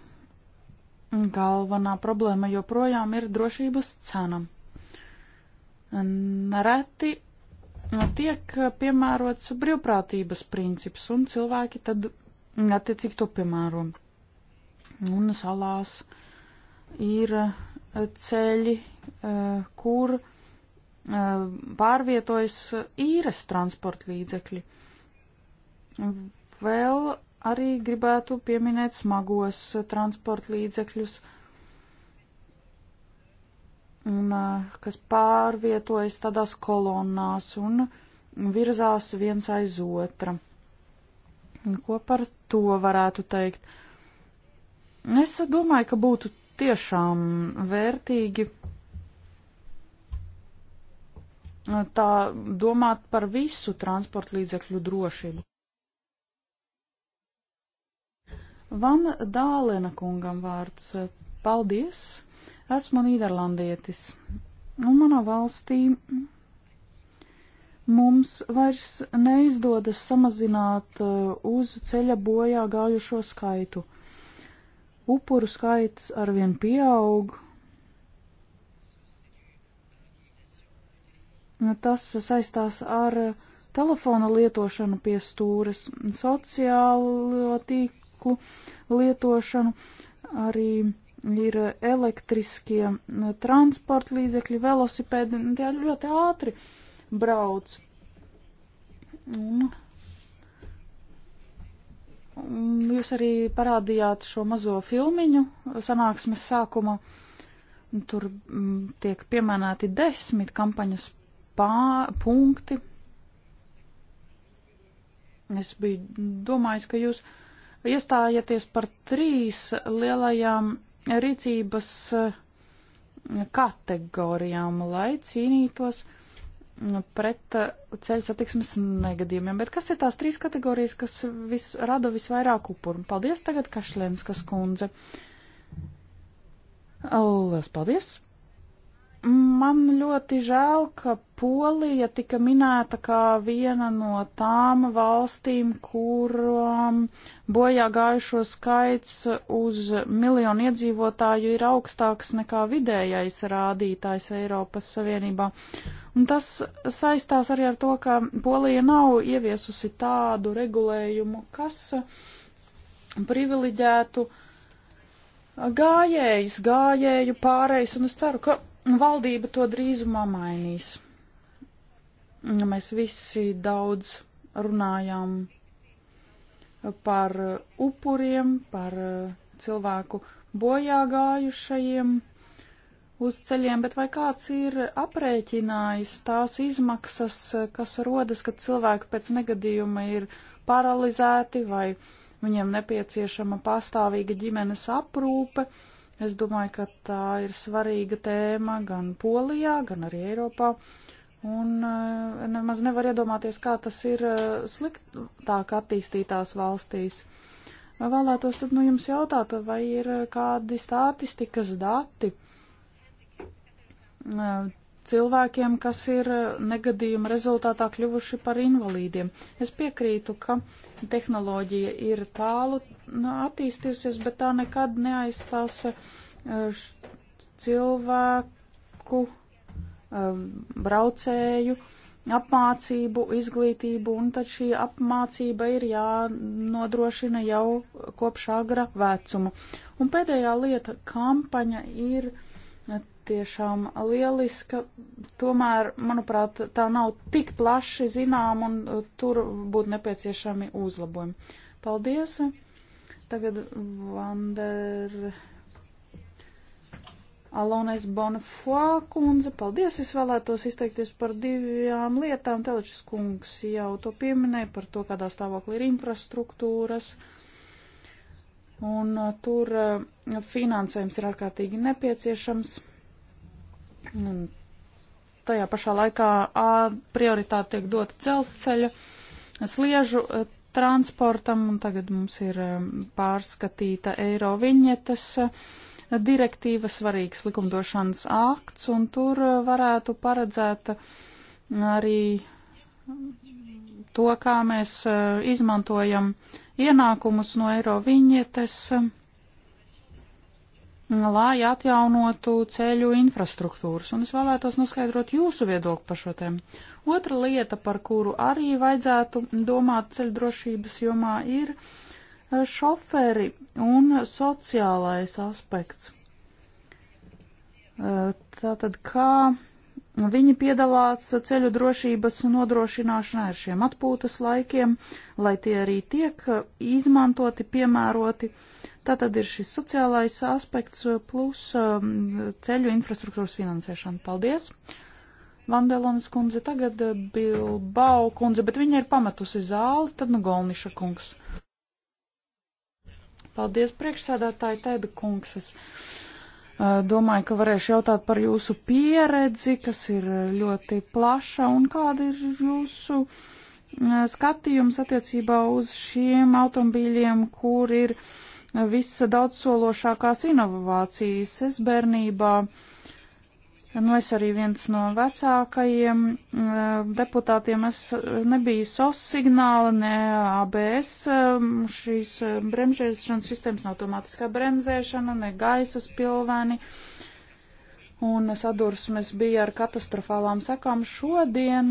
S2: Galvenā problēma joprojām ir drošības cena. Nereti Nu, tiek eh, piemērots brīvprātības princips, un cilvēki tad attiecīgi to piemēro. Un salās ir eh, ceļi, eh, kur pārvietojas īres transporta līdzekļi. Vēl arī gribētu pieminēt smagos transporta līdzekļus, uh, un eh, kas pārvietojas tādās kolonnās un virzās viens aiz otra. Un ko par to varētu teikt? Es domāju, ka būtu tiešām vērtīgi eh, tā domāt par visu transporta līdzekļu drošību. Van Dālena kungam vārds. Paldies! Esmu Nīderlandietis, un manā valstī mums vairs neizdodas samazināt uh, uz ceļa bojā gājušo skaitu. Upuru skaits arvien pieaug. Tas saistās ar telefona lietošanu pie stūres, sociālo tīklu lietošanu, arī uh, ir elektriskie transporta līdzekļi, velosipēdi, un tie ļoti ātri brauc. Un, un jūs arī parādījāt šo mazo filmiņu sanāksmes sākuma. Tur m, tiek pieminēti desmit kampaņas pā, punkti. Es biju domājis, ka jūs iestājaties par trīs lielajām rīcības eh, kategorijām, lai cīnītos mm, pret eh, ceļu satiksmes negadījumiem. Bet kas ir tās trīs kategorijas, kas vis, rada visvairāk upuru? Paldies tagad Kašlēnskas kundze. Lielas paldies! Man ļoti žēl, ka Polija tika minēta kā viena no tām valstīm, kurām bojā gājušo skaits uz miljonu iedzīvotāju ir augstāks nekā vidējais rādītājs Eiropas Savienībā. Un tas saistās arī ar to, ka Polija nav ieviesusi tādu regulējumu, kas privileģētu gājējus, gājēju pārējus, un es ceru, ka Nu, valdība to drīzumā mainīs. Mēs visi daudz runājām par upuriem, par cilvēku bojā gājušajiem uz ceļiem, bet vai kāds ir aprēķinājis tās izmaksas, kas rodas, kad cilvēki pēc negadījuma ir paralizēti vai viņiem nepieciešama pastāvīga ģimenes aprūpe? Uh, Es domāju, ka tā ir svarīga tēma gan Polijā, gan arī Eiropā. Un eh, nemaz nevar iedomāties, kā tas ir eh, sliktāk attīstītās valstīs. Vēlētos tad nu jums jautāt, vai ir eh, kādi statistikas dati cilvēkiem, kas ir negadījuma rezultātā kļuvuši par invalīdiem. Es piekrītu, ka tehnoloģija ir tālu attīstījusies, bet tā nekad neaizstās e, cilvēku e, braucēju apmācību, izglītību, un tad šī apmācība ir jānodrošina jau kopš agra vecuma. Un pēdējā lieta - kampaņa ir uh, tiešām lieliska. Tomēr, manuprāt, tā nav tik plaši zinām un uh, tur būtu nepieciešami uzlabojumi. Paldies! Tagad Vander Alonēs Bonfoy kundze. Paldies! Es vēlētos izteikties par divām lietām. Telečs kungs jau to pieminēja par to, kādā stāvoklī ir infrastruktūras. Un uh, tur uh, finansējums ir ārkārtīgi nepieciešams. Un tajā pašā laikā a, prioritāte tiek dota dzelzceļa sliežu transportam, un tagad mums ir pārskatīta eiro viņetes direktīva, svarīgs likumdošanas akts, un tur varētu paredzēt arī to, kā mēs izmantojam ienākumus no eiro viņetes lai atjaunotu ceļu infrastruktūras, un es vēlētos noskaidrot jūsu viedokli par šo tēmu. Otra lieta, par kuru arī vajadzētu domāt ceļu drošības jomā, ir eh, šoferi un sociālais aspekts. Eh, tātad, kā Viņi piedalās ceļu drošības nodrošināšanā ar šiem atpūtas laikiem, lai tie arī tiek izmantoti, piemēroti. Tā tad ir šis sociālais aspekts plus um, ceļu infrastruktūras finansēšana. Paldies! Vandelonas kundze tagad uh, Bilbao kundze, bet viņa ir pametusi zāli, tad nu Golniša kungs. Paldies priekšsēdētāji Tēda kungs. Es Eh, domāju, ka varēšu jautāt par jūsu pieredzi, kas ir ļoti plaša, un kāda ir jūsu eh, skatījums attiecībā uz šiem automobīļiem, kur ir visa daudzsološākās inovācijas. Es bērnībā uh, Nu, es arī viens no vecākajiem eh, deputātiem, es eh, nebija SOS signāla, ne ABS, eh, šīs bremzēšanas sistēmas nav automātiskā bremzēšana, ne gaisa spilveni, un sadursmes bija ar katastrofālām sekām šodien.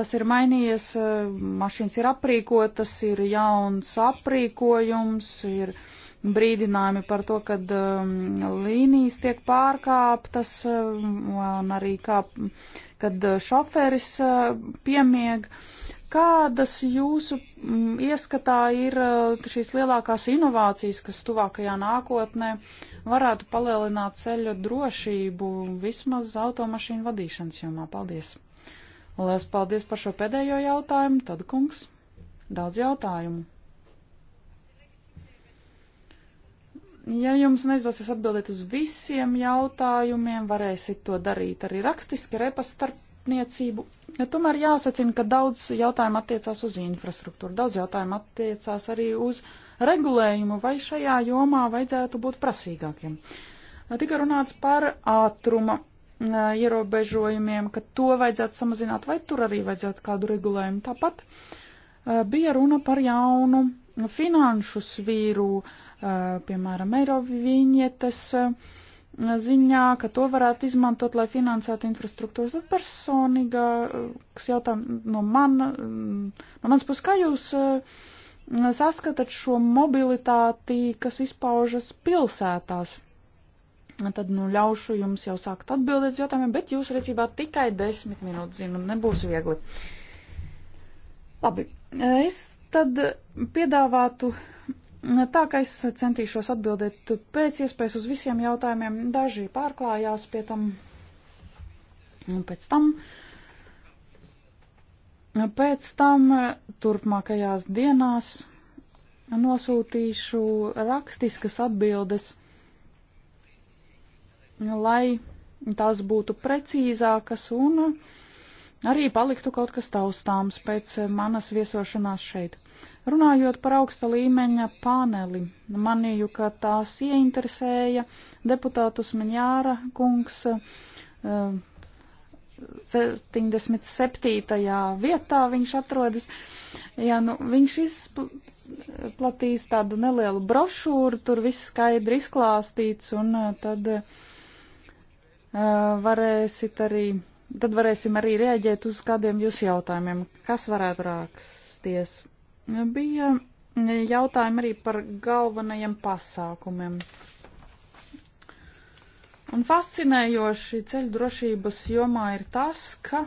S2: Tas ir mainījies, mašīnas ir aprīkotas, ir jauns aprīkojums, ir brīdinājumi par to, kad um, līnijas tiek pārkāptas um, un arī kā, kad uh, šoferis uh, piemieg. Kādas jūsu mm, ieskatā ir uh, šīs lielākās inovācijas, kas tuvākajā nākotnē varētu palielināt ceļu drošību vismaz automašīnu vadīšanas jomā? Paldies! Lielas paldies par šo pēdējo jautājumu, tad kungs. Daudz jautājumu. Ja jums neizdosies atbildēt uz visiem jautājumiem, varēsiet to darīt arī rakstiski ar e-pastarpniecību. Ja tomēr jāsacina, ka daudz jautājumu attiecās uz infrastruktūru, daudz jautājumu attiecās arī uz regulējumu, vai šajā jomā vajadzētu būt prasīgākiem. Tika runāts par ātruma ierobežojumiem, ka to vajadzētu samazināt, vai tur arī vajadzētu kādu regulējumu. Tāpat bija runa par jaunu finanšu svīru uh, Eh, piemēram, eiro viņietes eh, ziņā, ka to varētu izmantot, lai finansētu infrastruktūras. Tad personīgāks eh, jautājums no, mana, mm, no manas puses, kā jūs saskatāt šo mobilitāti, kas izpaužas pilsētās? Tad nu ļaušu jums jau sākt atbildēt uz jautājumiem, bet jūsu rīcībā tikai desmit minūtes zinu, nebūs viegli. Labi, es tad piedāvātu Tā kā es centīšos atbildēt pēc iespējas uz visiem jautājumiem, daži pārklājās pie tam un pēc tam. Pēc tam turpmākajās dienās nosūtīšu rakstiskas atbildes, lai tās būtu precīzākas un uh, arī paliktu kaut kas taustāms pēc eh, manas viesošanās šeit. Runājot par augsta līmeņa paneli, manīju, ka tās ieinteresēja deputātus Miņāra kungs 77. Eh, vietā viņš atrodas. Jā, nu, viņš izplatīs tādu nelielu brošūru, tur viss skaidri izklāstīts, un eh, tad varēsit arī tad varēsim arī rēģēt uz kādiem jūsu jautājumiem, kas varētu rāksties. Bija jautājumi arī par galvenajiem pasākumiem. Un fascinējoši ceļdrošības jomā ir tas, ka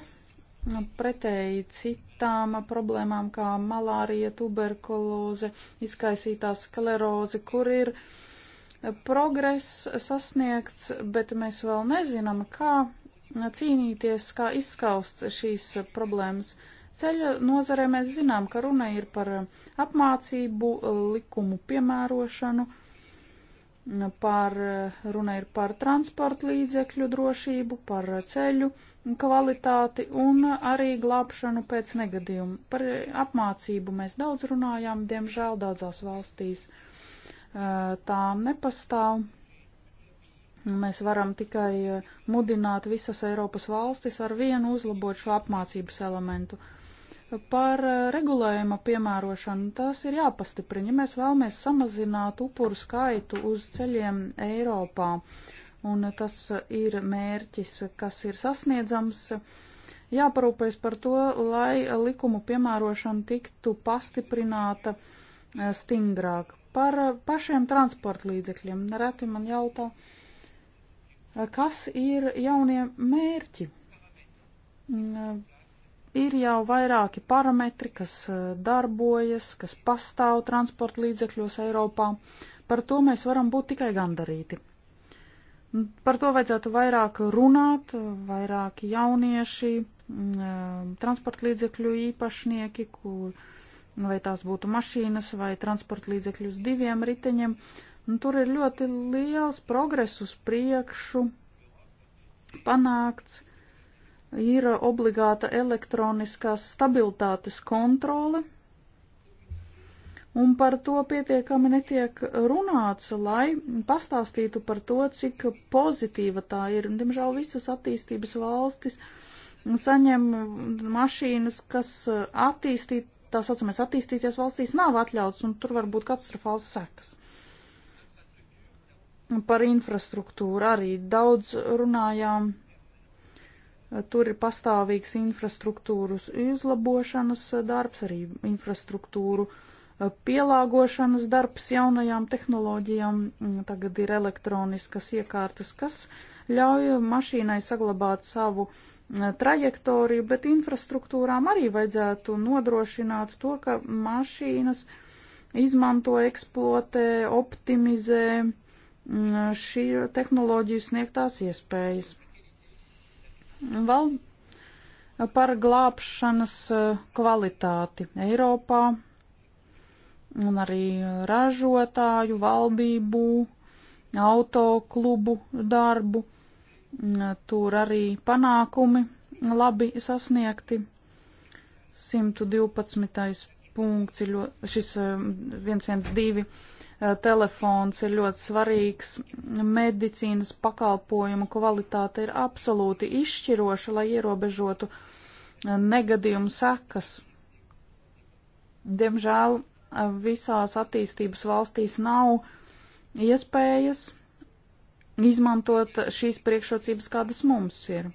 S2: pretēji citām problēmām kā malārija, tuberkulūze, izkaisītā skleroze, kur ir progress sasniegts, bet mēs vēl nezinām, kā cīnīties, kā izskaust šīs problēmas. Ceļa nozarē mēs zinām, ka runa ir par apmācību, likumu piemērošanu, par, runa ir par transporta līdzekļu drošību, par ceļu kvalitāti un arī glābšanu pēc negadījuma. Par apmācību mēs daudz runājām, diemžēl daudzās valstīs tā nepastāv. Mēs varam tikai eh, mudināt visas Eiropas valstis ar vienu uzlabot šo apmācības elementu. Par eh, regulējuma piemērošanu tas ir jāpastiprina, ja mēs vēlamies samazināt upuru skaitu uz ceļiem Eiropā. Un tas ir mērķis, kas ir sasniedzams. Jāparūpēs par to, lai likumu piemērošana tiktu pastiprināta eh, stingrāk. Par pašiem transportlīdzekļiem reti man jautā. Uh, Eh, kas ir jaunie mērķi? Mm, eh, ir jau vairāki parametri, kas eh, darbojas, kas pastāv transporta līdzekļos Eiropā. Par to mēs varam būt tikai gandarīti. Mm, par to vajadzētu vairāk runāt, vairāk jaunieši, mm, transporta līdzekļu īpašnieki, kur, vai tās būtu mašīnas vai transporta līdzekļus diviem riteņiem, uh, Un tur ir ļoti liels progress uz priekšu panākts. Ir obligāta elektroniskās stabilitātes kontrole, un par to pietiekami netiek runāts, lai pastāstītu par to, cik pozitīva tā ir. Un, diemžēl visas attīstības valstis saņem mašīnas, kas attīstīt, tā saucamais attīstīties valstīs nav atļauts, un tur var būt katastrofāls sekas. Par infrastruktūru arī daudz runājām. Tur ir pastāvīgs infrastruktūras izlabošanas darbs, arī infrastruktūru eh, pielāgošanas darbs jaunajām tehnoloģijām. Tagad ir elektroniskas iekārtas, kas ļauj mašīnai saglabāt savu eh, trajektoriju, bet infrastruktūrām arī vajadzētu nodrošināt to, ka mašīnas izmanto, eksploatē, optimizē Mm, šī tehnoloģiju sniegtās iespējas. Vēl par glābšanas eh, kvalitāti Eiropā un arī ražotāju, valdību, autoklubu darbu. Mm, tur arī panākumi labi sasniegti. 112. punkts ir ļoti, šis 112 eh, telefons ir ļoti svarīgs. Medicīnas pakalpojumu kvalitāte ir absolūti izšķiroša, lai ierobežotu negadījumu sekas. Diemžēl visās attīstības valstīs nav iespējas izmantot šīs priekšrocības, kādas mums ir.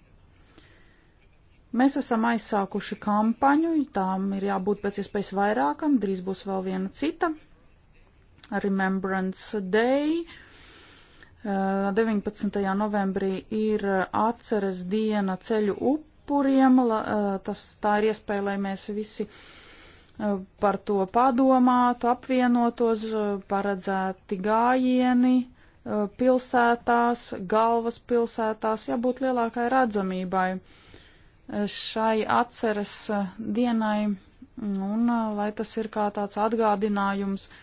S2: Mēs esam aizsākuši kampaņu, tām ir jābūt pēc iespējas vairākam, drīz būs vēl viena cita Remembrance Day. 19. Uh, novembrī ir atceres diena ceļu upuriem. Uh, tas tā ir iespēja, lai mēs visi uh, par to padomātu, apvienotos, paredzēti gājieni pilsētās, galvaspilsētās, jābūt lielākai redzamībai šai atceres dienai, un lai tas ir kā tāds atgādinājums uh,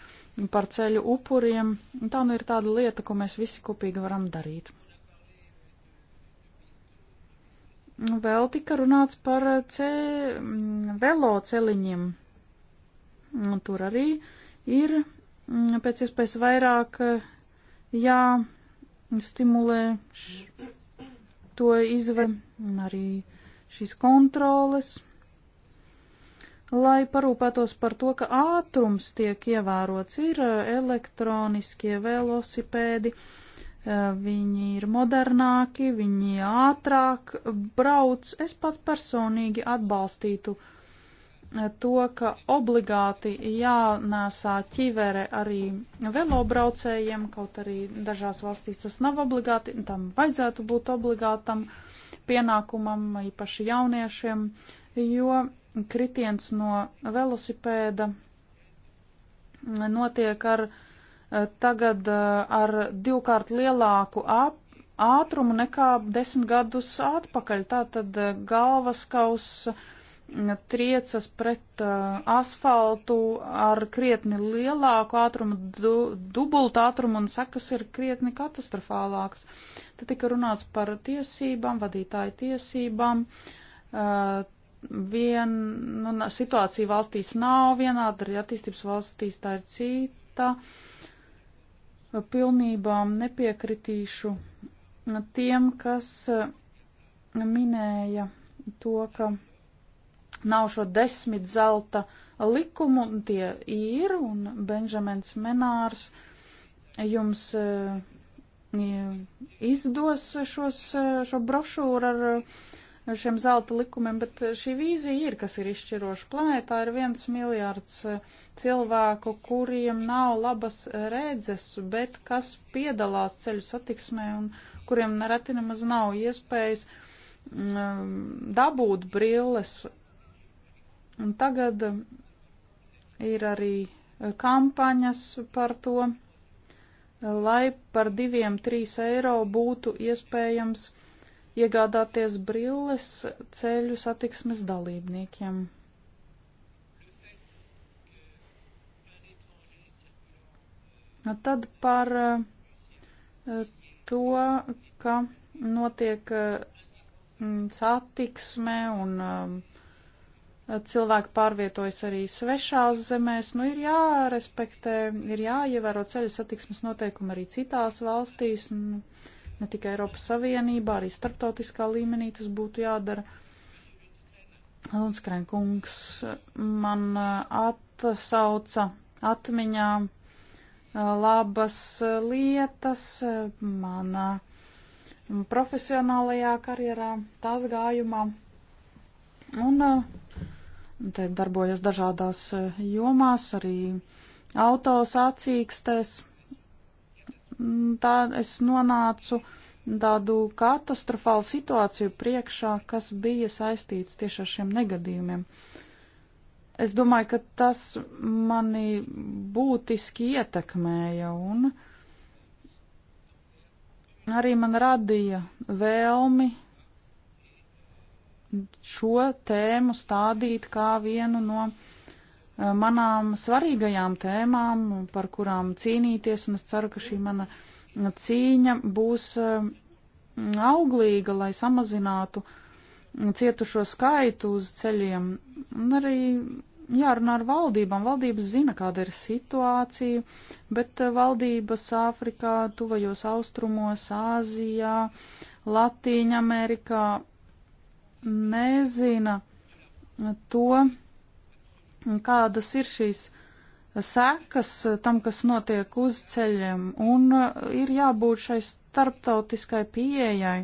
S2: par ceļu upuriem. Tā nu ir tāda lieta, ko mēs visi kopīgi varam darīt. Vēl tika runāts par ce... Mm, veloceliņiem. Tur arī ir mm, pēc iespējas vairāk jāstimulē š... to izvēle un arī šīs kontroles lai parūpētos par to, ka ātrums tiek ievērots. Ir uh, elektroniskie velosipēdi, uh, viņi ir modernāki, viņi ātrāk brauc. Es pats personīgi atbalstītu uh, to, ka obligāti jānēsā ķivere arī velobraucējiem, kaut arī dažās valstīs tas nav obligāti, tam vajadzētu būt obligātam pienākumam, īpaši jauniešiem, jo kritiens no velosipēda notiek ar eh, tagad eh, ar divkārt lielāku ap, ātrumu nekā desmit gadus atpakaļ. Tātad eh, galvaskaus mm, triecas pret uh, asfaltu ar krietni lielāku ātrumu, du, dubultu ātrumu un sekas ir krietni katastrofālākas. Te tika runāts par tiesībām, vadītāju tiesībām, uh, vien, nu, situācija valstīs nav vienāda, arī attīstības valstīs tā ir cita. Pilnībām nepiekritīšu tiem, kas eh, minēja to, ka nav šo desmit zelta likumu, tie ir, un Benžamins Menārs jums eh, izdos šos, eh, šo brošūru ar šiem zelta likumiem, bet eh, šī vīzija ir, kas ir izšķiroša. Planētā ir viens miljārds eh, cilvēku, kuriem nav labas eh, redzes, bet kas piedalās ceļu satiksmē un kuriem nereti nemaz nav iespējas mm, dabūt brilles. Un tagad ir arī kampaņas par to, lai par diviem, trīs eiro būtu iespējams uh, iegādāties brilles ceļu satiksmes dalībniekiem. Tad par eh, to, ka notiek eh, satiksme un eh, cilvēki pārvietojas arī svešās zemēs, nu ir jārespektē, ir jāievēro ceļu satiksmes noteikumi arī citās valstīs. Un, nu, ne tikai Eiropas Savienībā, arī starptautiskā līmenī tas būtu jādara. Lundskrenkungs man uh, atsauca atmiņā uh, labas uh, lietas manā um, profesionālajā karjerā, tās gājumā. Un te darbojas dažādās jomās, arī auto sacīkstēs, Mm, tā es nonācu tādu katastrofālu situāciju priekšā, kas bija saistīts tieši ar šiem negadījumiem. Es domāju, ka tas mani būtiski ietekmēja un arī man radīja vēlmi šo tēmu stādīt kā vienu no uh, Eh, manām svarīgajām tēmām, par kurām cīnīties, un es ceru, ka šī mana cīņa būs eh, auglīga, lai samazinātu mm, cietušo skaitu uz ceļiem. Un arī jārunā ar valdībām. Valdības zina, kāda ir situācija, bet eh, valdības Āfrikā, tuvajos austrumos, Āzijā, Latīņa Amerikā nezina to, kādas ir šīs sekas tam, kas notiek uz ceļiem, un ir jābūt šai starptautiskai pieejai,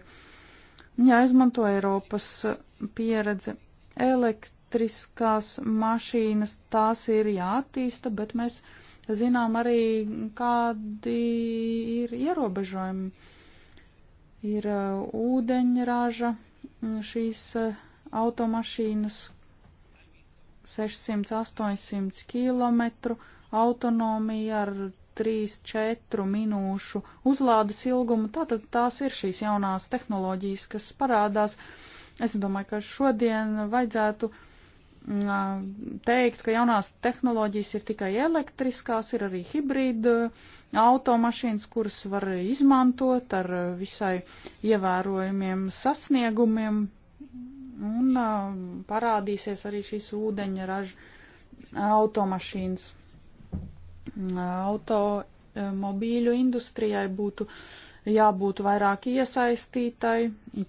S2: jāizmanto Eiropas pieredze. Elektriskās mašīnas tās ir jātīsta, bet mēs zinām arī, kādi ir ierobežojumi. Ir uh, ūdeņraža mm, šīs uh, automašīnas, 600-800 km autonomija ar 3-4 minūšu uzlādes ilgumu. Tātad tās ir šīs jaunās tehnoloģijas, kas parādās. Es domāju, ka šodien vajadzētu mm, teikt, ka jaunās tehnoloģijas ir tikai elektriskās, ir arī hibrīda automašīnas, kuras var izmantot ar visai ievērojumiem sasniegumiem, Un uh, parādīsies arī šīs ūdeņa raža automašīnas. Automobīļu industrijai būtu jābūt vairāk iesaistītai,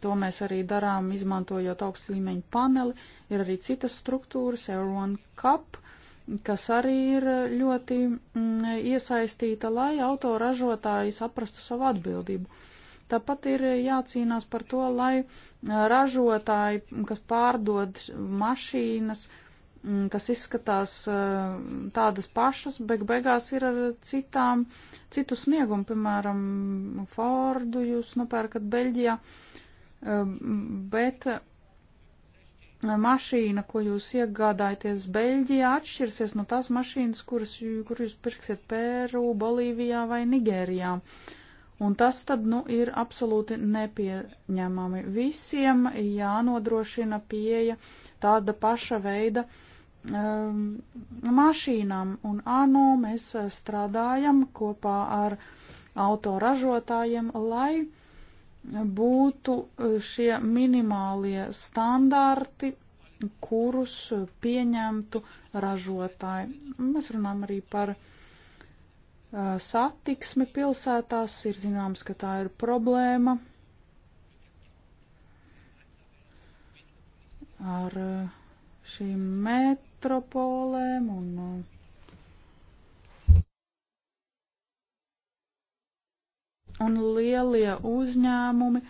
S2: to mēs arī darām, izmantojot augstu līmeņu paneli. Ir arī citas struktūras, Aeron Cup, kas arī ir ļoti mm, iesaistīta, lai autoražotāji saprastu savu atbildību. Tāpat ir eh, jācīnās par to, lai eh, ražotāji, kas pārdod mašīnas, mm, kas izskatās eh, tādas pašas, bet beigās ir ar citām, citu sniegumu, piemēram, Fordu jūs nopērkat Beļģijā, bet mašīna, ko jūs iegādājaties Beļģijā, atšķirsies no tās mašīnas, kuras, kur jūs pirksiet Pēru, Bolīvijā vai Nigērijā. Uh, Un tas tad, nu, ir absolūti nepieņemami. Visiem jānodrošina pieeja tāda paša veida um, mašīnām. Un ANO mēs uh, strādājam kopā ar autoražotājiem, lai būtu uh, šie minimālie standarti, kurus uh, pieņemtu ražotāji. Mēs runājam arī par uh, Uh, satiksme pilsētās, ir zināms, ka tā ir problēma ar uh, šīm metropolēm un uh, Un lielie uzņēmumi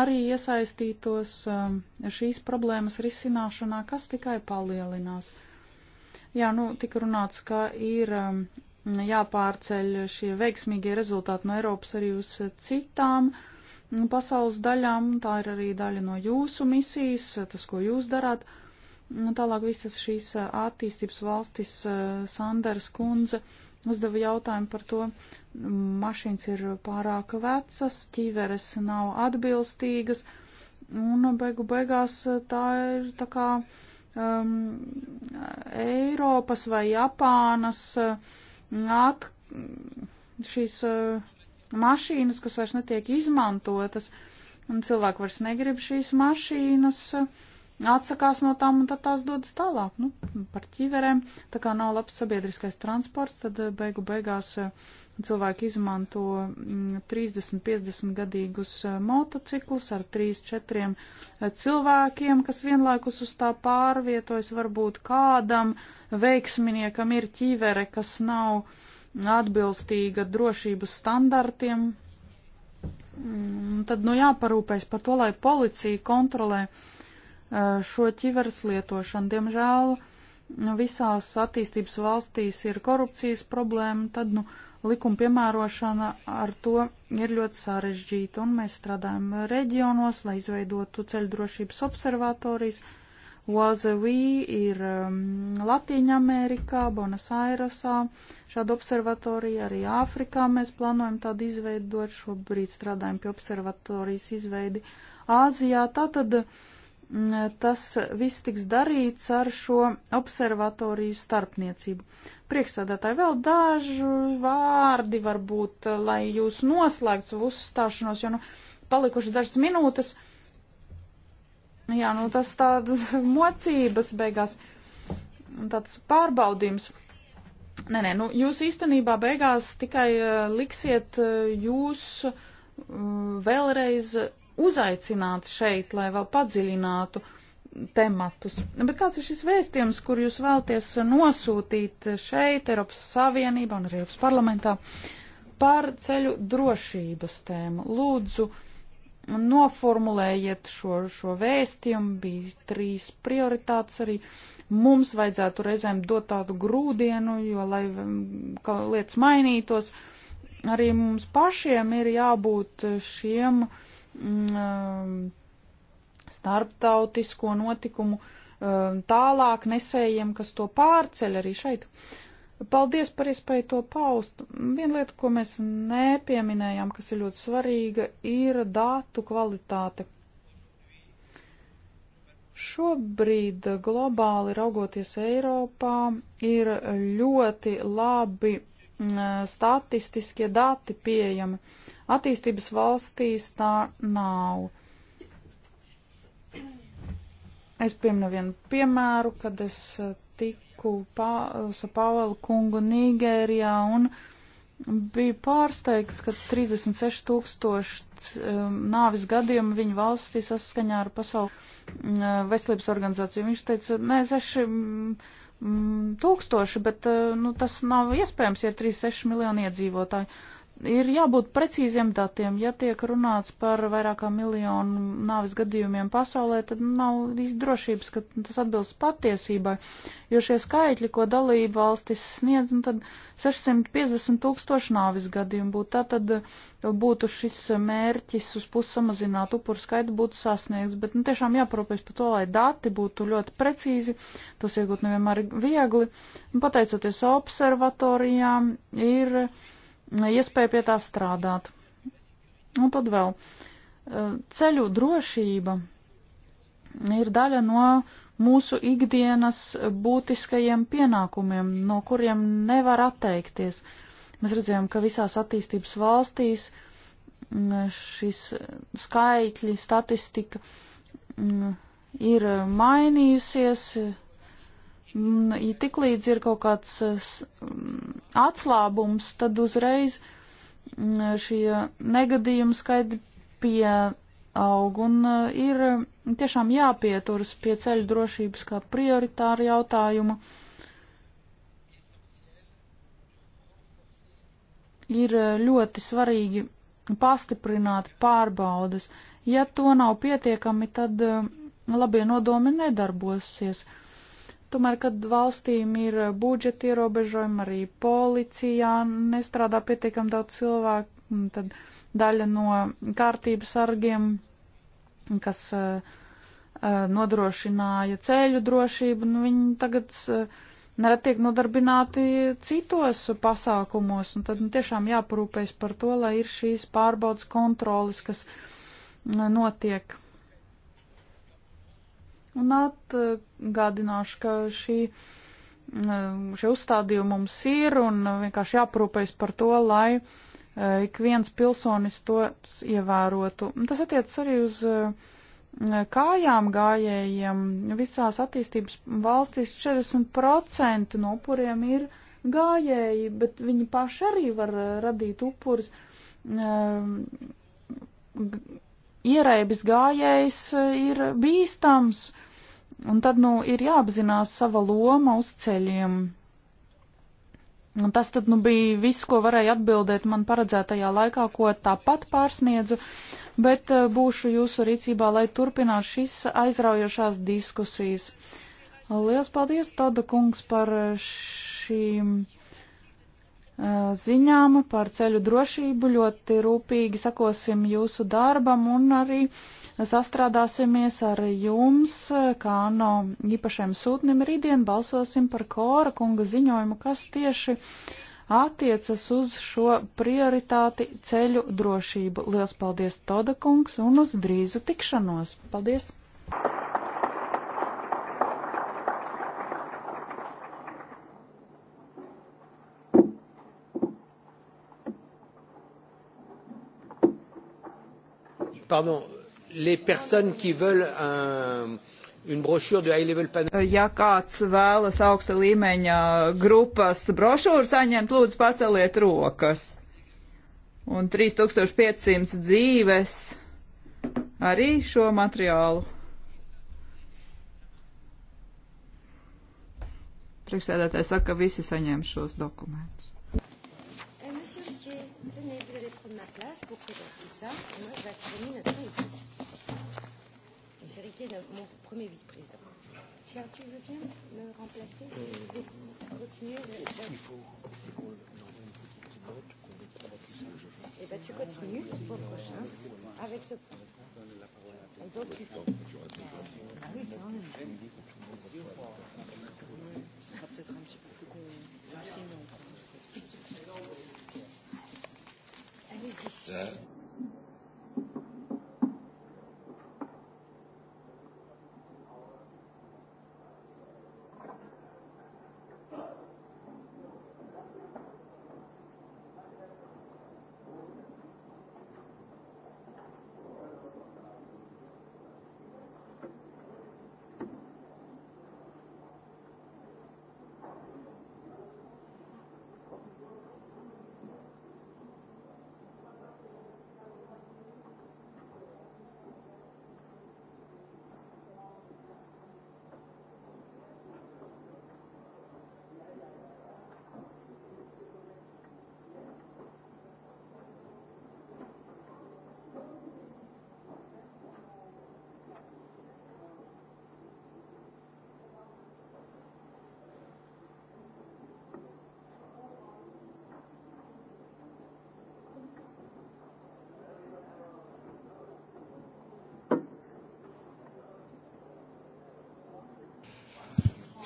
S2: arī iesaistītos um, šīs problēmas risināšanā, kas tikai palielinās. Jā, nu, tika runāts, ka ir um, jāpārceļ šie veiksmīgie rezultāti no Eiropas arī uz citām pasaules daļām. Tā ir arī daļa no jūsu misijas, tas, ko jūs darāt. Tālāk visas šīs attīstības valstis Sanders kundze uzdeva jautājumu par to, mašīnas ir pārāk vecas, ķīveres nav atbilstīgas, un beigu beigās tā ir tā kā um, Eiropas vai Japānas uh, at, šīs uh, mašīnas, kas vairs netiek izmantotas, un cilvēki vairs negrib šīs mašīnas, uh, atsakās no tām un tad tās dodas tālāk, nu, par ķiverēm, tā kā nav labs sabiedriskais transports, tad uh, beigu beigās Cilvēki izmanto 30-50 mm, gadīgus eh, motociklus ar 3-4 eh, cilvēkiem, kas vienlaikus uz tā pārvietojas. Varbūt kādam veiksminiekam ir ķīvere, kas nav atbilstīga drošības standartiem. Mm, un tad nu jāparūpēs par to, lai policija kontrolē eh, šo ķiveres lietošanu. Diemžēl mm, visās attīstības valstīs ir korupcijas problēma, tad nu likuma piemērošana ar to ir ļoti sarežģīta, un mēs strādājam reģionos, lai izveidotu ceļdrošības observatorijas. Oazevī ir um, Latīņa Amerikā, Buenos Airesā, šāda observatorija arī Āfrikā mēs plānojam tādu izveidot, šobrīd strādājam pie observatorijas izveidi Āzijā. Tātad uh, Mm, tas viss tiks darīts ar šo observatoriju starpniecību. Priekšsādātāji vēl dažu vārdi varbūt, lai jūs noslēgtu savu uzstāšanos, jo nu palikuši dažas minūtes. Jā, nu tas tādas mocības beigās, tāds pārbaudījums. Nē, nē, nu jūs īstenībā beigās tikai eh, liksiet eh, jūs eh, vēlreiz uzaicināti šeit, lai vēl padziļinātu tematus. Bet kāds ir šis vēstījums, kur jūs vēlties nosūtīt šeit, Eiropas Savienībā un arī Eiropas parlamentā par ceļu drošības tēmu? Lūdzu, noformulējiet šo, šo vēstījumu, bija trīs prioritātes arī. Mums vajadzētu reizēm dot tādu grūdienu, jo, lai um, lietas mainītos, arī mums pašiem ir jābūt šiem uh, Mm, um, starptautisko notikumu um, tālāk nesējiem, kas to pārceļ arī šeit. Paldies par iespēju to paust. Viena lieta, ko mēs nepieminējām, kas ir ļoti svarīga, ir datu kvalitāte. Šobrīd globāli raugoties Eiropā ir ļoti labi statistiskie dati pieejami. Attīstības valstīs tā nav. Es pieminu vienu piemēru, kad es e, tiku pa, Pāvelu kungu Nigērijā un biju pārsteigts, ka 36 tūkstoši e, nāvis gadījumu viņa valstī saskaņā ar Pasaules e, veselības organizāciju. Viņš teica, nē, seši mm, tūkstoši, bet eh, nu, tas nav iespējams, ja ir 36 miljoni iedzīvotāji. Uh, Ir jābūt precīziem datiem. Ja tiek runāts par vairākām miljonu nāvis gadījumiem pasaulē, tad nav īsti drošības, ka tas atbilst patiesībai. Jo šie skaitļi, ko dalība valstis sniedz, nu tad 650 tūkstoši nāvis gadījumu būtu. Tā tad būtu šis mērķis uz pus samazināt upuru skaitu būtu sasniegts. Bet nu, tiešām jāparūpēs par to, lai dati būtu ļoti precīzi. Tos iegūt nevienmēr viegli. Un, pateicoties observatorijām, ir iespēja pie tā strādāt. Un tad vēl eh, ceļu drošība ir daļa no mūsu ikdienas būtiskajiem pienākumiem, no kuriem nevar atteikties. Mēs redzējām, ka visās attīstības valstīs mm, šis skaitļi, statistika mm, ir mainījusies, ja tik līdz ir kaut kāds mm, atslābums, tad uzreiz mm, šie negadījumi skaidri pieaug un e, ir tiešām jāpieturas pie ceļu drošības kā prioritāra jautājuma. Ir e, ļoti svarīgi pastiprināt pārbaudas. Ja to nav pietiekami, tad e, labie nodomi nedarbosies. Uh, Tomēr, kad valstīm ir eh, budžeti ierobežojumi, arī policijā nestrādā pietiekam daudz cilvēku, tad daļa no kārtības sargiem, kas uh, nodrošināja ceļu drošību, nu, viņi tagad nerad tiek nodarbināti citos pasākumos, un tad nu, tiešām jāparūpējas par to, lai ir šīs pārbaudas kontrolas, kas notiek. Un atgādināšu, ka šī, mm, šie uzstādījumi mums ir un vienkārši jāprūpējas par to, lai eh, ik viens pilsonis tos ievērotu. Un tas attiec arī uz eh, kājām gājējiem. Visās attīstības valstīs 40% no upuriem ir gājēji, bet viņi paši arī var eh, radīt upurus ierēbis gājējs eh, ir bīstams, un tad, nu, ir jāapzinās sava loma uz ceļiem. Un tas tad, nu, bija viss, ko varēja atbildēt man paredzētajā laikā, ko tāpat pārsniedzu, bet eh, būšu jūsu rīcībā, lai turpinātu šīs aizraujošās diskusijas. Lielas paldies, Toda kungs, par eh, šīm ziņām par ceļu drošību. Ļoti rūpīgi sakosim jūsu darbam un arī sastrādāsimies ar jums, kā no īpašiem sūtnim rītdien balsosim par Kora kunga ziņojumu, kas tieši attiecas uz šo prioritāti ceļu drošību. Lielas paldies, Toda kungs, un uz drīzu tikšanos! Paldies!
S3: Pardon, les personnes qui veulent un, une brošūru de high level panel. Euh, ja kāds vēlas augsta līmeņa grupas brošūru saņemt, lūdzu paceliet rokas. Un 3500 dzīves arī šo materiālu. Priekšsēdētājs saka, ka visi saņem šos dokumentus.
S1: Eh, monsieur, c'est pour Céline. Et ça, moi, j'attribue notre équipe. J'ai Riquet, mon premier vice-président. Tiens, tu veux bien me remplacer si je vais continuer je... Ce qu'il faut,
S4: c'est qu'on envoie une petite note, qu'on répond à tout ça. Je fasse. Eh bien, tu continues pour le prochain
S1: avec ce point. Donc, tu fais. Ah oui, quand même. Ce sera peut-être un petit peu plus qu'on signe. that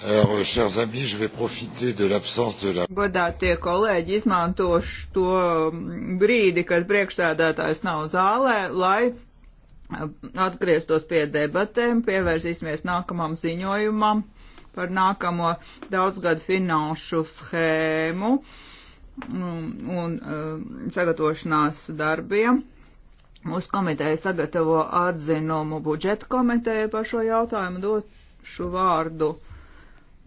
S1: Alors, euh, chers amis, je vais profiter de l'absence de la...
S3: Godātie kolēģi, izmantošu to um, brīdi, kad priekšsēdētājs nav zālē, lai um, atgrieztos pie debatēm, pievērsīsimies nākamam ziņojumam par nākamo daudzgadu finanšu schēmu um, un sagatavošanās darbiem. Mūsu komiteja sagatavo atzinumu budžeta komiteja par šo jautājumu, došu vārdu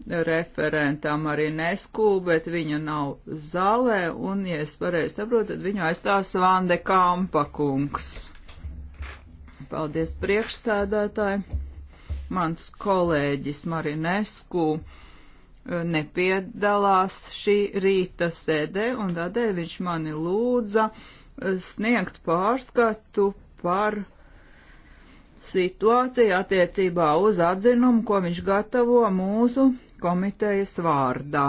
S3: referentam arī neskū, bet viņa nav zālē, un, ja es pareizi saprotu, tad viņu aizstās Vande Kampa kungs. Paldies priekšstādātāji. Mans kolēģis Marinesku eh, nepiedalās šī rīta sēdē, un tādēļ viņš mani lūdza eh, sniegt pārskatu par situāciju attiecībā uz atzinumu, ko viņš gatavo mūsu komitejas vārdā.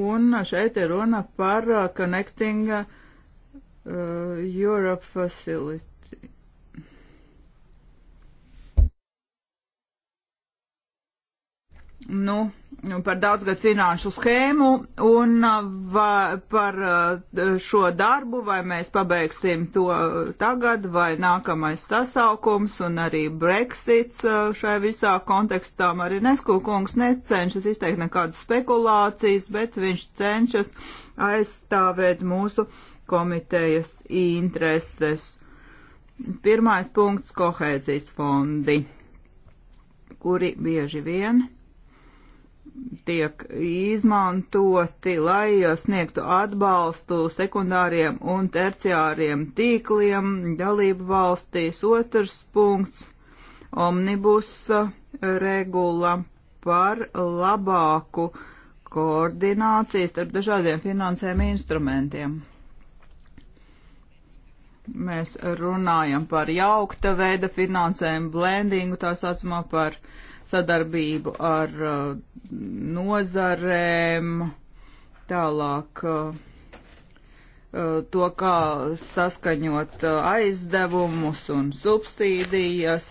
S3: Un šeit ir runa par uh, Connecting uh, Europe Facility. nu, par daudzgad finanšu schēmu un va, par šo darbu, vai mēs pabeigsim to tagad vai nākamais sasaukums un arī Brexits šai visā kontekstā. Arī Nesko kungs necenšas izteikt nekādas spekulācijas, bet viņš cenšas aizstāvēt mūsu komitejas intereses. Pirmais punkts - kohēzijas fondi, kuri bieži vien tiek izmantoti, lai sniegtu atbalstu sekundāriem un terciāriem tīkliem dalību valstīs. Otrs punkts - omnibus regula par labāku koordināciju starp dažādiem finansējuma instrumentiem mēs runājam par jaukta veida finansējumu, blendingu, tā saucamā par sadarbību ar uh, nozarēm, tālāk uh, uh, to, kā saskaņot aizdevumus un subsīdijas,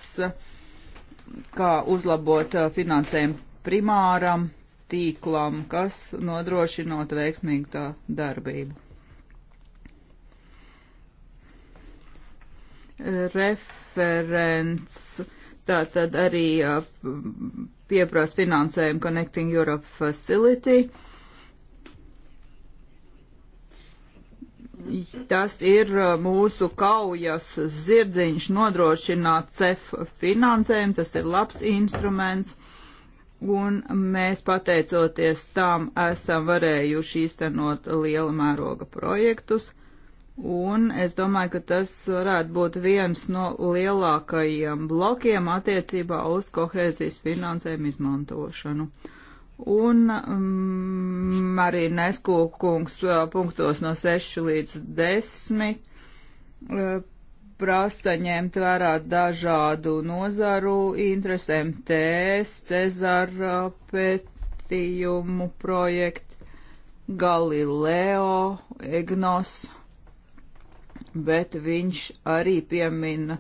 S3: kā uzlabot finansējumu primāram tīklam, kas nodrošinot veiksmīgu tā darbību. Referents tātad arī pieprasa finansējumu Connecting Europe Facility. Tas ir mūsu kaujas zirdziņš nodrošināt CEF finansējumu, tas ir labs instruments, un mēs pateicoties tam esam varējuši īstenot liela mēroga projektus. Un es domāju, ka tas varētu būt viens no lielākajiem blokiem attiecībā uz kohēzijas finansējumu izmantošanu. Un mm, arī Nesku kungs punktos no 6 līdz 10 prasa ņemt vērā dažādu nozaru interesēm, TS, Cezara pētījumu projektu, Galileo, Egnos bet viņš arī piemina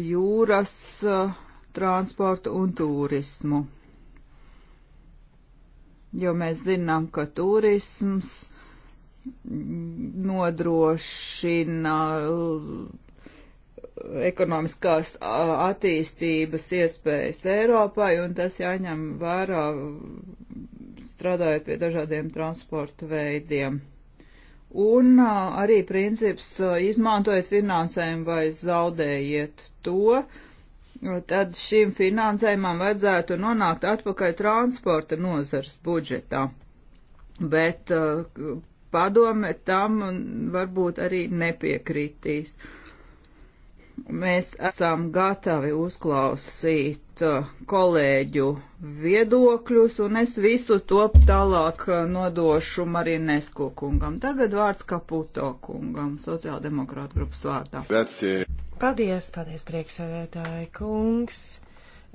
S3: jūras eh, transportu un turismu. Jo mēs zinām, ka turisms mm, nodrošina eh, ekonomiskās attīstības iespējas Eiropai, un tas jāņem vērā strādājot pie dažādiem transporta veidiem un arī princips izmantojiet finansējumu vai zaudējiet to, tad šim finansējumam vajadzētu nonākt atpakaļ transporta nozars budžetā. Bet padome tam varbūt arī nepiekritīs. Mēs esam gatavi uzklausīt dzirdēt uh, kolēģu viedokļus, un es visu to tālāk uh, nodošu Marinesku kungam. Tagad vārds Kaputo kungam, sociāldemokrāta grupas vārdā.
S1: Grazie.
S4: Paldies, paldies, priekšsēdētāji kungs.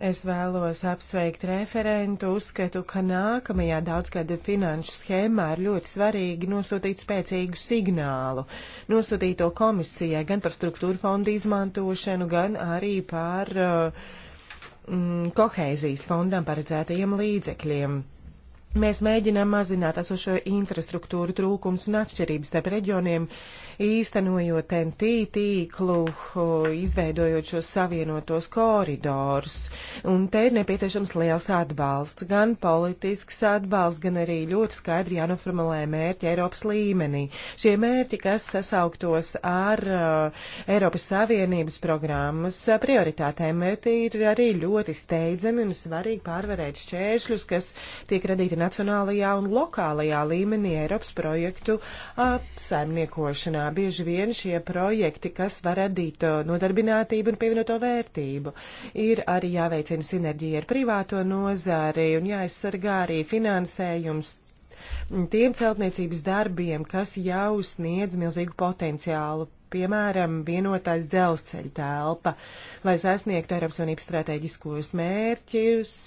S4: Es vēlos apsveikt referentu, uzskatu, ka nākamajā daudzgada finanšu schēmā ir ļoti svarīgi nosūtīt spēcīgu signālu, nosūtīto komisijai gan par struktūra fondu izmantošanu, gan arī par uh, mm, koheizijas fondam paredzētajiem līdzekļiem. Mēs mēģinām mazināt esošo infrastruktūru trūkums un atšķirības starp reģioniem, īstenojot NT tīklu, izveidojot šos savienotos koridors. Un te ir nepieciešams liels atbalsts, gan politisks atbalsts, gan arī ļoti skaidri jānoformulē mērķi Eiropas līmenī. Šie mērķi, kas sasauktos ar uh, Eiropas Savienības programmas prioritātēm, bet ir arī ļoti steidzami un svarīgi pārvarēt šķēršļus, kas tiek radīti nacionālajā un lokālajā līmenī Eiropas projektu apsaimniekošanā. Bieži vien šie projekti, kas var radīt nodarbinātību un pievienoto vērtību, ir arī jāveicina sinerģija ar privāto nozāri un jāaizsargā arī finansējums tiem celtniecības darbiem, kas jau sniedz milzīgu potenciālu piemēram, vienotās dzelzceļa telpa, lai sasniegtu Eiropas Savienības stratēģiskos mērķus,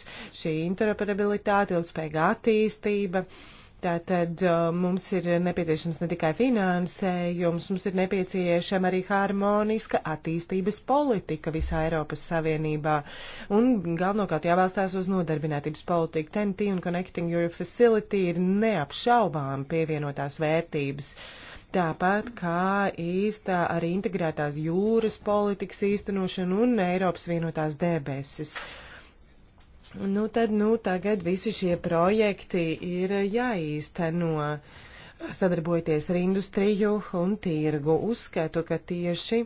S4: šī interoperabilitāte, ilgspējīga attīstība. Uh, Tātad uh, mums ir nepieciešams ne tikai finansējums, mums ir nepieciešama arī harmoniska attīstības politika visā Eiropas Savienībā. Un galvenokārt jābalstās uz nodarbinātības politiku. TNT un Connecting Europe Facility ir neapšaubām pievienotās vērtības. Tāpat kā īstā arī integrētās jūras politikas īstenošana un Eiropas vienotās debesis. Uh, Nu, tad, nu, tagad visi šie projekti ir jāīsteno sadarbojoties ar industriju un tirgu. Uzskatu, ka tieši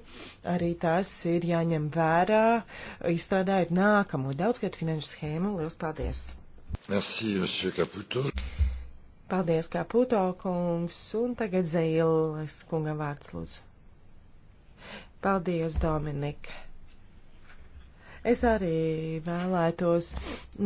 S4: arī tas ir jāņem vērā, izstrādājot nākamo daudzgadu finanšu schēmu. Lielas paldies!
S1: Merci, monsieur Caputo.
S4: Paldies, Kaputo kungs, un tagad Zēles kungam vārds lūdzu. Paldies, Dominika! Es arī vēlētos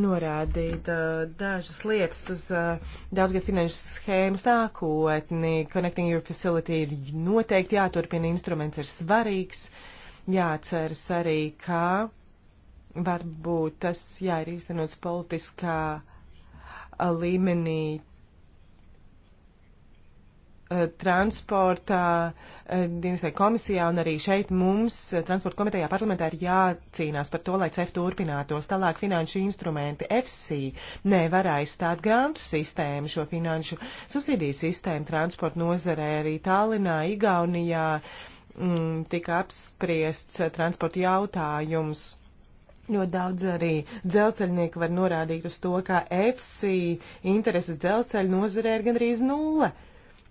S4: norādīt uh, dažas lietas uz uh, daudzgad finanšu schēmas nākotni. Connecting Europe Facility ir noteikti jāturpina, instruments ir svarīgs. Jāceras arī, ka varbūt tas jā, ir īstenots politiskā līmenī Eh, transporta eh, dienestē komisijā un arī šeit mums, eh, transporta komitejā parlamentā, ir jācīnās par to, lai CEF turpinātos. Tālāk finanšu instrumenti FC nevar aizstāt grantu sistēmu, šo finanšu subsīdiju sistēmu transporta nozarē arī Tallinā, Igaunijā m, mm, tika apspriests transporta jautājums. Ļoti daudz arī dzelceļnieki var norādīt uz to, ka FC intereses dzelceļu nozarē ir gandrīz nulle. Uh,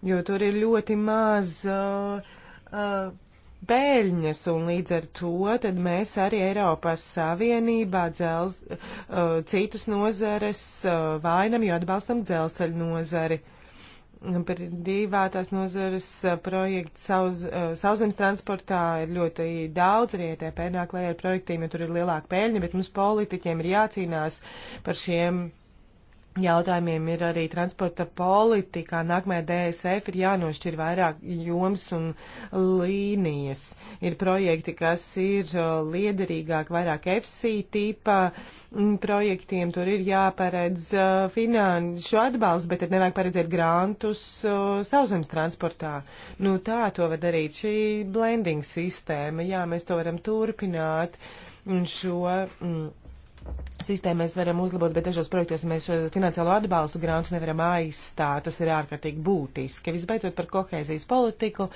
S4: jo tur ir ļoti maz uh, uh, peļņas, un līdz ar to tad mēs arī Eiropas Savienībā dzels, uh, citus nozares uh, vainam, jo atbalstam dzelzceļu nozari. Par divātās nozares uh, projektu sauz, uh, sauszemes transportā ir ļoti daudz rietē pērnāk, lai ar projektiem, jo tur ir lielāka peļņa, bet mums politiķiem ir jācīnās par šiem jautājumiem ir arī transporta politikā. Nākamajā DSF ir jānošķir vairāk joms un līnijas. Ir projekti, kas ir uh, liederīgāk vairāk FC tipa mm, projektiem. Tur ir jāparedz uh, finanšu atbalsts, bet tad nevajag paredzēt grantus uh, sauszemes transportā. Nu tā to var darīt šī blending sistēma. Jā, mēs to varam turpināt. Un šo, mm, sistēmu mēs varam uzlabot, bet dažos projektos mēs šo eh, finansiālo atbalstu grāmatus nevaram aizstāt. Tas ir ārkārtīgi būtiski. Visbeidzot par kohēzijas politiku.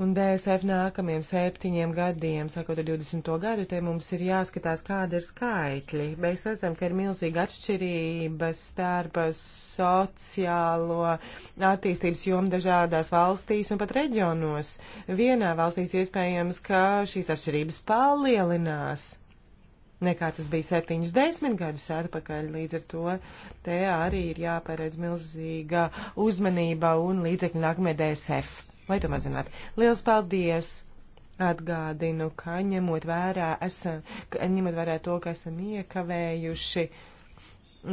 S4: Un DSF nākamajiem septiņiem gadiem, sākot ar 20. gadu, te mums ir jāskatās, kāda ir skaitļi. Mēs redzam, ka ir milzīga atšķirība starp sociālo attīstības jomu dažādās valstīs un pat reģionos. Vienā valstīs iespējams, ka šīs atšķirības palielinās nekā tas bija 70 gadus atpakaļ. Līdz ar to te arī ir jāparedz milzīga uzmanība un līdzekļi nākamajai DSF, lai to mazinātu. Liels paldies! Atgādinu, ka ņemot vērā, esam, ka ņemot vērā to, ka esam iekavējuši,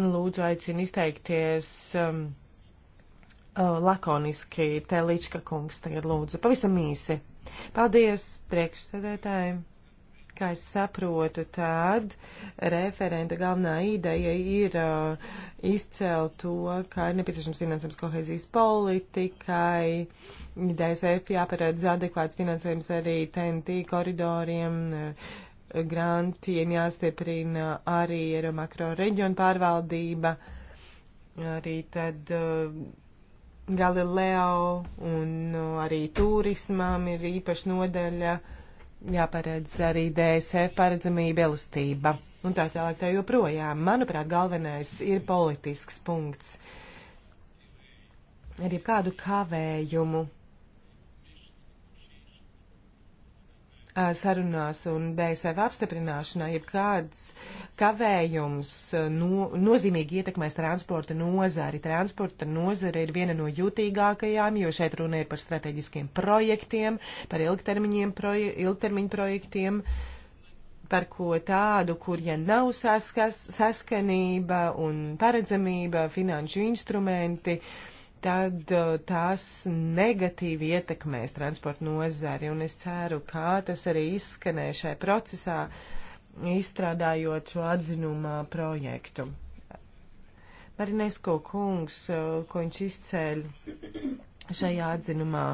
S4: lūdzu aicinu izteikties um, lakoniski. Te Lička kungs tagad lūdzu, pavisam īsi. Paldies priekšsēdētājiem! Kā es saprotu, tad referenta galvenā ideja ir uh, izcelt to, ka ir nepieciešams finansējums kohēzijas politikai, DSF jāparedz adekvāts finansējums arī TNT koridoriem, uh, grantiem jāstieprina arī ar makro reģionu pārvaldība, arī tad. Uh, Galileo un uh, arī turismam ir īpaša nodaļa uh, jāparedz arī DSF paredzamība elastība un tā tālāk tā joprojām. Manuprāt, galvenais ir politisks punkts. Arī kādu kavējumu sarunās un DSF apstiprināšanā, ja kāds kavējums no, nozīmīgi ietekmēs transporta nozari. Transporta nozara ir viena no jūtīgākajām, jo šeit runa ir par strateģiskiem projektiem, par ilgtermiņiem, proje, ilgtermiņu projektiem par ko tādu, kur ja nav saskas, saskanība un paredzamība, finanšu instrumenti, uh, tad tās negatīvi ietekmēs transporta nozari, un es ceru, kā tas arī izskanē šai procesā, izstrādājot šo atzinumā projektu. Marinesko kungs, ko viņš izcēļ šajā atzinumā,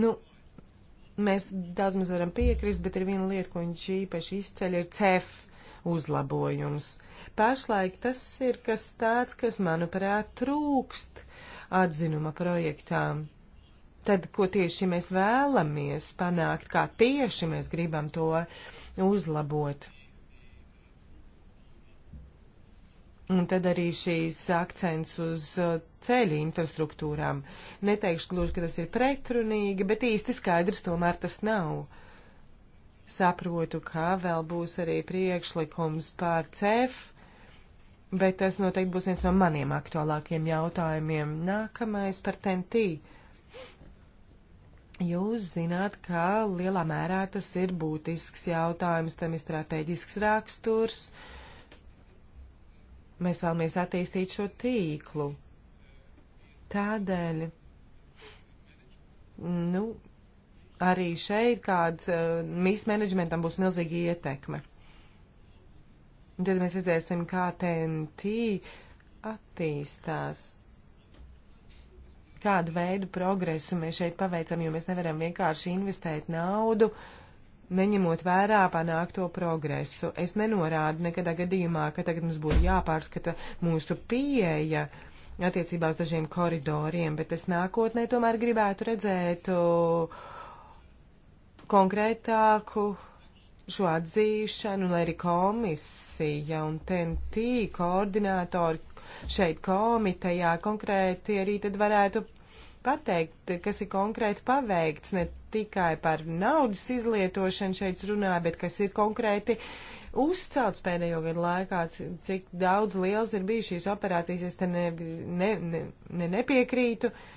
S4: nu, mēs daudz maz varam piekrist, bet ir viena lieta, ko viņš īpaši izceļ, ir CEF uzlabojums. Pašlaik tas ir kas tāds, kas, manuprāt, trūkst atzinuma projektām. Tad, ko tieši mēs vēlamies panākt, kā tieši mēs gribam to uzlabot. Un tad arī šīs akcents uz uh, ceļu infrastruktūrām. Neteikšu gluži, ka tas ir pretrunīgi, bet īsti skaidrs tomēr tas nav. Saprotu, ka vēl būs arī priekšlikums pār cefu bet tas noteikti būs viens no maniem aktuālākiem jautājumiem. Nākamais par TNT. Jūs zināt, ka lielā mērā tas ir būtisks jautājums, tam ir strateģisks raksturs. Mēs vēlamies attīstīt šo tīklu. Tādēļ, nu, arī šeit kāds uh, mīs menedžmentam būs milzīga ietekme. Un tad mēs redzēsim, kā TNT attīstās kādu veidu progresu mēs šeit paveicam, jo mēs nevaram vienkārši investēt naudu, neņemot vērā panākto progresu. Es nenorādu nekadā gadījumā, ka tagad mums būtu jāpārskata mūsu pieeja attiecībā uz dažiem koridoriem, bet es nākotnē tomēr gribētu redzēt uh, konkrētāku šo atzīšanu, lai arī komisija un TNT koordinātori šeit komitejā konkrēti arī tad varētu pateikt, kas ir konkrēti paveikts, ne tikai par naudas izlietošanu šeit runā, bet kas ir konkrēti uzcelts pēdējo gadu laikā, cik daudz liels ir bijis šīs operācijas, es te ne, ne, ne, ne nepiekrītu. Uh,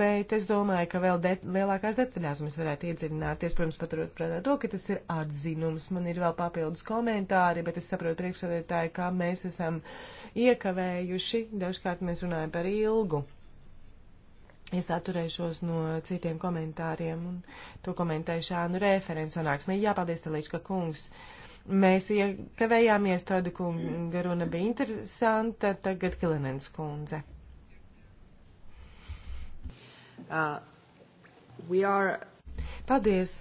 S4: Bet es domāju, ka vēl det lielākās detaļās mēs varētu iedziļināties, protams, paturot prātā to, ka tas ir atzinums. Man ir vēl papildus komentāri, bet es saprotu priekšsēdētāji, kā mēs esam iekavējuši. Dažkārt mēs runājam par ilgu. Es atturēšos no citiem komentāriem un to komentēju šānu referents sanāksmē. Jā, paldies, Telīčka kungs. Mēs iekavējāmies, tāda kunga runa bija interesanta, tagad Kilinens kundze. Uh, are... Paldies!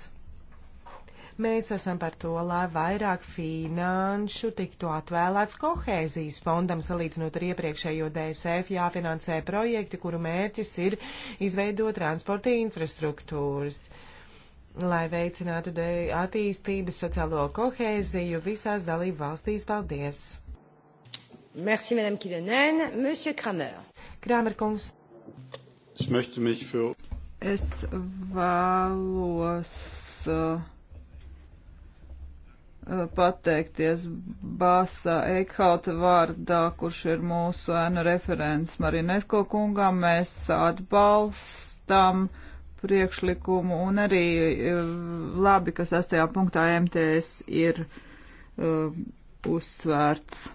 S4: Mēs esam par to, lai vairāk finanšu tiktu atvēlēts kohēzijas fondam, salīdzinot ar iepriekšējo DSF jāfinansē projekti, kuru mērķis ir izveidot transporta infrastruktūras, lai veicinātu attīstības sociālo kohēziju visās dalību valstīs. Paldies! Merci, Madame Kilenen. Monsieur Kramer. Kramer, kungs.
S3: Ich möchte mich für
S4: es vēlos uh,
S3: uh pateikties Bāsa Eikhauta vārdā, kurš ir mūsu ēnu referents Marinesko kungam. Mēs atbalstam priekšlikumu un arī uh, labi, kas astajā punktā MTS ir uh, uzsvērts.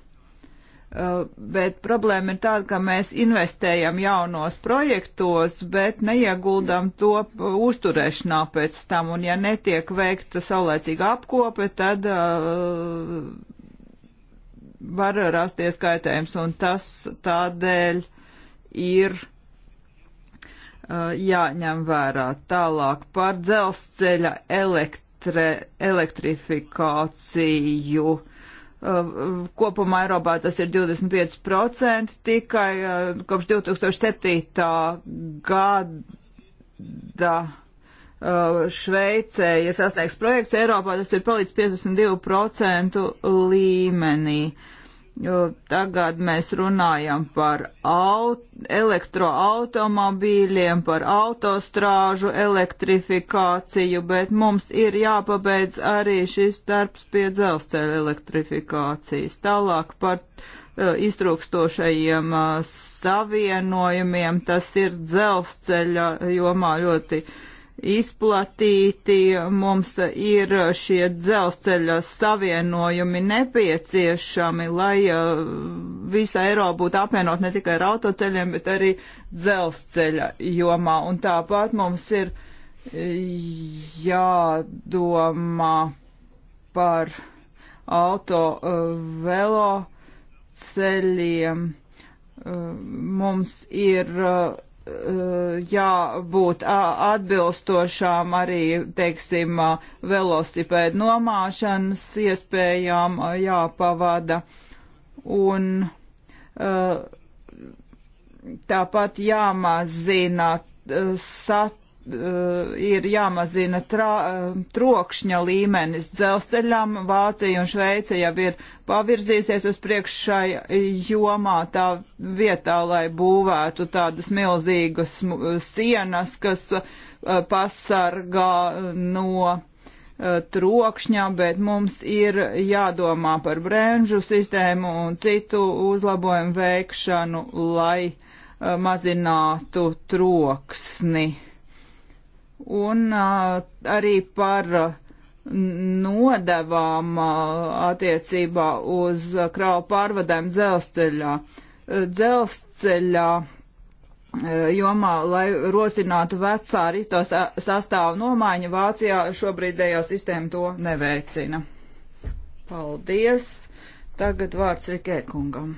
S3: Uh, bet problēma ir tāda, ka mēs investējam jaunos projektos, bet neieguldam to uzturēšanā pēc tam, un ja netiek veikta saulēcīga apkope, tad uh, var rasties kaitējums, un tas tādēļ ir uh, jāņem vērā tālāk par dzelzceļa elektre, elektrifikāciju. Uh, Uh, kopumā Eiropā tas ir 25% tikai uh, kopš 2007. gada uh, Šveicē ir sasniegts projekts, Eiropā tas ir palicis 52% līmenī. Uh, Tagad mēs runājam par aut elektroautomobīļiem, par autostrāžu elektrifikāciju, bet mums ir jāpabeidz arī šis darbs pie dzelzceļa elektrifikācijas. Tālāk par uh, iztrūkstošajiem uh, savienojumiem, tas ir dzelzceļa jomā ļoti uh, izplatīti, mums ir šie dzelzceļa savienojumi nepieciešami, lai uh, visa Eiropa būtu apvienot ne tikai ar autoceļiem, bet arī dzelzceļa jomā. Un tāpat mums ir eh, jādomā par auto uh, eh, velo ceļiem. Uh, eh, mums ir uh, Eh, jābūt atbilstošām arī, teiksim, velosipēdu nomāšanas iespējām jāpavada. Un eh, tāpat jāmazina eh, sat Eh, ir jāmazina trā, eh, trokšņa līmenis dzelzceļam. Vācija un Šveice jau ir pavirzīsies uz priekšu šai jomā tā vietā, lai būvētu tādas milzīgas sienas, kas eh, pasargā no trokšņā, bet mums ir jādomā par brēnžu sistēmu un citu uzlabojumu veikšanu, lai mazinātu troksni un uh, arī par nodevām uh, attiecībā uz kravu pārvadēm dzelzceļā. Dzelzceļā jomā, lai rosinātu vecā rīto sastāvu nomaiņu, Vācijā šobrīdējā sistēma to neveicina. Paldies! Tagad vārds Rikē kungam.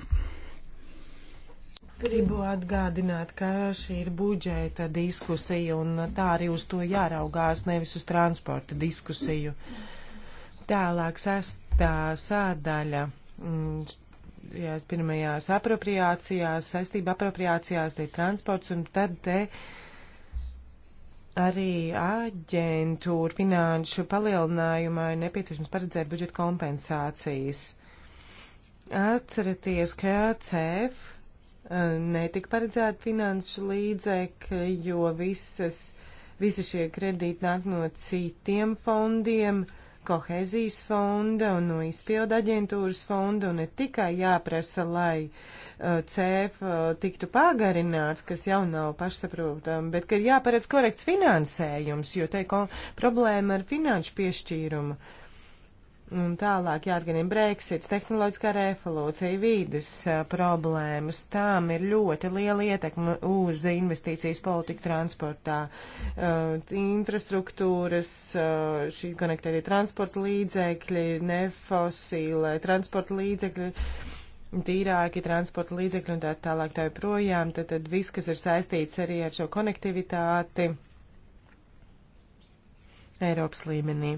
S4: Gribu atgādināt, ka šī ir budžeta diskusija un tā arī uz to jāraugās, nevis uz transporta diskusiju. Tālāk sastā sādaļa. Mm, Jās pirmajās apropriācijās, saistība apropriācijās ir transports un tad te arī aģentūra finanšu palielinājumā ir nepieciešams paredzēt budžeta kompensācijas. Atcerieties, ka CF netika paredzēti finanšu līdzekļi, jo visas, visi šie kredīti nāk no citiem fondiem, kohezijas fonda un no izpildu aģentūras fonda, un ne tikai jāprasa, lai uh, CF uh, tiktu pagarināts, kas jau nav pašsaprotami, bet ka ir jāparedz korekts finansējums, jo te problēma ar finanšu piešķīrumu. Uh, Un tālāk jāatgādina Brexits, tehnoloģiskā revolūcija, vīdes eh, problēmas. Tām ir ļoti liela ietekme uz investīcijas politiku transportā, uh, infrastruktūras, uh, šī konektētie transporta līdzekļi, nefosīlē transporta līdzekļi, tīrāki transporta līdzekļi un tā tālāk tā joprojām. Tad, tad viss, kas ir saistīts arī ar šo konektivitāti Eiropas līmenī.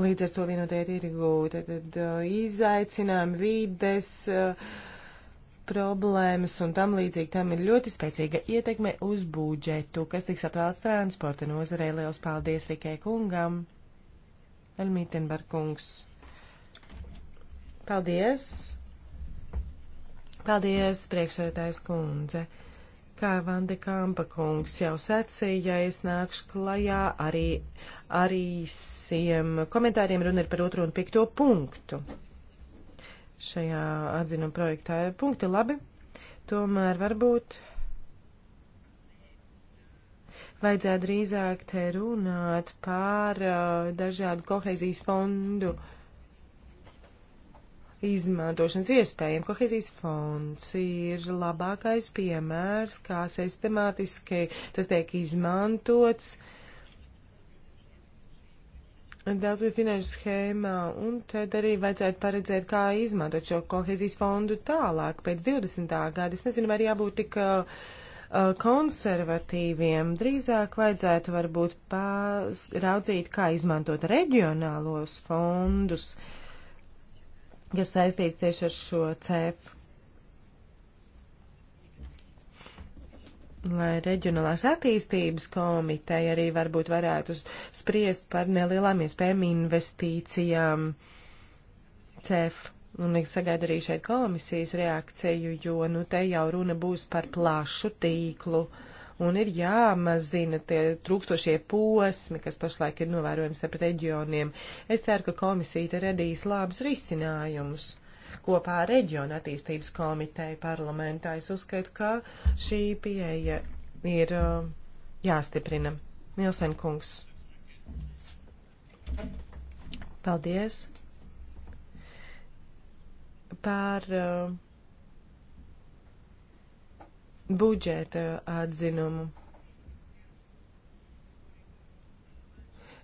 S4: Līdz ar to vienotajā tirgu tad uh, izaicinājumi vides uh, problēmas un tam līdzīgi tam ir ļoti spēcīga ietekme uz budžetu, kas tiks atvēlts transporta nozarei. Liels paldies Rikai kungam! Elmītenbar kungs. Paldies! Paldies, priekšsētājs kundze! Kā Vande Kampa kungs jau sacīja, es nākšu klajā arī ar īsiem komentāriem runa ir par otro un piekto punktu. Šajā atzinuma projektā ir punkti labi, tomēr varbūt vajadzētu drīzāk te runāt par uh, dažādu kohēzijas fondu uh, izmantošanas iespējām. Kohezijas fonds ir labākais piemērs, kā sistemātiski tas tiek izmantots daudzu finanšu schēmā, un tad arī vajadzētu paredzēt, kā izmantot šo kohezijas fondu tālāk, pēc 20. gada. Es nezinu, vai jābūt tik uh, uh, konservatīviem. Drīzāk vajadzētu varbūt raudzīt, kā izmantot reģionālos fondus. Uh, kas saistīts tieši ar šo cēfu. Lai reģionālās attīstības komiteja arī varbūt varētu spriest par nelielām iespējām investīcijām CEF. Un es sagaidu arī šeit komisijas reakciju, jo, nu, te jau runa būs par plašu tīklu. Uh, un ir jāmazina tie trūkstošie posmi, kas pašlaik ir novērojams starp reģioniem. Es ceru, ka komisija te redīs labus risinājumus. Kopā ar reģionu attīstības komiteju parlamentā es uzskatu, ka šī pieeja ir um, jāstiprina. Nielsen kungs. Paldies par uh, budžeta atzinumu.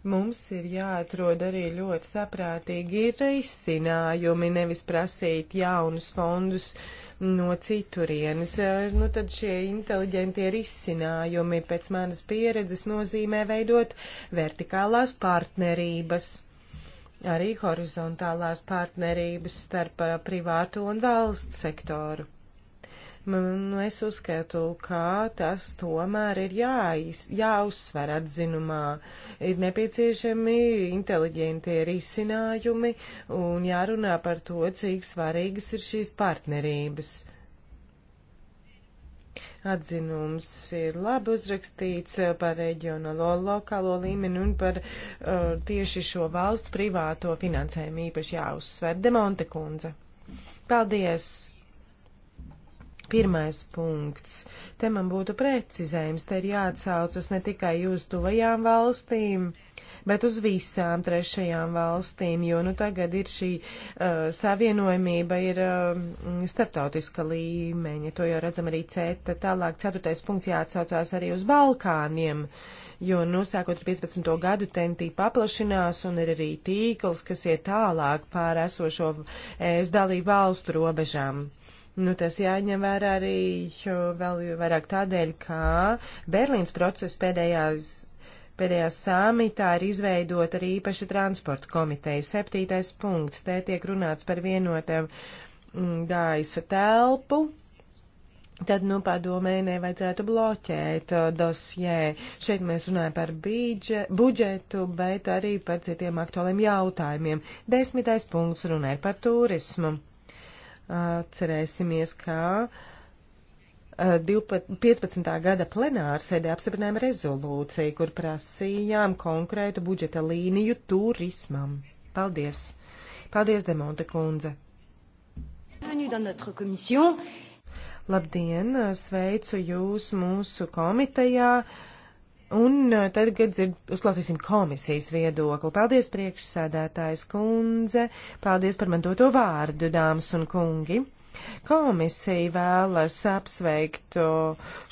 S4: Mums ir jāatrod arī ļoti saprātīgi risinājumi, nevis prasīt jaunus fondus no citurienes. Nu, tad šie inteliģentie risinājumi pēc manas pieredzes nozīmē veidot vertikālās partnerības arī horizontālās partnerības starp privātu un valsts sektoru. Nu, es uzskatu, ka tas tomēr ir jāiz, jāuzsver atzinumā. Ir nepieciešami inteliģentie risinājumi un jārunā par to, cik svarīgas ir šīs partnerības. Atzinums ir labi uzrakstīts par reģionālo, lokālo līmeni un par uh, tieši šo valsts privāto finansējumu īpaši jāuzsver. Demonte kundze. Paldies! Pirmais punkts. Te man būtu precizējums, te ir jāatsaucas ne tikai uz tuvajām valstīm, bet uz visām trešajām valstīm, jo nu tagad ir šī uh, savienojumība ir uh, starptautiska līmeņa, to jau redzam arī CETA. Tālāk ceturtais punkts jāatsaucās arī uz Balkāniem, jo nu sākot ar 15. gadu tentī paplašinās un ir arī tīkls, kas iet tālāk pār esošo es dalību valstu robežām. Nu, tas jāņem vērā arī vēl vairāk tādēļ, ka Berlīnas procesa pēdējās, pēdējā samitā ir izveidot arī īpaša transporta komiteja. Septītais punkts. Te tiek runāts par vienotiem mm, gaisa telpu. Tad, nu, padomē, nevajadzētu bloķēt uh, dosjē. Šeit mēs runājam par bīdže, budžetu, bet arī par citiem aktuāliem jautājumiem. Desmitais punkts runāja par turismu Atcerēsimies, ka 15. gada plenāra sēdē apstiprinājām rezolūciju, kur prasījām konkrētu budžeta līniju turismam. Paldies! Paldies, Demonte kundze! Labdien! Sveicu jūs mūsu komitejā! Un eh, tad, kad dzird, uzklausīsim komisijas viedokli, paldies priekšsēdētājs kundze, paldies par man doto vārdu, dāmas un kungi. Komisija vēlas apsveikt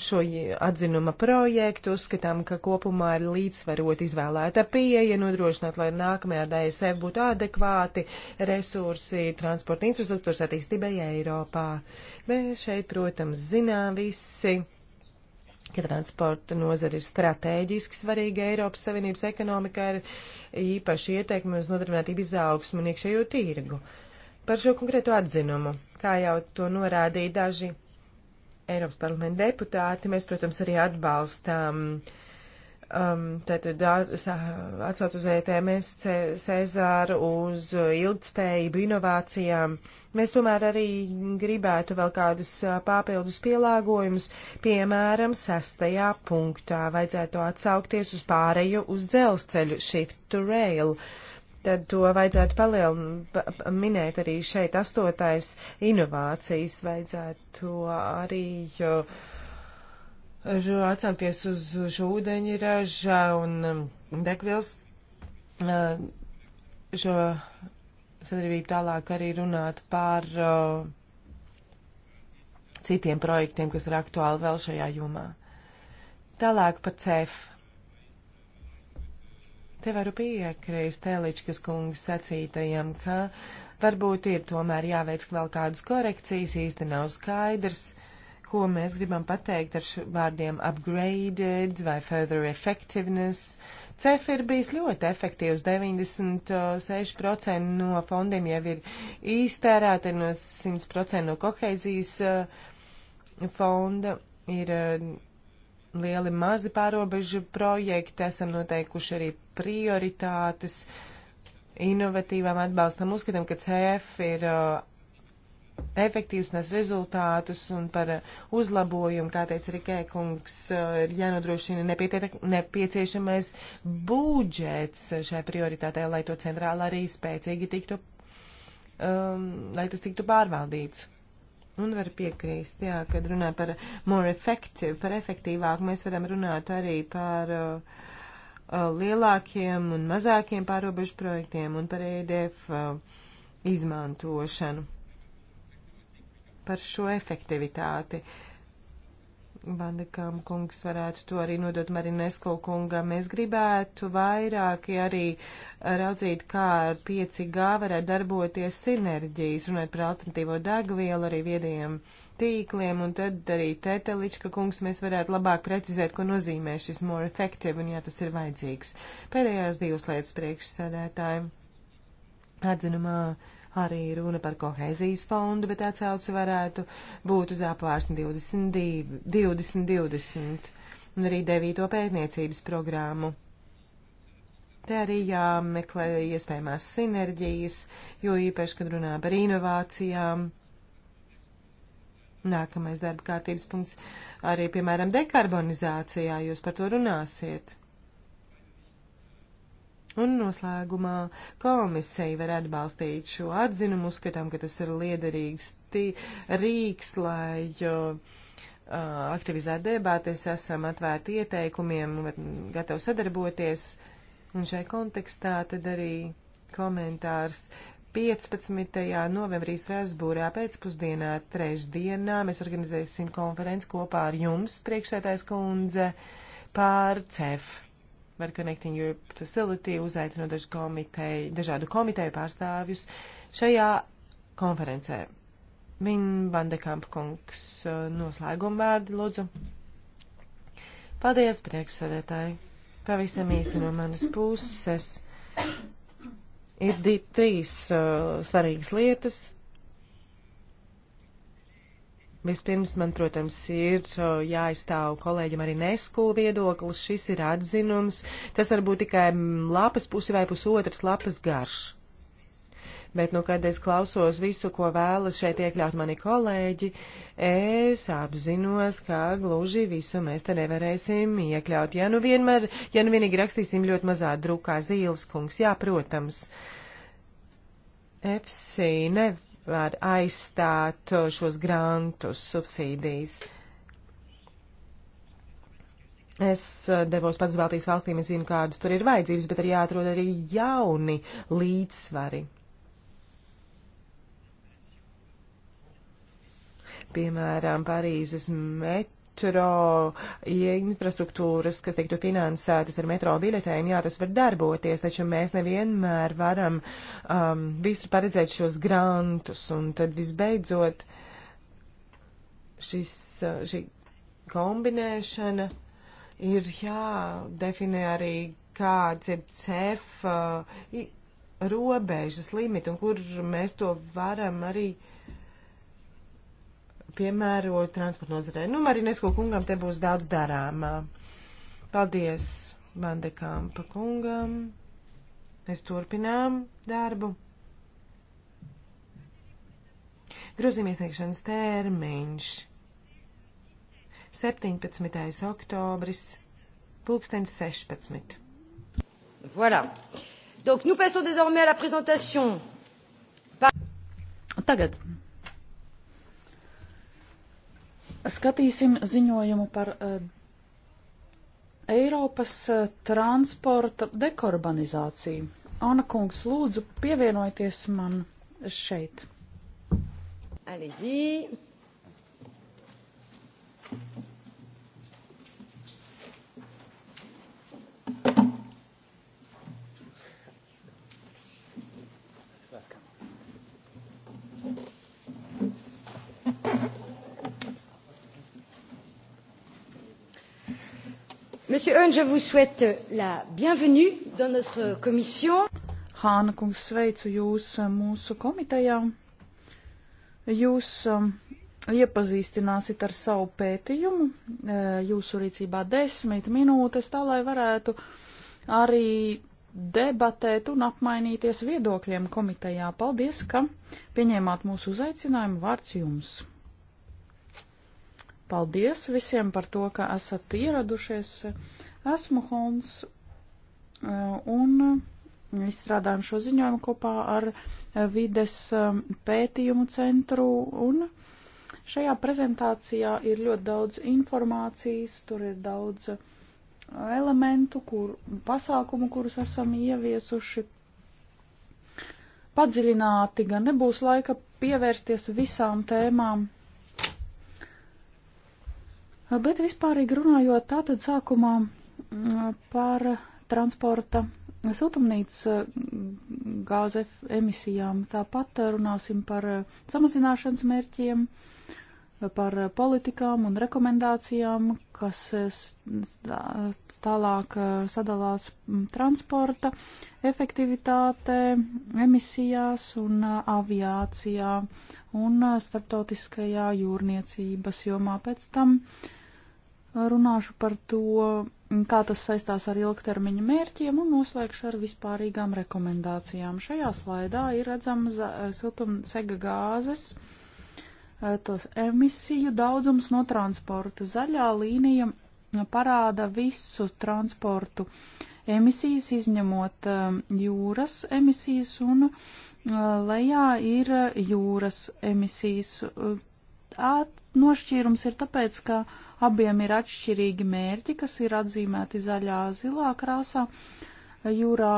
S4: šo atzinuma projektu, uzskatām, ka kopumā ir līdzsvarot izvēlēta pieeja, nodrošināt, lai nākamajā DSF e būtu adekvāti resursi transporta infrastruktūras attīstībai Eiropā. Mēs šeit, protams, zinām visi ka transporta nozara ir strateģiski svarīga Eiropas Savienības ekonomikā ar īpašu ieteikumu uz nodarbinātību izaugsmu un iekšējo tīrgu. Par šo konkrēto atzinumu, kā jau to norādīja daži Eiropas parlamenta deputāti, mēs, protams, arī atbalstām uh, Um, tātad atsauc uz ETMS, Cezāru, uz ilgtspējību, inovācijām. Mēs tomēr arī gribētu vēl kādus papildus pielāgojumus, piemēram, sestajā punktā vajadzētu atsaukties uz pāreju uz dzelzceļu shift to rail. Tad to vajadzētu palielināt, minēt arī šeit astotais inovācijas, vajadzētu arī. Uh, atsākties uz, uz ūdeņi raža un um, degvielas uh, šo sadarbību tālāk arī runāt par uh, citiem projektiem, kas ir aktuāli vēl šajā jomā. Tālāk par CEF. Te varu piekrīst Tēličkas kungas sacītajam, ka varbūt ir tomēr jāveic vēl kādas korekcijas, īsti nav skaidrs, ko mēs gribam pateikt ar vārdiem upgraded vai further effectiveness. CEF ir bijis ļoti efektīvs, 96% no fondiem jau ir īstērēti, no 100% no koheizijas eh, fonda ir eh, lieli mazi pārobežu projekti, esam noteikuši arī prioritātes inovatīvām atbalstam. Uzskatām, ka CF ir eh, efektīvs nes rezultātus un par uzlabojumu, kā teica Rikē kungs, eh, ir jānodrošina nepieciešamais budžets šai prioritātei, lai to centrāli arī spēcīgi tiktu, um, lai tas tiktu pārvaldīts. Un var piekrīst, jā, kad runā par more effective, par efektīvāku, mēs varam runāt arī par uh, uh, lielākiem un mazākiem pārobežu projektiem un par EDF uh, izmantošanu par šo efektivitāti. Vandekām kungs varētu to arī nodot Marinesko kungam. Mēs gribētu vairāk arī raudzīt, kā ar 5G varētu darboties sinerģijas, runāt par alternatīvo degvielu, arī viedajiem tīkliem, un tad arī Tētelička kungs mēs varētu labāk precizēt, ko nozīmē šis more effective, un jā, tas ir vajadzīgs. Pēdējās divas lietas priekšsēdētājiem atzinumā arī runa par kohēzijas fondu, bet atsauce varētu būt uz apvārsni 2020 20, 20, un arī 9. pētniecības programmu. Te arī jāmeklē iespējamās sinerģijas, jo īpaši, kad runā par inovācijām. Nākamais darba kārtības punkts arī, piemēram, dekarbonizācijā, jūs par to runāsiet. Un noslēgumā komisija var atbalstīt šo atzinumu, uzskatām, ka tas ir liederīgs rīks, lai uh, aktivizētu debātes, esam atvērti ieteikumiem, gatavi sadarboties. Un šai kontekstā tad arī komentārs 15. novembrī Strasbūrā pēcpusdienā, trešdienā, mēs organizēsim konferenci kopā ar jums, priekšsētājs kundze, pār CEF ar Connecting Europe Facility, uzaicinot dažu komiteju, dažādu komiteju pārstāvjus šajā konferencē. Min Vandekamp kungs uh, noslēguma vārdi, lūdzu. Paldies, priekšsēdētāji. Pavisam īsi no manas puses. Ir trīs uh, svarīgas lietas Vispirms man, protams, ir jāizstāv kolēģim arī neskulu viedoklis, šis ir atzinums, tas varbūt tikai mm, lapas pusi vai pusotras lapas garš. Bet, nu, kad es klausos visu, ko vēlas šeit iekļaut mani kolēģi, es apzinos, ka gluži visu mēs te nevarēsim iekļaut. Ja nu vienmēr, ja nu vienīgi rakstīsim ļoti mazā drukā zīles kungs, jā, protams. EFSI, ne, var aizstāt šos grantus, subsīdijas. Es eh, devos pats Baltijas valstīm, es zinu, kādas tur ir vajadzības, bet ir jāatrod arī jauni līdzsvari. Piemēram, Parīzes met metro infrastruktūras, kas tiktu finansētas ar metro biļetēm, jā, tas var darboties, taču mēs nevienmēr varam um, visu paredzēt šos grantus. Un tad visbeidzot šis, uh, šī kombinēšana ir jādefinē arī, kāds ir CEF uh, robežas limiti un kur mēs to varam arī uh, piemēroju transporta nozarē. Nu, Marinesko kungam te būs daudz darāmā. Paldies Vandekampa kungam. Mēs turpinām darbu. Grozījuma iesniegšanas termiņš 17. oktobris, pulkstens 16. Voilà. Donc nous passons désormais à la présentation. Par... Tagad
S2: Skatīsim ziņojumu par uh, Eiropas uh, transporta dekarbonizāciju. Ana kungs, lūdzu, pievienojieties man šeit.
S1: Allez-y.
S2: Monsieur Hun, je vous souhaite la bienvenue dans notre commission. Hāna kungs, sveicu jūs eh, mūsu komitejā. Jūs eh, iepazīstināsit ar savu pētījumu, eh, jūsu rīcībā desmit minūtes, tā lai varētu arī debatēt un apmainīties viedokļiem komitejā. Paldies, ka pieņēmāt mūsu uzaicinājumu. Vārds jums! Paldies visiem par to, ka esat ieradušies. Esmu Hons e, un izstrādājam šo ziņojumu kopā ar vides e, pētījumu centru un šajā prezentācijā ir ļoti daudz informācijas, tur ir daudz elementu, kur, pasākumu, kurus esam ieviesuši padziļināti, gan nebūs laika pievērsties visām tēmām Bet vispārīgi runājot, tātad sākumā mm, par transporta siltumnīca mm, gāze emisijām. Tāpat runāsim par mm, samazināšanas mērķiem, par politikām un rekomendācijām, kas tālāk sadalās transporta efektivitātē, emisijās un aviācijā un uh, starptautiskajā jūrniecības jomā. Pēc tam uh, runāšu par to, mm, kā tas saistās ar ilgtermiņa mērķiem un noslēgšu ar vispārīgām rekomendācijām. Šajā slaidā ir redzamas uh, siltumsega gāzes tos emisiju daudzums no transporta. Zaļā līnija mm, parāda visu transportu emisijas, izņemot um, jūras emisijas un uh, lejā ir jūras emisijas. At, nošķīrums ir tāpēc, ka abiem ir atšķirīgi mērķi, kas ir atzīmēti zaļā zilā krāsā. Jūrā,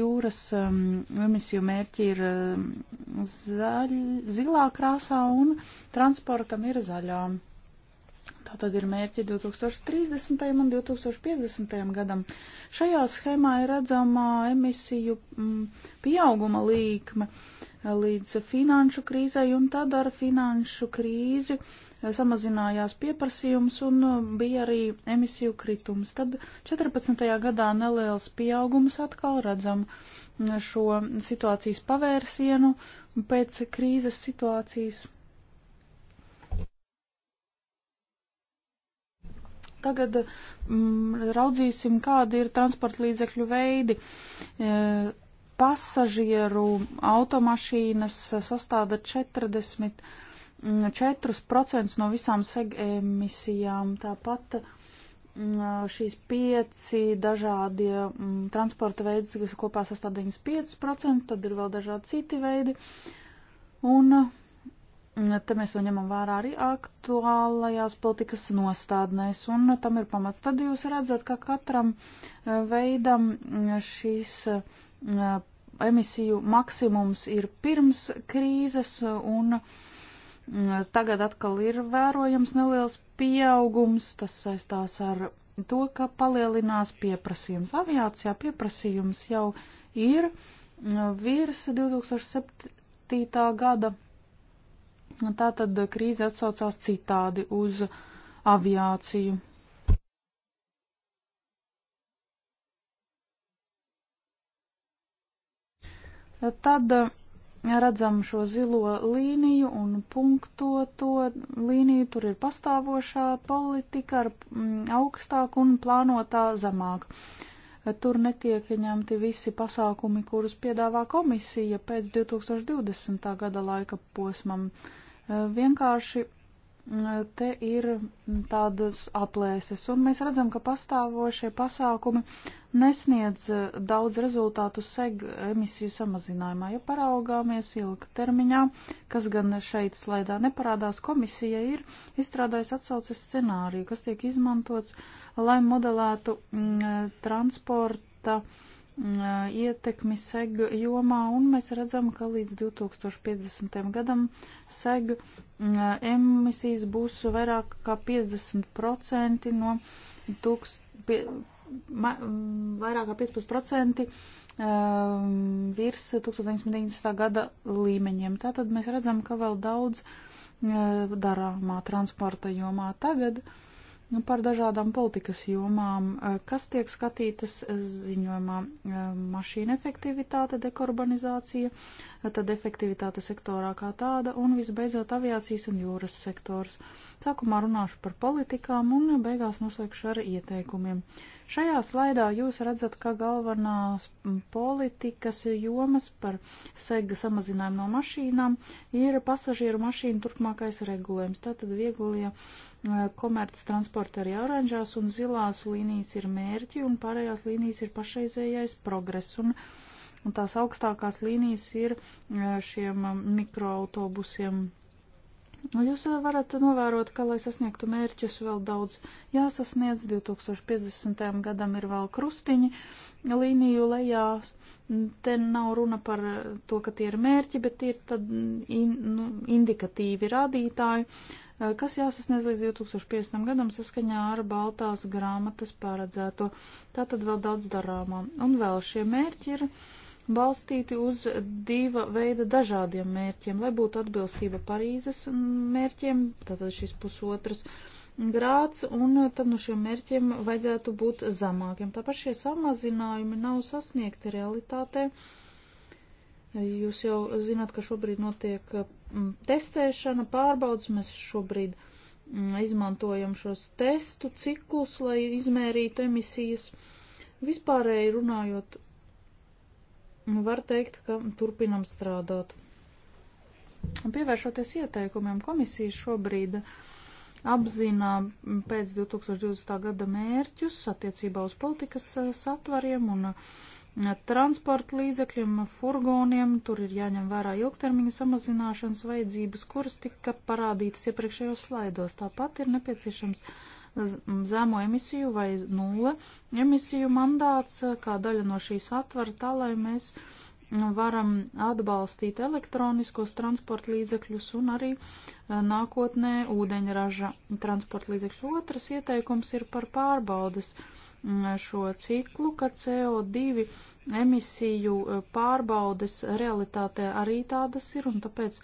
S2: jūras um, emisiju mērķi ir um, zaļ, zilā krāsā un transportam ir zaļām. Tā tad ir mērķi 2030. un 2050. gadam. Šajā schēmā ir redzama emisiju mm, pieauguma līkme eh, līdz finanšu krīzai, un tad ar finanšu krīzi eh, samazinājās pieprasījums un eh, bija arī emisiju kritums. Tad 14. gadā neliels pieaugums atkal redzam mm, šo situācijas pavērsienu pēc krīzes situācijas tagad mm, raudzīsim, kādi ir transporta līdzekļu veidi. E, pasažieru automašīnas sastāda 44% no visām emisijām, tāpat mm, šīs pieci dažādi mm, transporta veidi, kas kopā sastāv 95%, tad ir vēl dažādi citi veidi. Un Te mēs to ņemam vērā arī aktuālajās politikas nostādnēs, un tam ir pamats. Tad jūs redzat, ka katram e, veidam mm, šīs mm, e, emisiju maksimums ir pirms krīzes, un mm, tagad atkal ir vērojams neliels pieaugums. Tas saistās ar to, ka palielinās pieprasījums. Aviācijā pieprasījums jau ir virs 2007. gada Tā tad krīze atsaucās citādi uz aviāciju. Tad redzam šo zilo līniju un punktoto līniju. Tur ir pastāvošā politika ar mm, augstāku un plānotā zemāk. Tur netiek ņemti visi pasākumi, kurus piedāvā komisija pēc 2020. gada laika posmam. Uh, Vienkārši mm, te ir tādas aplēses, un mēs redzam, ka pastāvošie pasākumi nesniedz eh, daudz rezultātu seg emisiju samazinājumā. Ja paraugāmies ilgtermiņā, kas gan šeit slaidā neparādās, komisija ir izstrādājusi atsauces scenāriju, kas tiek izmantots, lai modelētu m, mm, transporta m, Mm, ietekmi seg jomā, un mēs redzam, ka līdz 2050. gadam seg mm, emisijas būs vairāk kā 50% no tūkst, pie, ma, mm, vairāk kā 15% virs 1990. gada līmeņiem. Tātad mēs redzam, ka vēl daudz darāmā transporta jomā tagad. Uh, Nu, par dažādām politikas jomām, eh, kas tiek skatītas eh, ziņojumā eh, - mašīna efektivitāte, dekarbonizācija, tad efektivitāte sektorā kā tāda un visbeidzot aviācijas un jūras sektors. Sākumā runāšu par politikām un beigās noslēgšu ar ieteikumiem. Šajā slaidā jūs redzat, ka galvenās mm, politikas jomas par sega samazinājumu no mašīnām ir pasažieru mašīnu turpmākais regulējums, tātad vieglie Eh, komerc transporta arī oranžās un zilās līnijas ir mērķi un pārējās līnijas ir pašreizējais progress. Un, un tās augstākās līnijas ir eh, šiem eh, mikroautobusiem. Nu, jūs varat novērot, ka, lai sasniegtu mērķus, vēl daudz jāsasniedz. 2050. gadam ir vēl krustiņi līniju lejā. Te nav runa par to, ka tie ir mērķi, bet tie ir tad mm, in, nu, indikatīvi rādītāji. Uh, Eh, kas jāsasniedz līdz 2050. gadam saskaņā ar Baltās grāmatas paredzēto. Tā tad vēl daudz darāmā. Un vēl šie mērķi ir balstīti uz diva veida dažādiem mērķiem, lai būtu atbilstība Parīzes mērķiem, tātad šis pusotras grāds, un tad no šiem mērķiem vajadzētu būt zemākiem. Tāpēc šie samazinājumi nav sasniegti realitātē. Uh, Jūs jau zināt, ka šobrīd notiek testēšana, pārbaudas. Mēs šobrīd izmantojam šos testu ciklus, lai izmērītu emisijas. Vispārēji runājot, var teikt, ka turpinam strādāt. Pievēršoties ieteikumiem, komisija šobrīd apzinā pēc 2020. gada mērķus attiecībā uz politikas satvariem un uh, transporta līdzekļiem, furgoniem. Tur ir jāņem vērā ilgtermiņa samazināšanas vajadzības, kuras tika parādītas iepriekšējos slaidos. Tāpat ir nepieciešams zemo emisiju vai nulle emisiju mandāts, e, kā daļa no šīs atvara, tā lai mēs varam atbalstīt elektroniskos transporta līdzekļus un arī e, nākotnē ūdeņraža transporta līdzekļus. Otrs ieteikums ir par pārbaudas uh, Mm, šo ciklu, ka CO2 emisiju eh, pārbaudes realitātē arī tādas ir, un tāpēc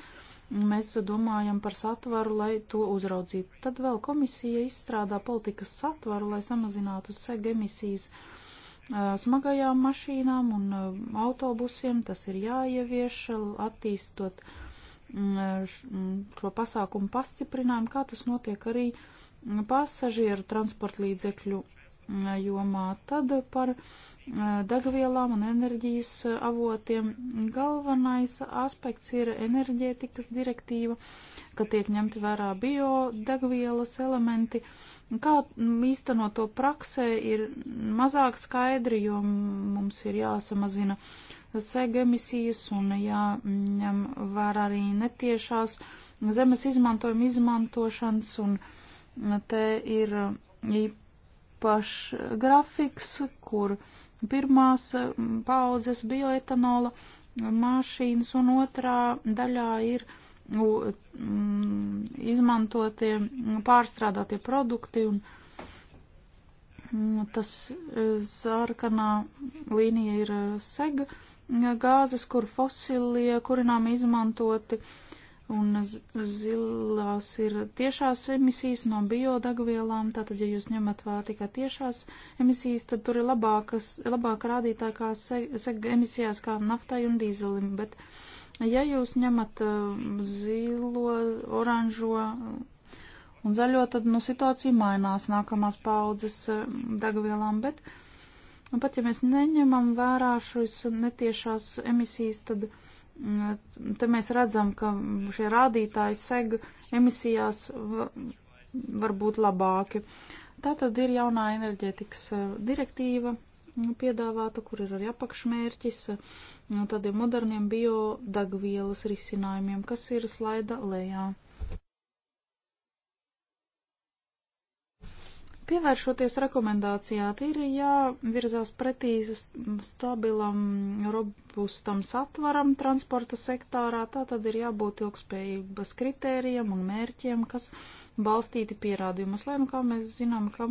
S2: mēs domājam par satvaru, lai to uzraudzītu. Tad vēl komisija izstrādā politikas satvaru, lai samazinātu seg emisijas eh, smagajām mašīnām un eh, autobusiem. Tas ir jāievieš, attīstot mm, mm, šo pasākumu pastiprinājumu, kā tas notiek arī pasažieru transportlīdzekļu jomā. Tad par eh, degvielām un enerģijas eh, avotiem galvenais aspekts ir enerģētikas direktīva, ka tiek ņemti vērā biodegvielas elementi. Kā īstenot to praksē ir mazāk skaidri, jo mums ir jāsamazina seg emisijas un jāņem vērā arī netiešās zemes izmantojuma izmantošanas, un te ir īpašs grafiks, kur pirmās mm, paudzes bioetanola mašīnas un otrā daļā ir mm, izmantotie, pārstrādātie produkti un mm, tas e, sarkanā līnija ir e, sega gāzes, kur fosilie kurinām izmantoti uh, Un zilās ir tiešās emisijas no biodegvielām. Tātad, ja jūs ņemat vērā tikai tiešās emisijas, tad tur ir labākas, labāk rādītāji kā seg, seg emisijās kā naftai un dīzelim. Bet, ja jūs ņemat uh, zilo, oranžo uh, un zaļo, tad, nu, situācija mainās nākamās paudzes uh, degvielām. Bet, un nu, pat ja mēs neņemam vērā šīs netiešās emisijas, tad. Uh, Te mēs redzam, ka šie rādītāji seg emisijās var būt labāki. Tā tad ir jaunā enerģētikas eh, direktīva piedāvāta, kur ir arī apakšmērķis nu, tādiem moderniem biodagvielas risinājumiem, kas ir slaida lejā. Pievēršoties rekomendācijām, ir jāvirzās pretī stabilam, robustam satvaram transporta sektārā. Tā tad ir jābūt ilgspējības kritērijam un mērķiem, kas balstīti pierādījumus. Lai nu kā mēs zinām, ka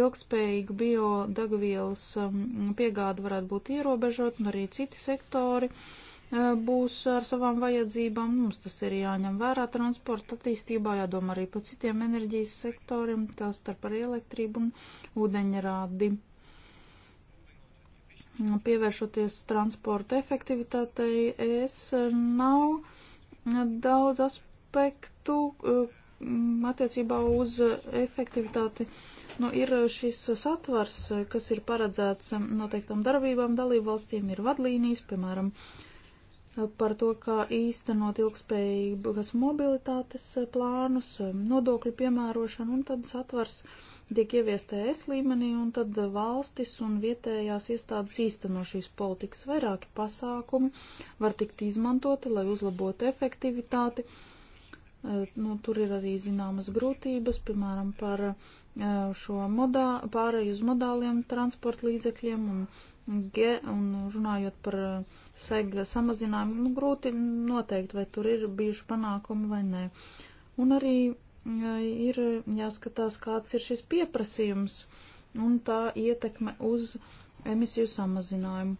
S2: ilgspējīga biodegvielas um, piegāda varētu būt ierobežot, un arī citi sektori. Uh, E, būs ar savām vajadzībām. Mums tas ir jāņem vērā transporta attīstībā, jādomā arī par citiem enerģijas sektoriem, tā starp arī elektrību un ūdeņrādi. Pievēršoties transporta efektivitātei, es nav daudz aspektu e, attiecībā uz efektivitāti. Nu, ir šis satvars, kas ir paredzēts noteiktām darbībām dalību valstīm, ir vadlīnijas, piemēram, uh, par to, kā īstenot ilgspējīgas mobilitātes eh, plānus, eh, nodokļu piemērošanu, un tad satvers tiek ieviest ES līmenī, un tad eh, valstis un vietējās iestādes īsteno šīs politikas. Vairāki pasākumi var tikt izmantoti, lai uzlabotu efektivitāti. Nu, tur ir arī zināmas grūtības, piemēram, par šo modā, pārēju uz modāliem transporta līdzekļiem un, ge, un runājot par sega samazinājumu, nu, grūti noteikt, vai tur ir bijuši panākumi vai nē. Un arī ir jāskatās, kāds ir šis pieprasījums un tā ietekme uz emisiju samazinājumu.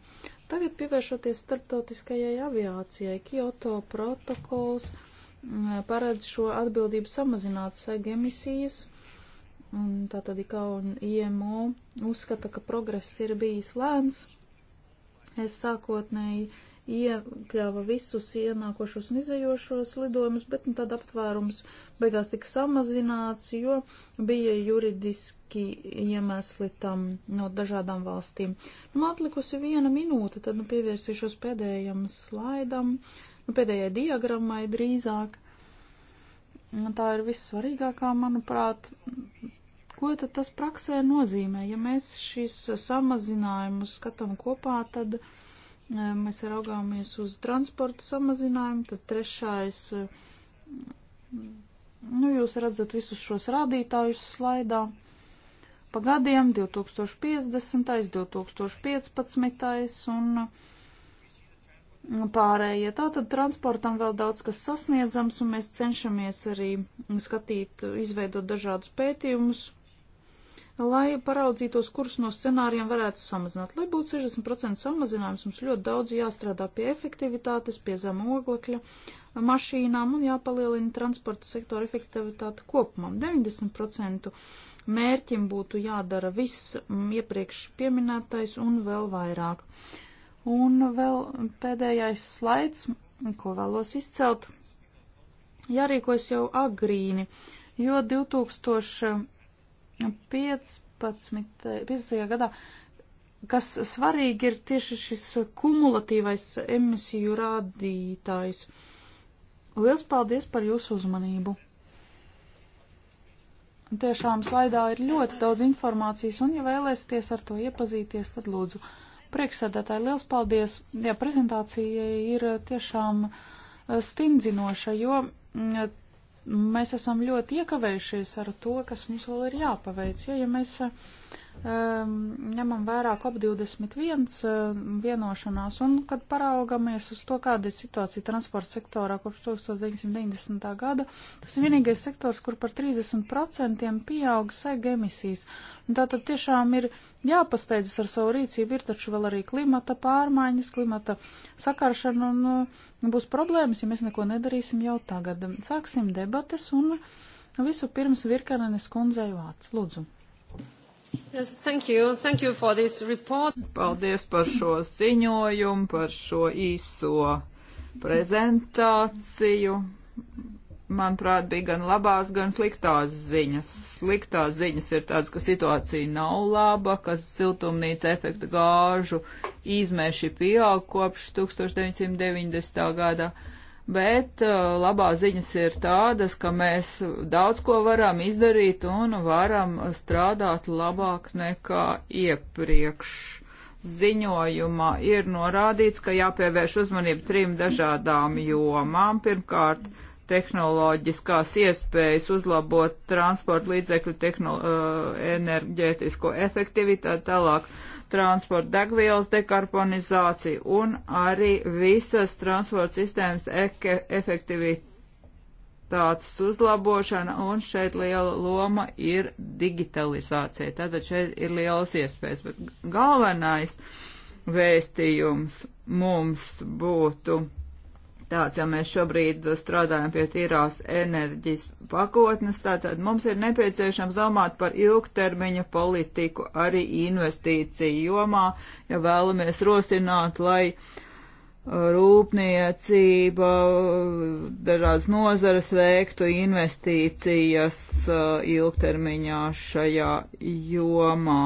S2: Tagad pievēršoties starptautiskajai aviācijai, Kyoto protokols paredz šo atbildību samazināt sega emisijas Un tā tad IKO un IMO uzskata, ka progress ir bijis lēns. Es sākotnēji iekļāva visus ienākošos un izējošos lidojumus, bet nu, tad aptvērums beigās tika samazināts, jo bija juridiski iemesli tam no dažādām valstīm. Nu, man atlikusi viena minūte, tad nu, pievērsīšos pēdējam slaidam, nu, pēdējai diagrammai drīzāk. Nu, tā ir vissvarīgākā, manuprāt, Ko tad tas praksē nozīmē? Ja mēs šīs samazinājumus skatām kopā, tad e, mēs raugāmies uz transporta samazinājumu, tad trešais, e, nu, jūs redzat visus šos rādītājus slaidā. Pa gadiem 2050, 2015 un pārējie. Tātad transportam vēl daudz kas sasniedzams, un mēs cenšamies arī skatīt, izveidot dažādus pētījumus, lai paraudzītos, kurus no scenāriem varētu samazināt. Lai būtu 60% samazinājums, mums ļoti daudz jāstrādā pie efektivitātes, pie zem oglekļa mašīnām un jāpalielina transporta sektora efektivitāte kopumā. 90% mērķim būtu jādara viss mm, iepriekš pieminētais un vēl vairāk. Un vēl pēdējais slaids, ko vēlos izcelt, jārīkojas jau agrīni, jo 2000 15. 15. gadā, kas svarīgi ir tieši šis kumulatīvais emisiju rādītājs. Liels paldies par jūsu uzmanību! Tiešām slaidā ir ļoti daudz informācijas, un ja vēlēsieties ar to iepazīties, tad lūdzu. Priekšsēdētāji, liels paldies! Jā, prezentācija ir tiešām stingzinoša, jo mm, mēs esam ļoti iekavējušies ar to, kas mums vēl ir jāpaveic. Jo, ja mēs uh, Ehm, ņemam vērā COP21 ehm, vienošanās un, kad paraugamies uz to, kāda ir situācija transporta sektorā kopš 1990. gada, tas ir vienīgais sektors, kur par 30% pieaug seg emisijas. Un tātad tiešām ir jāpasteidzas ar savu rīcību, ir taču vēl arī klimata pārmaiņas, klimata sakaršana un nu, būs problēmas, ja mēs neko nedarīsim jau tagad. Sāksim debates un visu pirms Virkanenes kundzei vārds. Lūdzu. Yes, thank you. Thank you for this report.
S3: Paldies par šo ziņojumu, par šo īso prezentāciju. Manuprāt, bija gan labās, gan sliktās ziņas. Sliktās ziņas ir tādas, ka situācija nav laba, ka siltumnīca efekta gāžu izmeši pieaug kopš 1990. gadā bet uh, labā ziņas ir tādas, ka mēs daudz ko varam izdarīt un varam strādāt labāk nekā iepriekš. Ziņojumā ir norādīts, ka jāpievērš uzmanība trim dažādām jomām. Pirmkārt, tehnoloģiskās iespējas uzlabot transporta līdzekļu uh, enerģētisko efektivitāti, tālāk uh, transporta degvielas dekarponizāciju un arī visas transporta sistēmas efektivitātes uzlabošana, un šeit liela loma ir digitalizācija. Tātad šeit ir lielas iespējas, bet galvenais vēstījums mums būtu tāds, ja mēs šobrīd strādājam pie tīrās enerģijas pakotnes, tātad mums ir nepieciešams domāt par ilgtermiņa politiku arī investīciju jomā, ja vēlamies rosināt, lai uh, rūpniecība, dažādas nozares veiktu investīcijas uh, ilgtermiņā šajā jomā.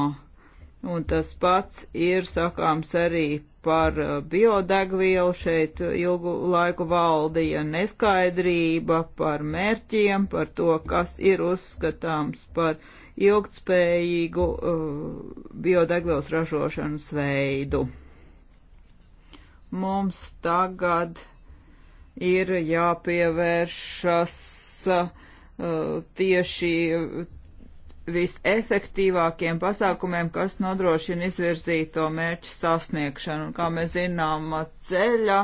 S3: Un tas pats ir sakāms arī par uh, biodegvielu. Šeit ilgu laiku valdīja neskaidrība par mērķiem, par to, kas ir uzskatāms par ilgtspējīgu uh, biodegvielas ražošanas veidu. Mums tagad ir jāpievēršas uh, tieši visefektīvākiem pasākumiem, kas nodrošina izvirzīto mērķu sasniegšanu. Un, kā mēs zinām, ceļa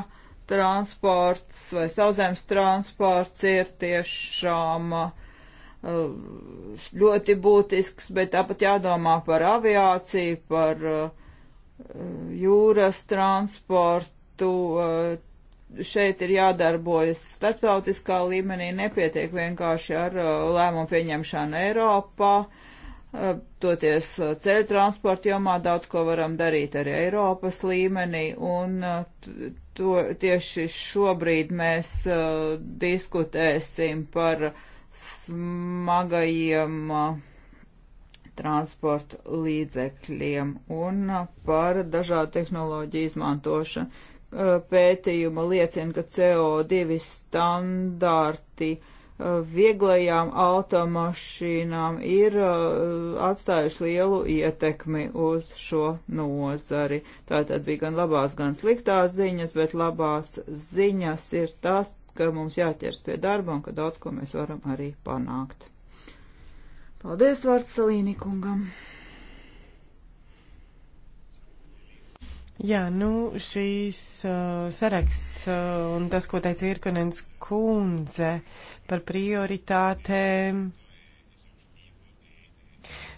S3: transports vai sauszemes transports ir tiešām uh, ļoti būtisks, bet tāpat jādomā par aviāciju, par uh, jūras transportu, uh, šeit ir jādarbojas starptautiskā līmenī, nepietiek vienkārši ar uh, lēmumu pieņemšanu Eiropā. Uh, toties uh, ceļu transporta jomā daudz ko varam darīt arī Eiropas līmenī, un to, tieši šobrīd mēs diskutēsim par smagajiem transporta līdzekļiem un par dažādu tehnoloģiju izmantošanu Eh, pētījuma liecina, ka CO2 standarti eh, vieglajām automašīnām ir eh, atstājuši lielu ietekmi uz šo nozari. Tātad bija gan labās, gan sliktās ziņas, bet labās ziņas ir tas, ka mums jāķers pie darba un ka daudz ko mēs varam arī panākt.
S4: Paldies, Vārts Salīnikungam! Jā, nu šīs uh, saraksts uh, un tas, ko teica Irkonens kundze par prioritātēm,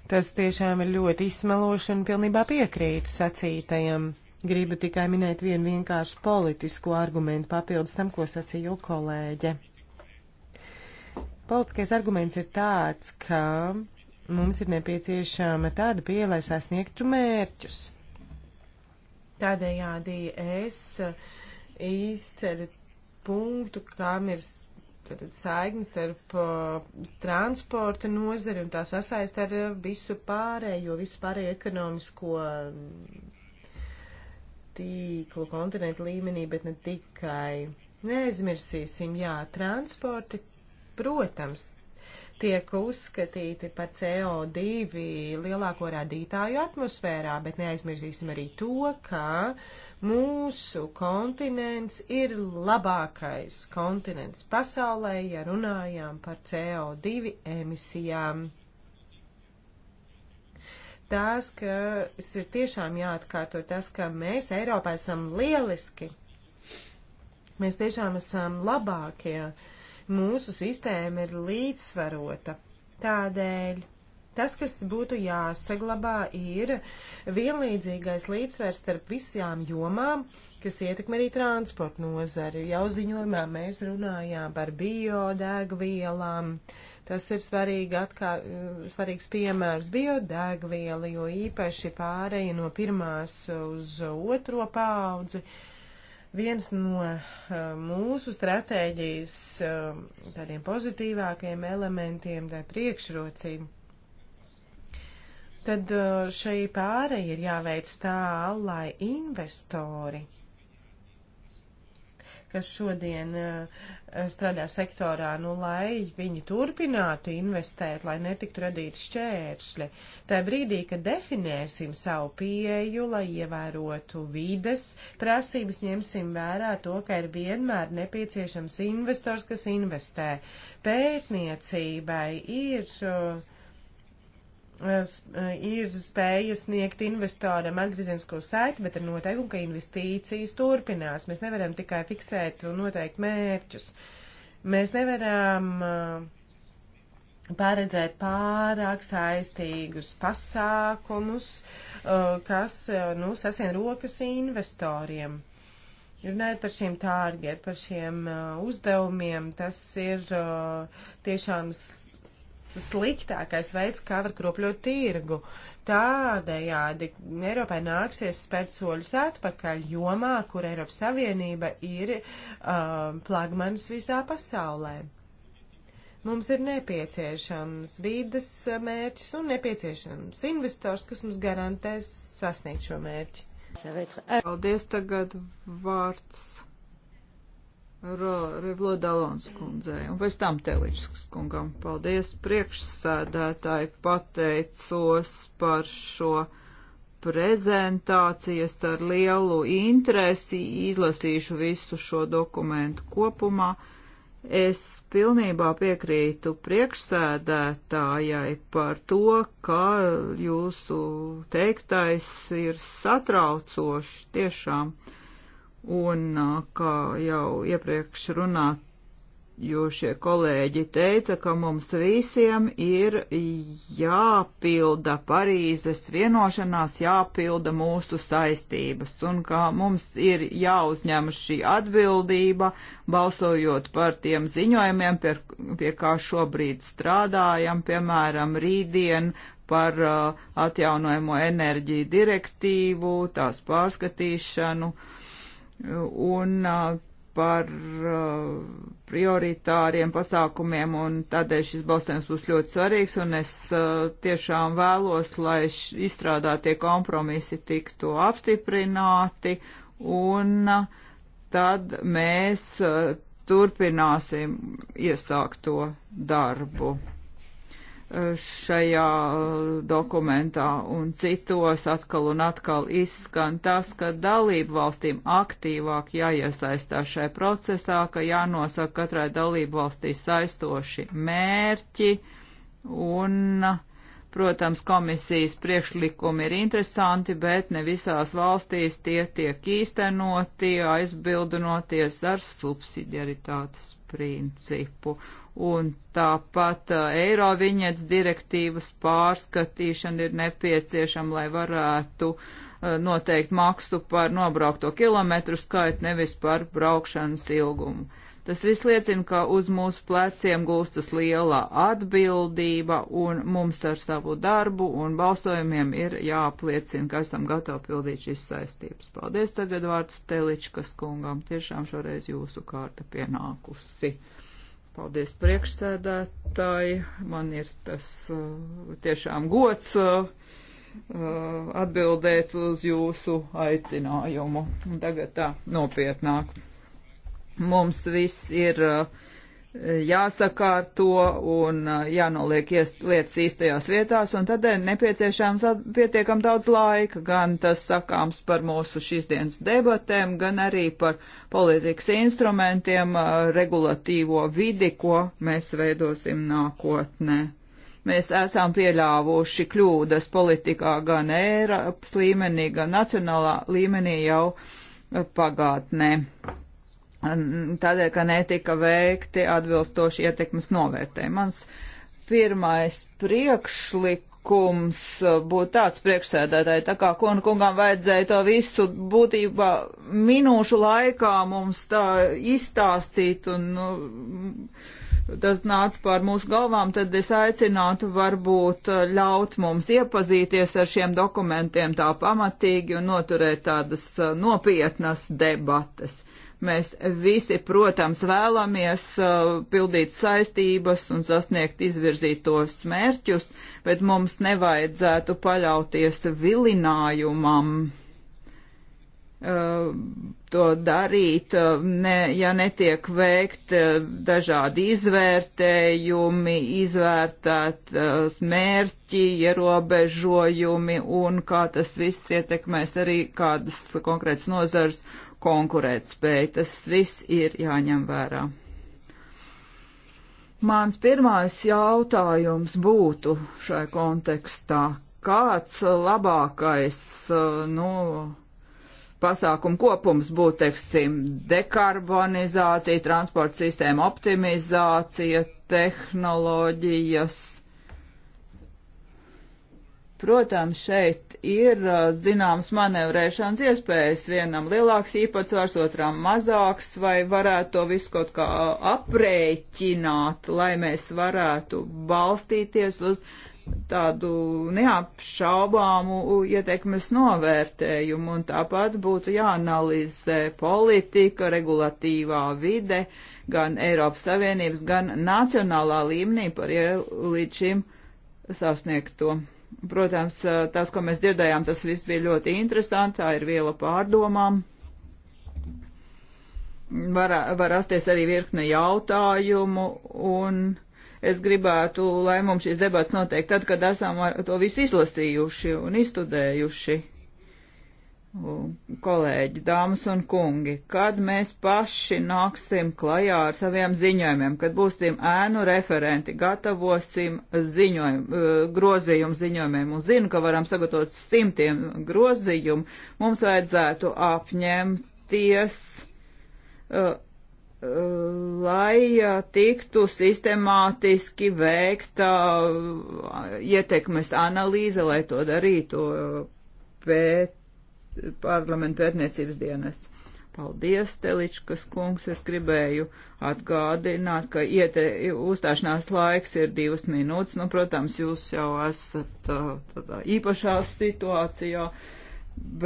S4: tas tiešām ir ļoti izsmeloši un pilnībā piekrītu sacītajam. Gribu tikai minēt vienu vienkāršu politisku argumentu papildus tam, ko sacīja jau kolēģe. Politiskais arguments ir tāds, ka mums ir nepieciešama tāda pieeja, lai sasniegtu mērķus Tādējādi es eh, izceļu punktu, kam ir tātad saiknes starp uh, transporta nozari un tā sasaist ar eh, visu pārējo, visu pārējo ekonomisko mm, tīklu kontinentu līmenī, bet ne tikai. Neaizmirsīsim, jā, transporti, protams, tiek uzskatīti par CO2 lielāko radītāju atmosfērā, bet neaizmirsīsim arī to, ka mūsu kontinents ir labākais kontinents pasaulē, ja runājām par CO2 emisijām. Tās, ka ir tiešām jāatkārto tas, ka mēs Eiropā esam lieliski. Mēs tiešām esam labākie. Ja mūsu sistēma ir līdzsvarota. Tādēļ Tas, kas būtu jāsaglabā, ir vienlīdzīgais līdzsvers starp visām jomām, kas ietekmē arī transportu nozari. Jau ziņojumā mēs runājām par biodegvielām. Tas ir svarīgi atkā, svarīgs piemērs biodegviela, jo īpaši pāreja no pirmās uz otro paudzi. Uh, Viens no eh, mūsu stratēģijas eh, tādiem pozitīvākajiem elementiem, tā priekšrocība, tad eh, šai pārai ir jāveic tā, lai investori kas šodien eh, strādā sektorā, nu, lai viņi turpinātu investēt, lai netiktu radīti šķēršļi. Tā brīdī, kad definēsim savu pieeju, lai ievērotu vides prasības, ņemsim vērā to, ka ir vienmēr nepieciešams investors, kas investē. Pētniecībai ir. Uh, E, ir spēja sniegt investoram atgriezienisko saiti, bet ar noteikumu, ka investīcijas turpinās. Mēs nevaram tikai fiksēt un noteikt mērķus. Mēs nevaram e, paredzēt pārāk saistīgus pasākumus, e, kas, nu, sasien rokas investoriem. Runājot par šiem tārgiem, par šiem uzdevumiem, tas ir tiešām sliktākais veids, kā var kropļot tirgu. Tādējādi Eiropai nāksies spērt soļus atpakaļ jomā, kur Eiropas Savienība ir um, flagmanis visā pasaulē. Mums ir nepieciešams vīdes mērķis un nepieciešams investors, kas mums garantēs sasniegt šo mērķi. Paldies tagad vārds
S3: Revlodalons kundzei un pēc tam Teličs kungam. Paldies priekšsēdētāji, pateicos par šo prezentācijas ar lielu interesi, izlasīšu visu šo dokumentu kopumā. Es pilnībā piekrītu priekšsēdētājai par to, ka jūsu teiktais ir satraucoši tiešām. Uh, Un kā jau iepriekš runāt jūšie kolēģi teica, ka mums visiem ir jāpilda Parīzes vienošanās, jāpilda mūsu saistības un ka mums ir jāuzņem šī atbildība, balsojot par tiem ziņojumiem, pie, pie kā šobrīd strādājam, piemēram, rītdien par uh, atjaunojamo enerģiju direktīvu, tās pārskatīšanu. Uh, un par prioritāriem pasākumiem, un tādēļ šis balsojums būs ļoti svarīgs, un es tiešām vēlos, lai izstrādātie kompromisi tiktu apstiprināti, un tad mēs turpināsim iesākto darbu šajā uh, dokumentā un citos atkal un atkal izskan tas, ka dalību valstīm aktīvāk jāiesaistās šajā procesā, ka jānosaka katrai dalību valstī saistoši mērķi un uh, Protams, komisijas priekšlikumi ir interesanti, bet ne visās valstīs tie tiek īstenoti, aizbildinoties ar subsidiaritātes principu. Un tāpat uh, Eiroviņets direktīvas pārskatīšana ir nepieciešama, lai varētu uh, noteikt maksu par nobraukto kilometru skaitu, nevis par braukšanas ilgumu. Tas viss liecina, ka uz mūsu pleciem gulstas liela atbildība, un mums ar savu darbu un balsojumiem ir jāapliecina, ka esam gatavi pildīt šīs saistības. Paldies tagad vārds Teličkas kungam. Tiešām šoreiz jūsu kārta pienākusi. Paldies priekšsēdētāji. Man ir tas uh, tiešām gods. Uh, uh atbildēt uz jūsu aicinājumu. Tagad tā nopietnāk. Mums viss ir eh, jāsakārto un eh, jānoliek lietas īstajās vietās, un tādēļ eh, nepieciešams pietiekam daudz laika, gan tas sakāms par mūsu šīs dienas debatēm, gan arī par politikas instrumentiem, regulatīvo vidi, ko mēs veidosim nākotnē. Mēs esam pieļāvuši kļūdas politikā gan Eiropas līmenī, gan nacionālā līmenī jau pagātnē tādēļ, ka netika veikti atbilstoši ietekmes novērtējumi. Mans pirmais priekšlikums būtu tāds priekšsēdētāji, tā kā konu kungam vajadzēja to visu būtībā minūšu laikā mums tā izstāstīt un nu, tas nāca pār mūsu galvām, tad es aicinātu varbūt ļaut mums iepazīties ar šiem dokumentiem tā pamatīgi un noturēt tādas nopietnas debatas. Uh, Mēs visi, protams, vēlamies uh, pildīt saistības un sasniegt izvirzītos mērķus, bet mums nevajadzētu paļauties vilinājumam uh, to darīt, uh, ne, ja netiek veikt uh, dažādi izvērtējumi, izvērtēt uh, mērķi, ierobežojumi un kā tas viss ietekmēs arī kādas konkrētas nozars konkurētspēju. Tas viss ir jāņem vērā. Mans pirmais jautājums būtu šai kontekstā, kāds labākais, uh, nu, pasākumu kopums būtu, teiksim, dekarbonizācija, transporta sistēma optimizācija, tehnoloģijas Protams, šeit ir zināms manevrēšanas iespējas, vienam lielāks īpatsvars, otram mazāks, vai varētu to visu kaut kā aprēķināt, lai mēs varētu balstīties uz tādu neapšaubāmu ietekmes novērtējumu, un tāpat būtu jāanalizē politika, regulatīvā vide gan Eiropas Savienības, gan nacionālā līmenī par līdz šim sasniegto. Protams, tas, ko mēs dzirdējām, tas viss bija ļoti interesanti, tā ir viela pārdomām. Var, var rasties arī virkne jautājumu, un es gribētu, lai mums šīs debats notiek tad, kad esam to visu izlasījuši un izstudējuši kolēģi, dāmas un kungi, kad mēs paši nāksim klajā ar saviem ziņojumiem, kad būsim ēnu referenti, gatavosim ziņojumu, eh, grozījumu ziņojumiem un zinu, ka varam sagatavot simtiem grozījumu, mums vajadzētu apņemties, uh, lai tiktu sistemātiski veikta uh, ietekmes analīze, lai to darītu uh, pēt parlamentu pērniecības dienests. Paldies, Teličkas kungs. Es gribēju atgādināt, ka iete, uzstāšanās laiks ir divas minūtes. Nu, protams, jūs jau esat uh, tādā īpašā situācijā,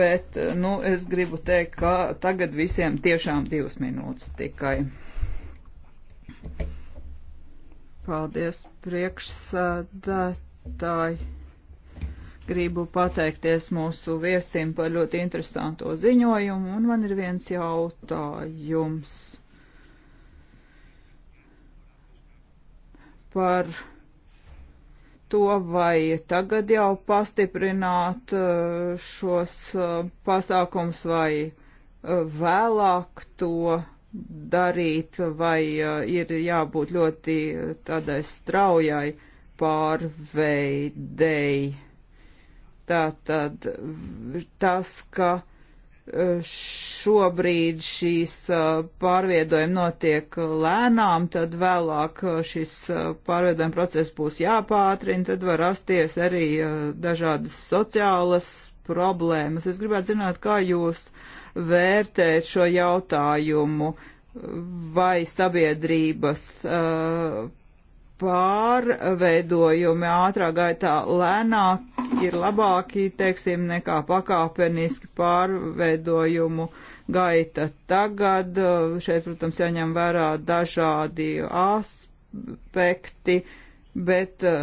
S3: bet, uh, nu, es gribu teikt, ka tagad visiem tiešām divas minūtes tikai. Paldies, priekšsādātāji gribu pateikties mūsu viesim par ļoti interesanto ziņojumu, un man ir viens jautājums par to, vai tagad jau pastiprināt eh, šos eh, pasākums vai eh, vēlāk to darīt, vai ir jābūt ļoti tādai straujai pārveidei. Tā tad tas, ka e, šobrīd šīs e, pārviedojumi notiek lēnām, tad vēlāk e, šis pārviedojuma process būs jāpātrina, tad var rasties arī dažādas sociālas problēmas. Es gribētu zināt, kā jūs vērtēt šo jautājumu, vai sabiedrības uh, pārveidojumi ātrā gaitā lēnāk ir labāki, teiksim, nekā pakāpeniski pārveidojumu gaita. Tagad uh, šeit, protams, jāņem vērā dažādi aspekti, bet uh,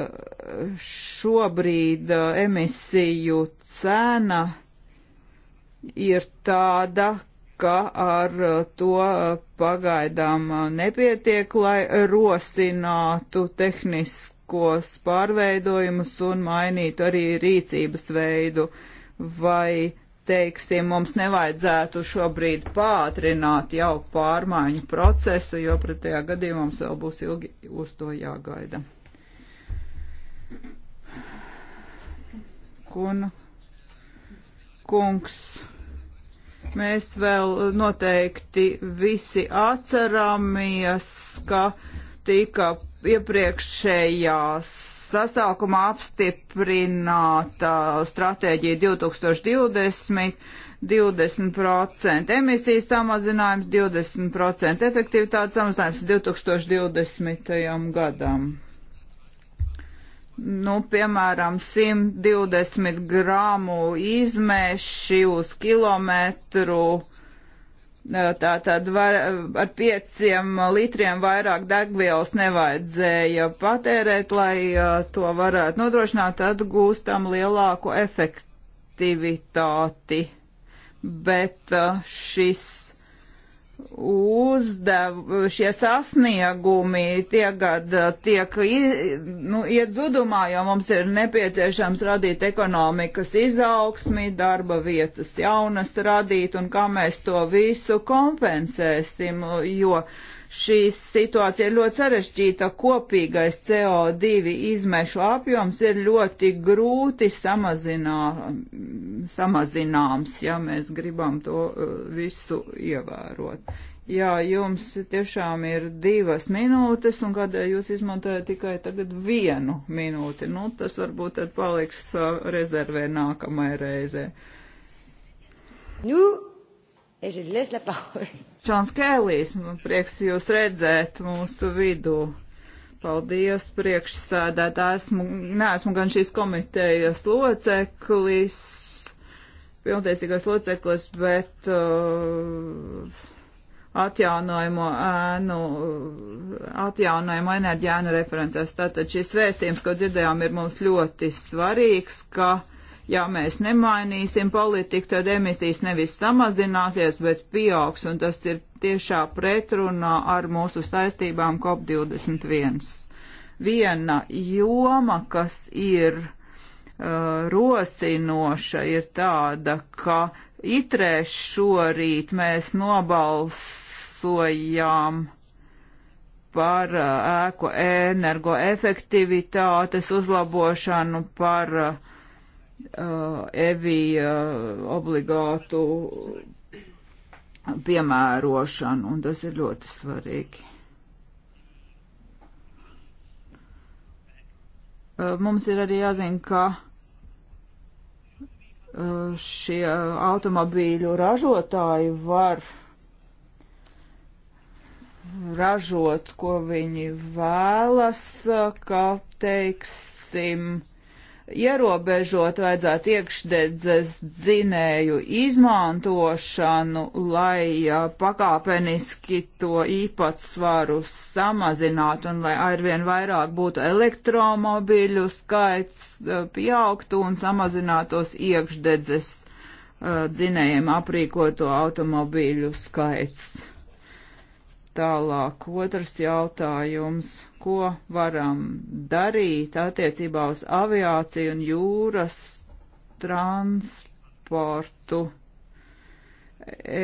S3: šobrīd uh, emisiju cena ir tāda, ka ar uh, to uh, pagaidām uh, nepietiek, lai rosinātu tehniskos pārveidojumus un mainītu arī rīcības veidu. Vai, teiksim, mums nevajadzētu šobrīd pātrināt jau pārmaiņu procesu, jo pretējā gadījumā mums vēl būs ilgi uz to jāgaida. Un kungs Mēs vēl noteikti visi atceramies, ka tika iepriekšējā sasākumā apstiprināta stratēģija 2020, 20% emisijas samazinājums, 20% efektivitātes samazinājums 2020. gadam nu, piemēram, 120 gramu izmēši uz kilometru, tātad var, ar 5 litriem vairāk degvielas nevajadzēja patērēt, lai to varētu nodrošināt, tad gūstam lielāku efektivitāti. Bet šis uzdev, šie sasniegumi tiekad uh, tiek nu, iet zudumā, jo mums ir nepieciešams radīt ekonomikas izaugsmi, darba vietas jaunas radīt un kā mēs to visu kompensēsim, jo uh, Šī situācija ir ļoti sarežģīta. Kopīgais CO2 izmešu apjoms ir ļoti grūti samazinā, samazināms, ja mēs gribam to uh, visu ievērot. Jā, jums tiešām ir divas minūtes, un kādēļ jūs izmantojat tikai tagad vienu minūti? Nu, tas varbūt tad paliks uh, rezervē nākamajai reizē. Nu,
S4: es jums laisse la parole.
S3: Čons Kēlijs, man prieks jūs redzēt mūsu vidū. Paldies, priekšsēdētā. Esmu, neesmu gan šīs komitejas loceklis, pilntiesīgais loceklis, bet uh, atjaunojumu ēnu, atjaunojumu enerģiju ēnu referencēs. Tātad šis vēstījums, ko dzirdējām, ir mums ļoti svarīgs, ka uh, Ja mēs nemainīsim politiku, tad emisijas nevis samazināsies, bet pieaugs, un tas ir tiešā pretrunā ar mūsu saistībām COP21. Viena joma, kas ir uh, rosinoša, ir tāda, ka itrē šorīt mēs nobalsojām par uh, ēku energoefektivitātes uzlabošanu, par uh, Uh, evija uh, obligātu piemērošanu, un tas ir ļoti svarīgi. Uh, mums ir arī jāzina, ka šie automobīļu ražotāji var ražot, ko viņi vēlas, ka, teiksim, ierobežot vajadzētu iekšdedzes dzinēju izmantošanu, lai pakāpeniski to īpatsvaru samazinātu un lai arvien vairāk būtu elektromobīļu skaits e, pieaugtu un samazinātos iekšdedzes e, dzinējiem aprīkoto automobīļu skaits. Tālāk, otrs jautājums, ko varam darīt attiecībā uz aviāciju un jūras transportu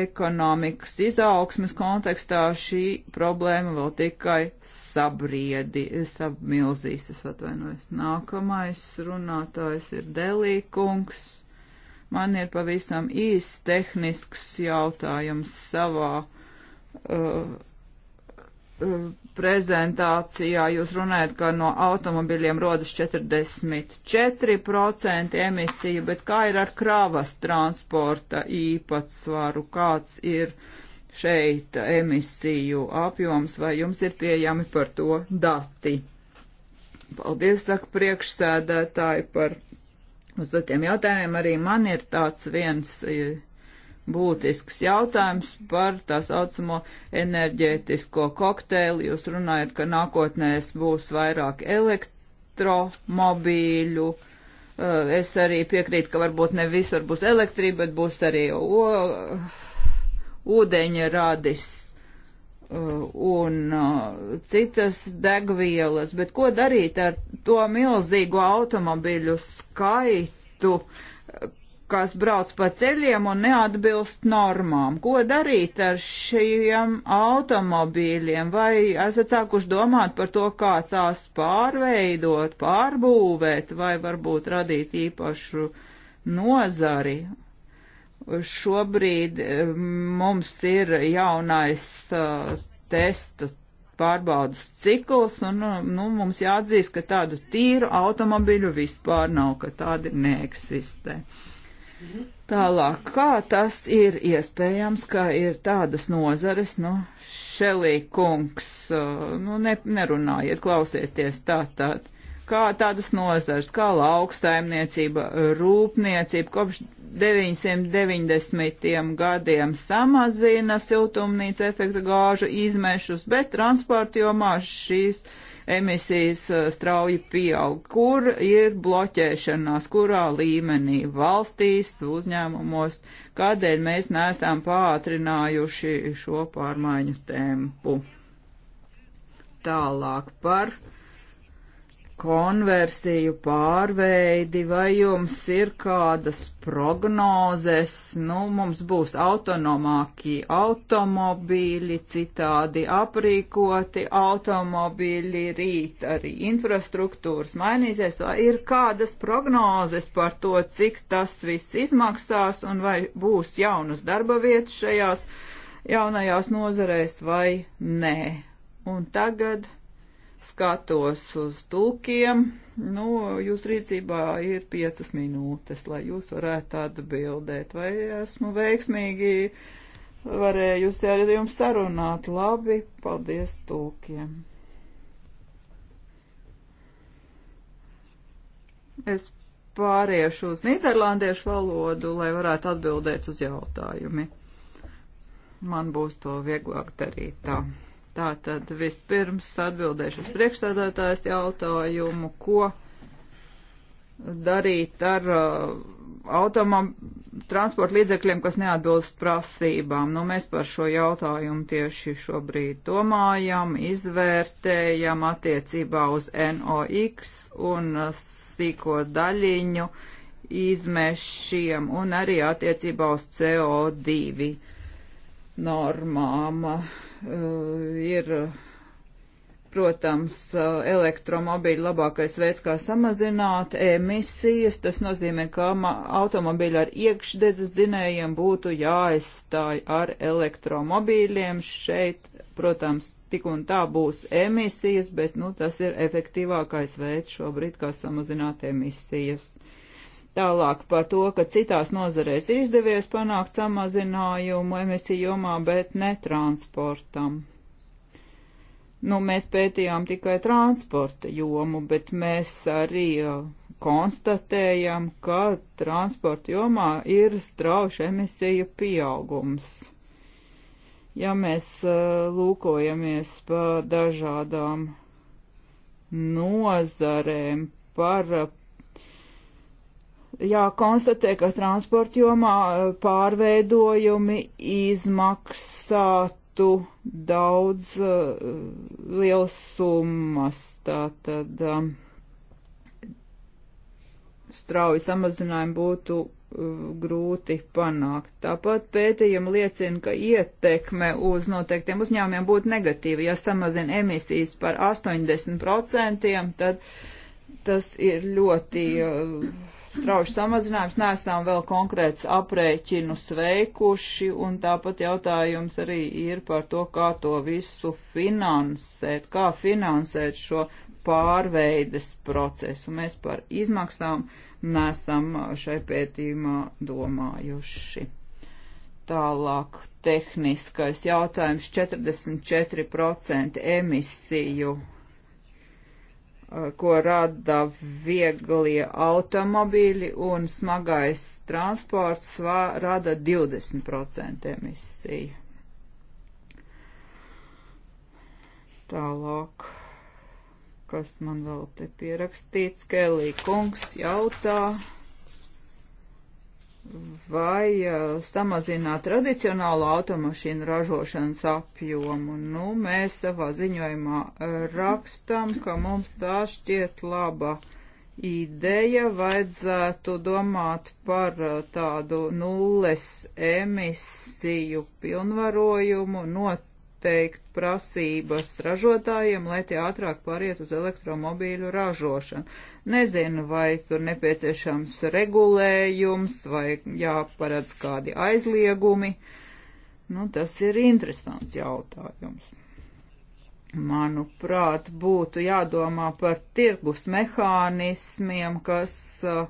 S3: ekonomikas izaugsmes kontekstā šī problēma vēl tikai sabriedi, sabmilzīs, es atvainojos. Nākamais runātājs ir Delīkungs. Man ir pavisam īsts tehnisks jautājums savā. Uh, prezentācijā jūs runājat, ka no automobiļiem rodas 44% emisiju, bet kā ir ar kravas transporta īpatsvaru, kāds ir šeit emisiju apjoms, vai jums ir pieejami par to dati? Paldies, saka priekšsēdētāji, par uzdotiem jautājumiem. Arī man ir tāds viens. Uh, būtisks jautājums par tā saucamo enerģētisko kokteili. Jūs runājat, ka nākotnēs būs vairāk elektromobīļu. Eh, es arī piekrītu, ka varbūt ne visur būs elektrība, bet būs arī ūdeņa radis eh, un eh, citas degvielas. Bet ko darīt ar to milzīgo automobīļu skaitu? skaitu, kas brauc pa ceļiem un neatbilst normām. Ko darīt ar šiem automobīļiem? Vai esat sākuši domāt par to, kā tās pārveidot, pārbūvēt vai varbūt radīt īpašu nozari? Šobrīd eh, mums ir jaunais uh, eh, testa pārbaudas cikls, un eh, nu, mums jāatzīst, ka tādu tīru automobīļu vispār nav, ka tādi neeksistē. Uh, Tālāk, kā tas ir iespējams, ka ir tādas nozares, nu, šelī kungs, uh, nu, ne, nerunājiet, klausieties tātad, kā tādas nozares, kā lauksaimniecība, rūpniecība, kopš 990. gadiem samazina siltumnīca efekta gāžu izmešus, bet transporta jomā šīs. Uh, emisijas strauji pieaug. Kur ir bloķēšanās, kurā līmenī valstīs, uzņēmumos, kādēļ mēs neesam pātrinājuši šo pārmaiņu tempu? Tālāk par konversiju, pārveidi, vai jums ir kādas prognozes, nu, mums būs autonomāki automobīļi, citādi aprīkoti automobīļi, rīt arī infrastruktūras mainīsies, vai ir kādas prognozes par to, cik tas viss izmaksās un vai būs jaunas darba vietas šajās jaunajās nozarēs vai nē. Un tagad skatos uz tūkiem. Nu, jūs rīcībā ir piecas minūtes, lai jūs varētu atbildēt, vai esmu veiksmīgi varējusi ar jums sarunāt. Labi, paldies tūkiem. Es pāriešu uz nīderlandiešu valodu, lai varētu atbildēt uz jautājumi. Man būs to vieglāk darīt tā. Mm. Tātad vispirms atbildēšu uz priekšsēdētājas jautājumu, ko darīt ar uh, automam transporta līdzekļiem, kas neatbilst prasībām. Nu, mēs par šo jautājumu tieši šobrīd domājam, izvērtējam attiecībā uz NOx un uh, sīko daļiņu izmešiem un arī attiecībā uz CO2 normām. Uh, Eh, ir, protams, eh, elektromobīļi labākais veids, kā samazināt emisijas. Tas nozīmē, ka automobīļi ar iekšdedzes dzinējiem būtu jāaizstāj ar elektromobīļiem. Šeit, protams, tik un tā būs emisijas, bet, nu, tas ir efektīvākais veids šobrīd, kā samazināt emisijas. Tālāk par to, ka citās nozarēs izdevies panākt samazinājumu emisiju jomā, bet ne transportam. Nu, mēs pētījām tikai transporta jomu, bet mēs arī uh, konstatējam, ka transporta jomā ir strauši emisiju pieaugums. Ja mēs uh, lūkojamies pa dažādām nozarēm par uh, jākonstatē, ka transporta jomā e, pārveidojumi izmaksātu daudz uh, e, liels summas. Tātad um, strauji samazinājumi būtu uh, grūti panākt. Tāpat pētījumi liecina, ka ietekme uz noteiktiem uzņēmumiem būtu negatīva. Ja samazina emisijas par 80%, tad tas ir ļoti uh, strauši samazinājums, neesam vēl konkrēts aprēķinus veikuši, un tāpat jautājums arī ir par to, kā to visu finansēt, kā finansēt šo pārveides procesu. Mēs par izmaksām nesam šai pētījumā domājuši. Tālāk tehniskais jautājums - 44% emisiju Eh, ko rada vieglie automobīļi un smagais transports vā, rada 20% emisiju. Tālāk, kas man vēl te pierakstīts, Kelī kungs jautā vai uh, samazināt tradicionālo automašīnu ražošanas apjomu. Nu, mēs savā ziņojumā eh, rakstam, ka mums tā šķiet laba ideja. Vajadzētu domāt par eh, tādu nulles emisiju pilnvarojumu, not noteikt prasības ražotājiem, lai tie ātrāk pāriet uz elektromobīļu ražošanu. Nezinu, vai tur nepieciešams regulējums vai jāparedz kādi aizliegumi. Nu, tas ir interesants jautājums. Manuprāt, būtu jādomā par tirgus mehānismiem, kas uh,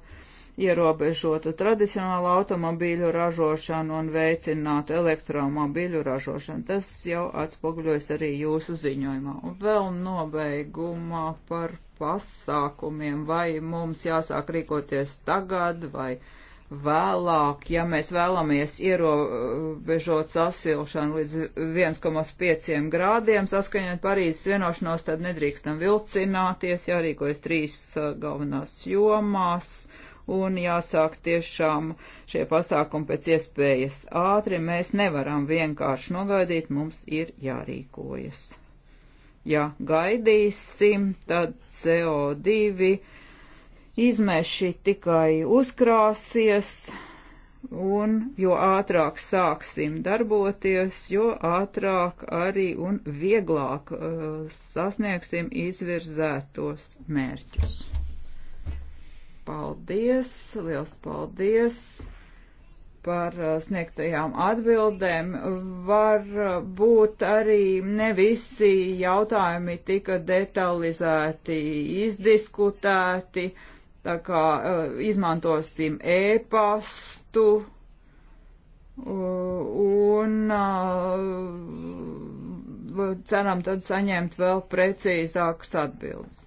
S3: ierobežotu tradicionālu automobīļu ražošanu un veicinātu elektromobīļu ražošanu. Tas jau atspoguļojas arī jūsu ziņojumā. Un vēl nobeigumā par pasākumiem, vai mums jāsāk rīkoties tagad vai vēlāk, ja mēs vēlamies ierobežot sasilšanu līdz 1,5 grādiem saskaņot Parīzes vienošanos, tad nedrīkstam vilcināties, jārīkojas trīs uh, galvenās jomās un jāsāk tiešām šie pasākumi pēc iespējas ātri. Mēs nevaram vienkārši nogaidīt, mums ir jārīkojas. Ja gaidīsim, tad CO2 izmeši tikai uzkrāsies, un jo ātrāk sāksim darboties, jo ātrāk arī un vieglāk uh, sasniegsim izvirzētos mērķus paldies, liels paldies par uh, sniegtajām atbildēm. Var uh, būt arī ne visi jautājumi tika detalizēti izdiskutēti, tā kā uh, izmantosim e-pastu un ceram tad saņemt vēl precīzākas atbildes.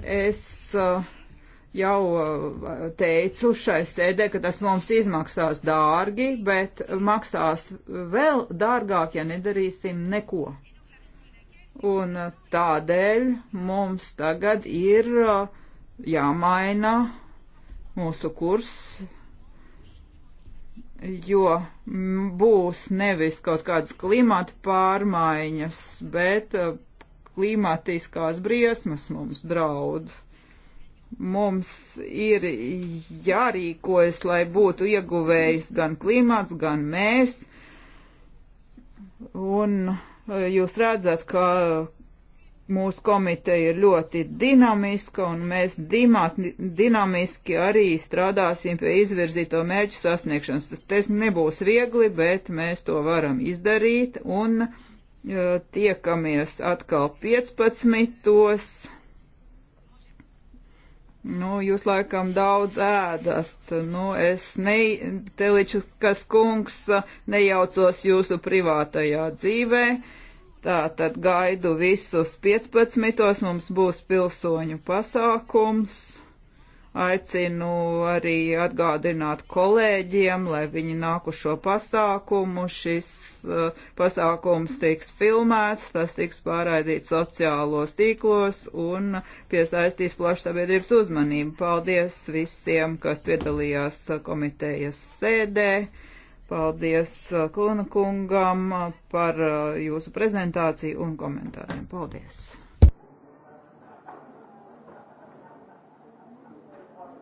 S3: Es uh, jau eh, teicu šai sēdē, ka tas mums izmaksās dārgi, bet maksās vēl dārgāk, ja nedarīsim neko. Un eh, tādēļ mums tagad ir eh, jāmaina mūsu kurs, jo būs nevis kaut kādas klimata pārmaiņas, bet klimatiskās briesmas mums draud mums ir jārīkojas, lai būtu ieguvējis gan klimats, gan mēs. Un eh, jūs redzat, ka mūsu komiteja ir ļoti dinamiska, un mēs dimāt, dinamiski arī strādāsim pie izvirzīto mērķu sasniegšanas. Tas, tas nebūs viegli, bet mēs to varam izdarīt, un eh, tiekamies atkal 15. Nu, jūs laikam daudz ēdat. Nu, es ne, teliču, kas kungs nejaucos jūsu privātajā dzīvē. Tā tad gaidu visus 15. mums būs pilsoņu pasākums. Aicinu arī atgādināt kolēģiem, lai viņi nāk uz šo pasākumu. Šis uh, pasākums tiks filmēts, tas tiks pārraidīts sociālos tīklos un piesaistīs plašu sabiedrības uzmanību. Paldies visiem, kas piedalījās komitejas sēdē. Paldies eh, Kuna kungam eh, par jūsu prezentāciju un komentāriem. Paldies!